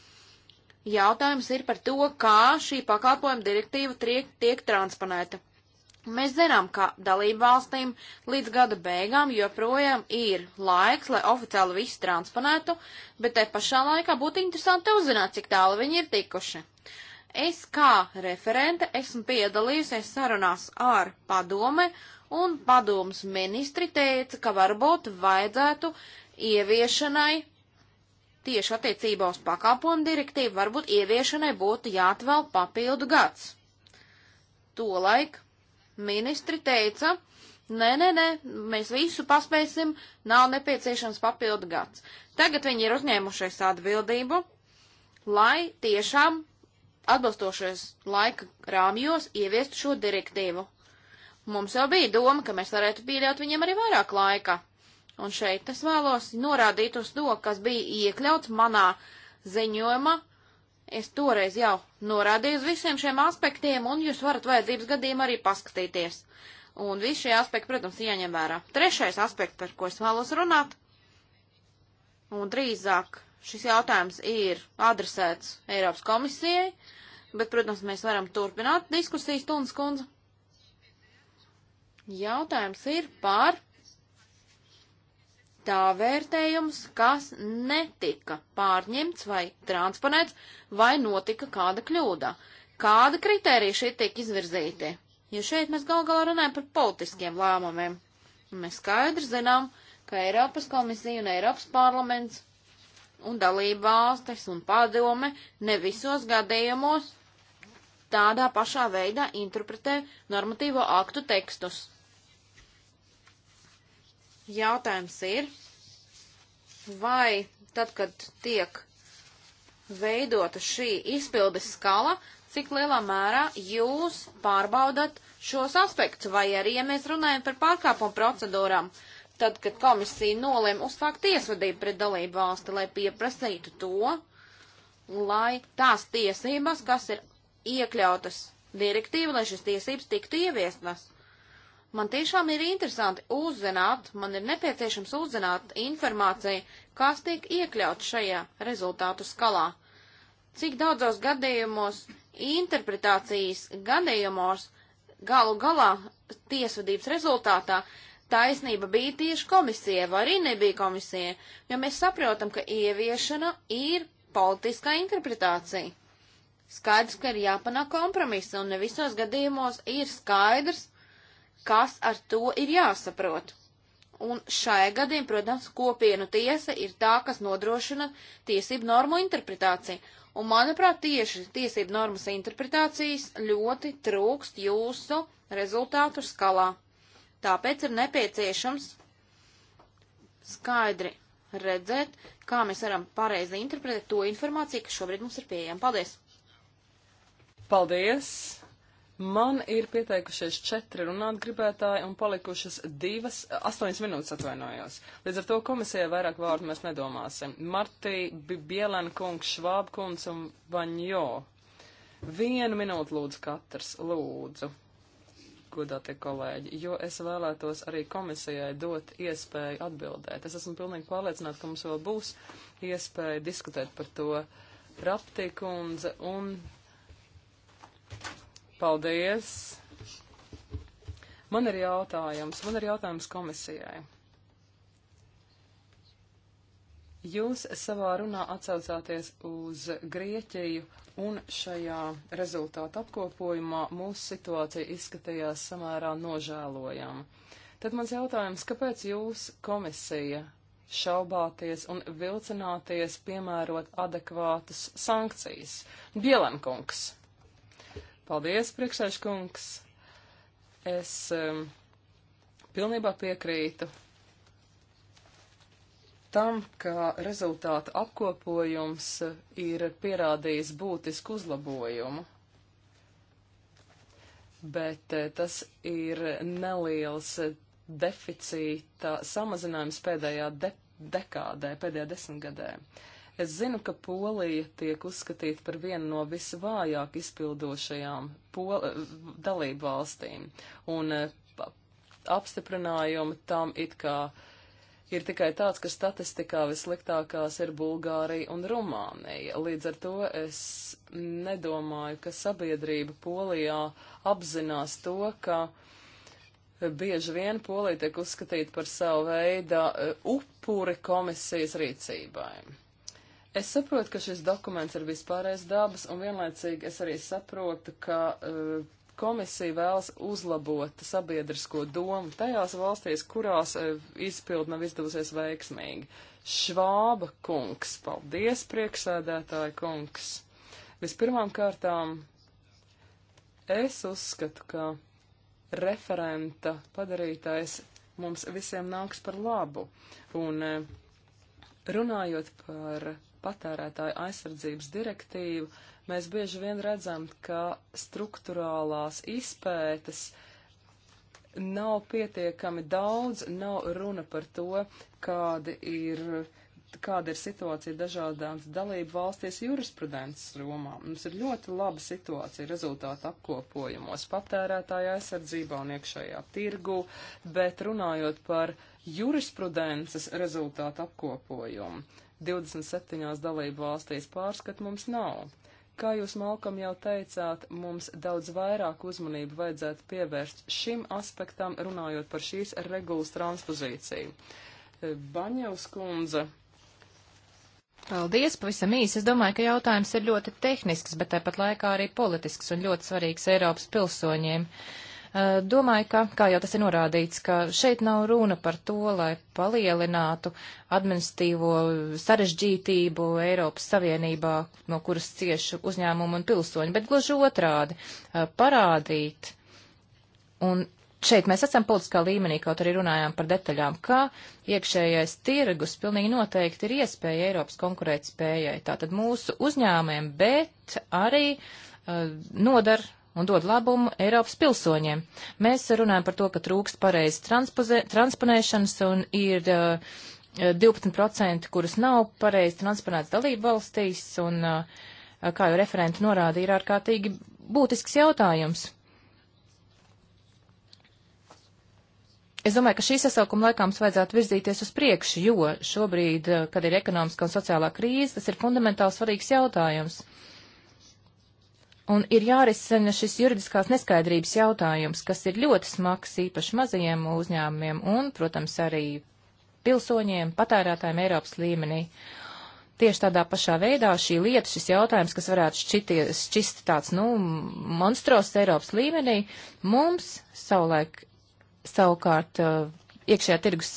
Jautājums ir par to, kā šī pakalpojuma direktīva tiek, tiek transponēta. Mēs zinām, ka dalību valstīm līdz gada beigām joprojām ir laiks, lai oficiāli visu transponētu, bet te pašā laikā būtu interesanti uzzināt, cik tālu viņi ir tikuši. Es kā referente esmu piedalījusies sarunās ar padome, un padomas ministri teica, ka varbūt vajadzētu ieviešanai tieši attiecībā uz pakāpojumu direktīvu varbūt ieviešanai būtu jāatvēl papildu gads. Tolaik ministri teica, nē, nē, nē, mēs visu paspēsim, nav nepieciešams papildu gads. Tagad viņi ir uzņēmušies atbildību, lai tiešām atbilstošais laika rāmjos ieviestu šo direktīvu. Mums jau bija doma, ka mēs varētu pieļaut viņiem arī vairāk laika, Un šeit es vēlos norādīt uz to, kas bija iekļauts manā ziņojumā. Es toreiz jau norādīju uz visiem šiem aspektiem, un jūs varat vajadzības gadījumā arī paskatīties. Un visi šie aspekti, protams, jāņem vērā. Trešais aspekts, par ko es vēlos runāt, un drīzāk šis jautājums ir adresēts Eiropas komisijai, bet, protams, mēs varam turpināt diskusijas stundas kundze. Jautājums ir par tā vērtējums, kas netika pārņemts vai transponēts, vai notika kāda kļūda. Kāda kritērija šeit tiek izvirzīti? Jo šeit mēs gal galā runājam par politiskiem lēmumiem. Un mēs skaidri zinām, ka Eiropas komisija un Eiropas parlaments un dalība valstis un padome ne visos gadījumos tādā pašā veidā interpretē normatīvo aktu tekstus. Jautājums ir, vai tad, kad tiek veidota šī izpildes skala, cik lielā mērā jūs pārbaudat šos aspektus, vai arī, ja mēs runājam par pārkāpumu procedūrām, tad, kad komisija nolēma uzsākt tiesvedību pret dalību valsti, lai pieprasītu to, lai tās tiesības, kas ir iekļautas direktīva, lai šīs tiesības tiktu ieviestas. Man tiešām ir interesanti uzzināt, man ir nepieciešams uzzināt informāciju, kas tiek iekļauts šajā rezultātu skalā. Cik daudzos gadījumos, interpretācijas gadījumos, galu galā tiesvedības rezultātā taisnība bija tieši komisija vai arī nebija komisija, jo mēs saprotam, ka ieviešana ir politiskā interpretācija. Skaidrs, ka ir jāpanāk kompromisa un ne visos gadījumos ir skaidrs, kas ar to ir jāsaprot. Un šajā gadījumā, protams, kopienu tiesa ir tā, kas nodrošina tiesību normu interpretāciju. Un, manuprāt, tieši tiesību normas interpretācijas ļoti trūkst jūsu rezultātu skalā. Tāpēc ir nepieciešams skaidri redzēt, kā mēs varam pareizi interpretēt to informāciju, kas šobrīd mums ir pieejama. Paldies! Paldies! Man ir pieteikušies četri runāt gribētāji un palikušas divas, astoņas minūtes atvainojos. Līdz ar to komisijai vairāk vārdu mēs nedomāsim. Martī, Bielēna kungs, Švāb kungs un Vaņjo. Vienu minūtu lūdzu katrs, lūdzu, godātie kolēģi, jo es vēlētos arī komisijai dot iespēju atbildēt. Es esmu pilnīgi pārliecināta, ka mums vēl būs iespēja diskutēt par to Raptī kundze un Paldies! Man ir jautājums, man ir jautājums komisijai. Jūs savā runā atsaucāties uz Grieķiju, un šajā rezultātu apkopojumā mūsu situācija izskatījās samērā nožēlojama. Tad mans jautājums, kāpēc jūs komisija šaubāties un vilcināties piemērot adekvātas sankcijas? Bielenkungs. Paldies, priekšsēškungs. Es um, pilnībā piekrītu tam, ka rezultāta apkopojums ir pierādījis būtisku uzlabojumu. Bet eh, tas ir neliels deficīta samazinājums pēdējā de dekādē, pēdējā desmitgadē. Uh, Es zinu, ka Polija tiek uzskatīta par vienu no visvājāk izpildošajām pol, dalību valstīm, un eh, apstiprinājumi tam it kā ir tikai tāds, ka statistikā vissliktākās ir Bulgārija un Rumānija. Līdz ar to es nedomāju, ka sabiedrība Polijā apzinās to, ka eh, bieži vien Polija tiek uzskatīta par savu veidu eh, upuri komisijas rīcībai. Es saprotu, ka šis dokuments ir vispārējais dabas, un vienlaicīgi es arī saprotu, ka uh, komisija vēlas uzlabot sabiedrisko domu tajās valstīs, kurās uh, eh, izpildu nav izdevusies veiksmīgi. Švāba kungs, paldies, prieksēdētāja kungs. Vispirmām kārtām es uzskatu, ka referenta padarītais mums visiem nāks par labu. Un uh, runājot par patērētāju aizsardzības direktīvu, mēs bieži vien redzam, ka struktūrālās izpētes nav pietiekami daudz, nav runa par to, kādi ir, kāda ir situācija dažādās dalību valstīs jurisprudences romā. Mums ir ļoti laba situācija rezultātu apkopojumos patērētāja aizsardzībā un iekšējā tirgu, bet runājot par jurisprudences rezultātu apkopojumu. 27 dalību valstīs pārskatu mums nav. Kā jūs, Malkam, jau teicāt, mums daudz vairāk uzmanību vajadzētu pievērst šim aspektam, runājot par šīs regulas transpozīciju. Baņevs kundze. Paldies, pavisam īsi. Es domāju, ka jautājums ir ļoti tehnisks, bet tāpat laikā arī politisks un ļoti svarīgs Eiropas pilsoņiem. Uh, Eh, domāju, ka, kā jau tas ir norādīts, ka šeit nav runa par to, lai palielinātu administīvo sarežģītību Eiropas Savienībā, no kuras cieši uzņēmumu un pilsoņi, bet gluži otrādi eh, parādīt. Un šeit mēs esam politiskā līmenī, kaut arī runājām par detaļām, kā iekšējais tirgus pilnīgi noteikti ir iespēja Eiropas konkurēt spējai. Tātad mūsu uzņēmējiem, bet arī uh, nodar un dod labumu Eiropas pilsoņiem. Mēs runājam par to, ka trūkst pareizi transponēšanas un ir uh, 12%, kuras nav pareizi transponētas dalību valstīs, un, uh, kā jau referenti norādīja, ir ārkārtīgi būtisks jautājums. Es domāju, ka šī sasaukuma laikā mums vajadzētu virzīties uz priekšu, jo šobrīd, uh, kad ir ekonomiska un sociālā krīze, tas ir fundamentāli svarīgs jautājums. Un ir jārisina šis juridiskās neskaidrības jautājums, kas ir ļoti smags īpaši mazajiem uzņēmumiem un, protams, arī pilsoņiem, patērētājiem Eiropas līmenī. Tieši tādā pašā veidā šī lieta, šis jautājums, kas varētu šķities, šķist tāds, nu, monstros Eiropas līmenī, mums savulaik savukārt uh, iekšējā tirgus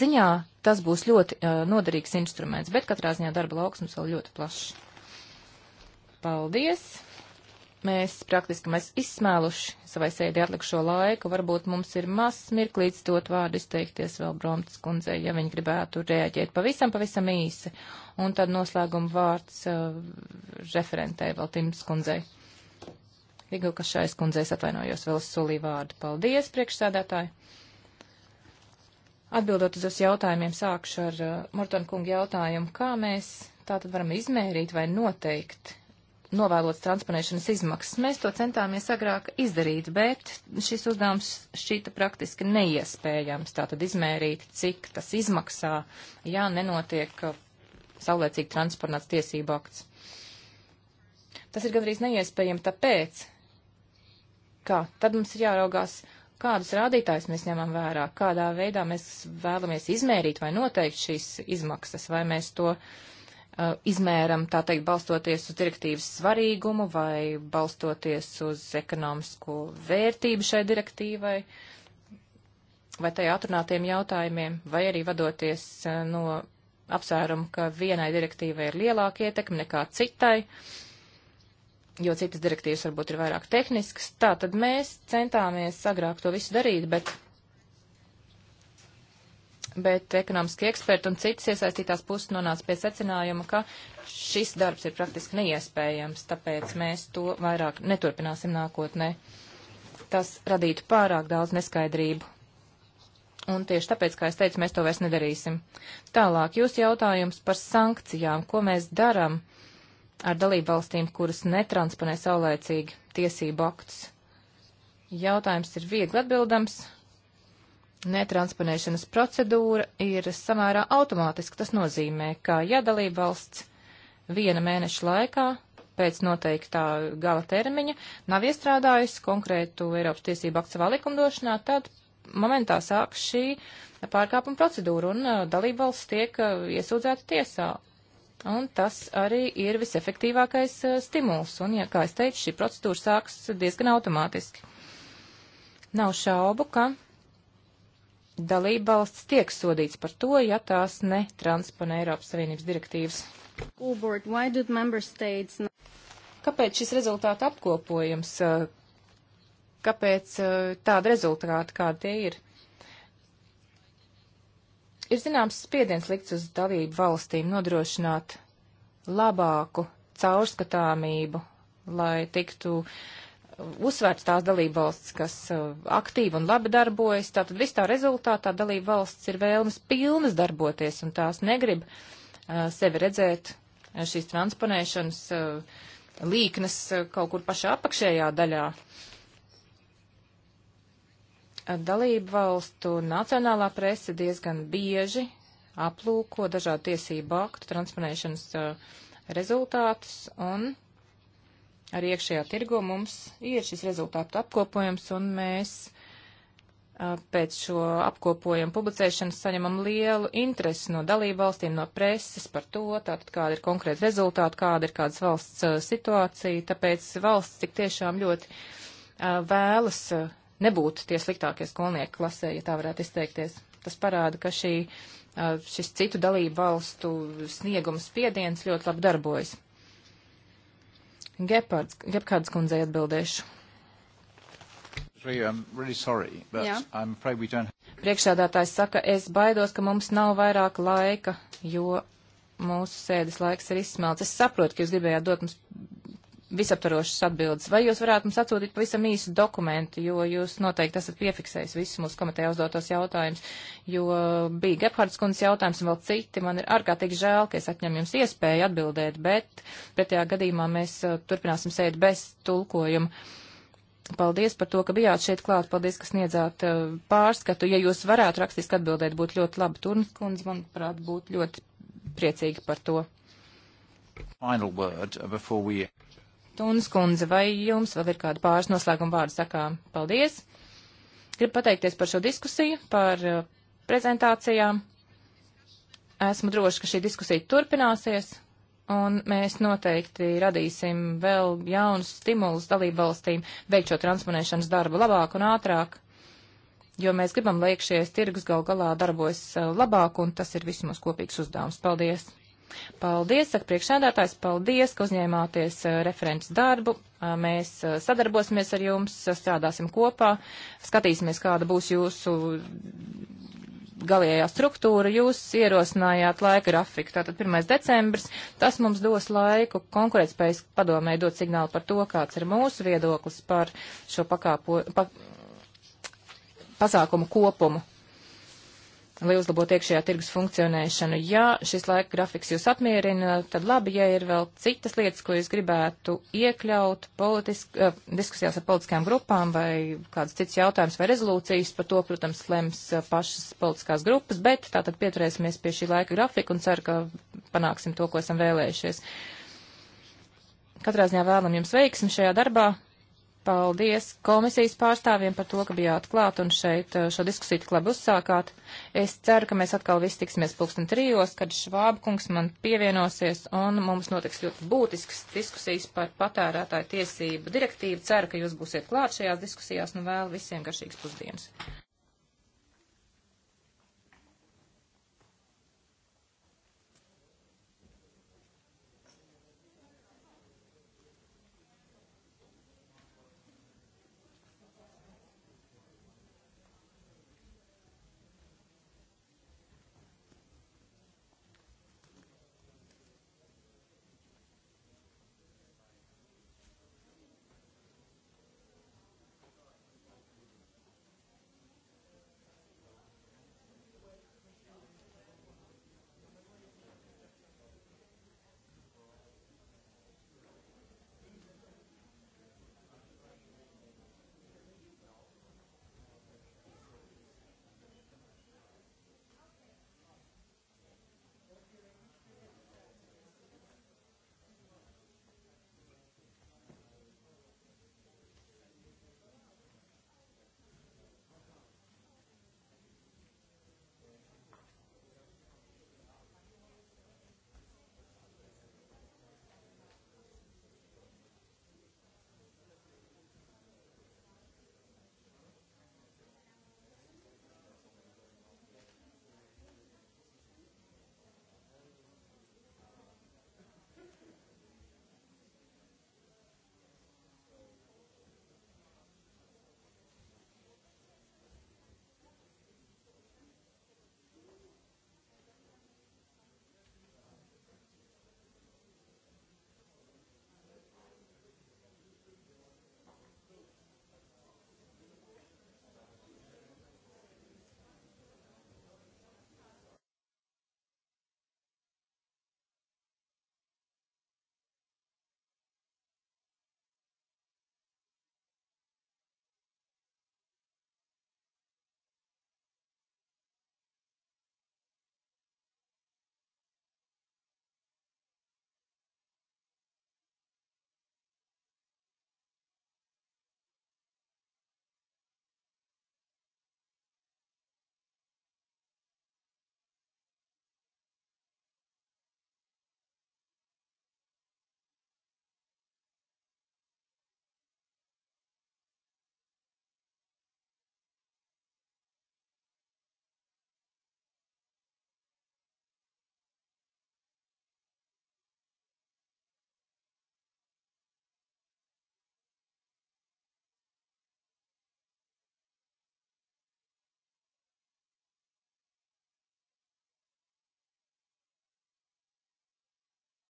ziņā tas būs ļoti uh, noderīgs instruments, bet katrā ziņā darba lauks mums vēl ļoti plašs. Paldies! Mēs praktiski mēs izsmēluši savai sēdē atlikušo laiku. Varbūt mums ir maz mirklīts dot vārdu izteikties vēl Bromtas kundzei, ja viņi gribētu reaģēt pavisam, pavisam īsi. Un tad noslēguma vārds uh, referentei vēl Tims kundzei. Vigilka šais kundzei atvainojos vēl solī vārdu. Paldies, priekšsēdētāji! Atbildot uz jautājumiem, sākšu ar uh, Mortona kunga jautājumu, kā mēs tā tad varam izmērīt vai noteikt novēlots transponēšanas izmaksas. Mēs to centāmies agrāk izdarīt, bet šis uzdevums šķīta praktiski neiespējams. Tātad izmērīt, cik tas izmaksā, ja nenotiek uh, saulēcīgi transponēts tiesību akts. Tas ir gandrīz neiespējami tāpēc, kā tad mums ir jāraugās, kādus rādītājus mēs ņemam vērā, kādā veidā mēs vēlamies izmērīt vai noteikt šīs izmaksas, vai mēs to uh, Eh, izmēram, tā teikt, balstoties uz direktīvas svarīgumu vai balstoties uz ekonomisko vērtību šai direktīvai vai tajā atrunātiem jautājumiem, vai arī vadoties eh, no apsvērumu, ka vienai direktīvai ir lielāka ietekme nekā citai, jo citas direktīvas varbūt ir vairāk tehniskas. Tā tad mēs centāmies agrāk to visu darīt, bet bet ekonomiski eksperti un citas iesaistītās puses nonāca pie secinājuma, ka šis darbs ir praktiski neiespējams, tāpēc mēs to vairāk neturpināsim nākotnē. Tas radītu pārāk daudz neskaidrību. Un tieši tāpēc, kā es teicu, mēs to vairs nedarīsim. Tālāk, jūs jautājums par sankcijām, ko mēs daram ar dalību valstīm, kuras netransponē saulēcīgi tiesību aktus. Jautājums ir viegli atbildams, netransponēšanas procedūra ir samērā automātiska. Tas nozīmē, ka ja dalība valsts viena mēneša laikā pēc noteiktā gala termiņa nav iestrādājusi konkrētu Eiropas tiesību aktu savā likumdošanā, tad momentā sāk šī pārkāpuma procedūra un uh, dalība valsts tiek uh, iesūdzēta tiesā. Un tas arī ir visefektīvākais uh, stimuls, un, ja, kā es teicu, šī procedūra sāks diezgan automātiski. Nav šaubu, ka dalībvalsts tiek sodīts par to, ja tās netransponē Eiropas Savienības direktīvas. Board, states... Kāpēc šis rezultātu apkopojums? Kāpēc tāda rezultāta, kāda tie ir? Ir zināms spiediens likts uz dalību valstīm nodrošināt labāku caurskatāmību, lai tiktu uh, uzsvērts tās dalībvalstis, kas uh, aktīvi un labi darbojas. Tātad viss tā rezultātā dalībvalstis ir vēlmes pilnas darboties un tās negrib uh, sevi redzēt uh, šīs transponēšanas līknes kaut kur pašā apakšējā daļā. Dalību valstu nacionālā presa diezgan bieži aplūko dažādu tiesību aktu transponēšanas rezultātus un arī iekšējā tirgu mums ir šis rezultātu apkopojums, un mēs pēc šo apkopojumu publicēšanas saņemam lielu interesi no dalībvalstīm, no preses par to, tātad kāda ir konkrēta rezultāta, kāda ir kādas valsts situācija, tāpēc valsts tik tiešām ļoti vēlas nebūt tie sliktākie skolnieki klasē, ja tā varētu izteikties. Tas parāda, ka šī, šis citu dalību valstu sniegums spiediens ļoti labi darbojas. Gepards, Gepkārdas kundzei atbildēšu. Really sorry, Priekšsēdētājs saka, es baidos, ka mums nav vairāk laika, jo mūsu sēdes laiks ir izsmelts. Es saprotu, ka jūs gribējāt dot mums visaptarošas atbildes. Vai jūs varētu mums atsūtīt pavisam īsu dokumentu, jo jūs noteikti esat piefiksējis visus mūsu komitejā uzdotos jautājumus, jo bija Gebhards kundzes jautājums un vēl citi. Man ir ārkārtīgi žēl, ka es atņemu jums iespēju atbildēt, bet pretējā gadījumā mēs uh, turpināsim sēdēt bez tulkojuma. Paldies par to, ka bijāt šeit klāt. Paldies, ka sniedzāt uh, pārskatu. Ja jūs varētu rakstiski atbildēt, būtu ļoti labi. Turnas kundze, manuprāt, būtu ļoti priecīga par to. Final word before we Tunas kundze, vai jums vēl ir kāda pāris noslēguma vārdu sakām? Paldies! Gribu pateikties par šo diskusiju, par uh, prezentācijām. Esmu droši, ka šī diskusija turpināsies, un mēs noteikti radīsim vēl jaunus stimulus dalību valstīm veikt šo transponēšanas darbu labāk un ātrāk, jo mēs gribam, lai iekšējais tirgus gal galā darbojas uh, labāk, un tas ir viss mūsu kopīgs uzdevums. Paldies! Paldies, saka priekšsēdētājs, paldies, ka uzņēmāties uh, referents darbu. Uh, mēs uh, sadarbosimies ar jums, strādāsim kopā, skatīsimies, kāda būs jūsu galējā struktūra. Jūs ierosinājāt laika grafiku, tātad 1. decembris. Tas mums dos laiku konkurētspējas padomē dot signālu par to, kāds ir mūsu viedoklis par šo pakāpo, pa, pasākumu kopumu lai uzlabotu iekšējā tirgus funkcionēšanu. Ja šis laika grafiks jūs apmierina, tad labi, ja ir vēl citas lietas, ko jūs gribētu iekļaut politisk, uh, eh, diskusijās ar politiskajām grupām vai kāds cits jautājums vai rezolūcijas, par to, protams, lems eh, pašas politiskās grupas, bet tātad pieturēsimies pie šī laika grafika un ceru, ka panāksim to, ko esam vēlējušies. Katrā ziņā vēlam jums veiksmi šajā darbā. Paldies komisijas pārstāvjiem par to, ka bijāt klāt un šeit eh, šo diskusiju klabu uzsākāt. Es ceru, ka mēs atkal visi tiksimies pulksten trijos, kad Švāba kungs man pievienosies un mums notiks ļoti būtisks diskusijas par patērētāju tiesību direktīvu. Ceru, ka jūs būsiet klāt šajās diskusijās un nu vēl visiem garšīgas pusdienas.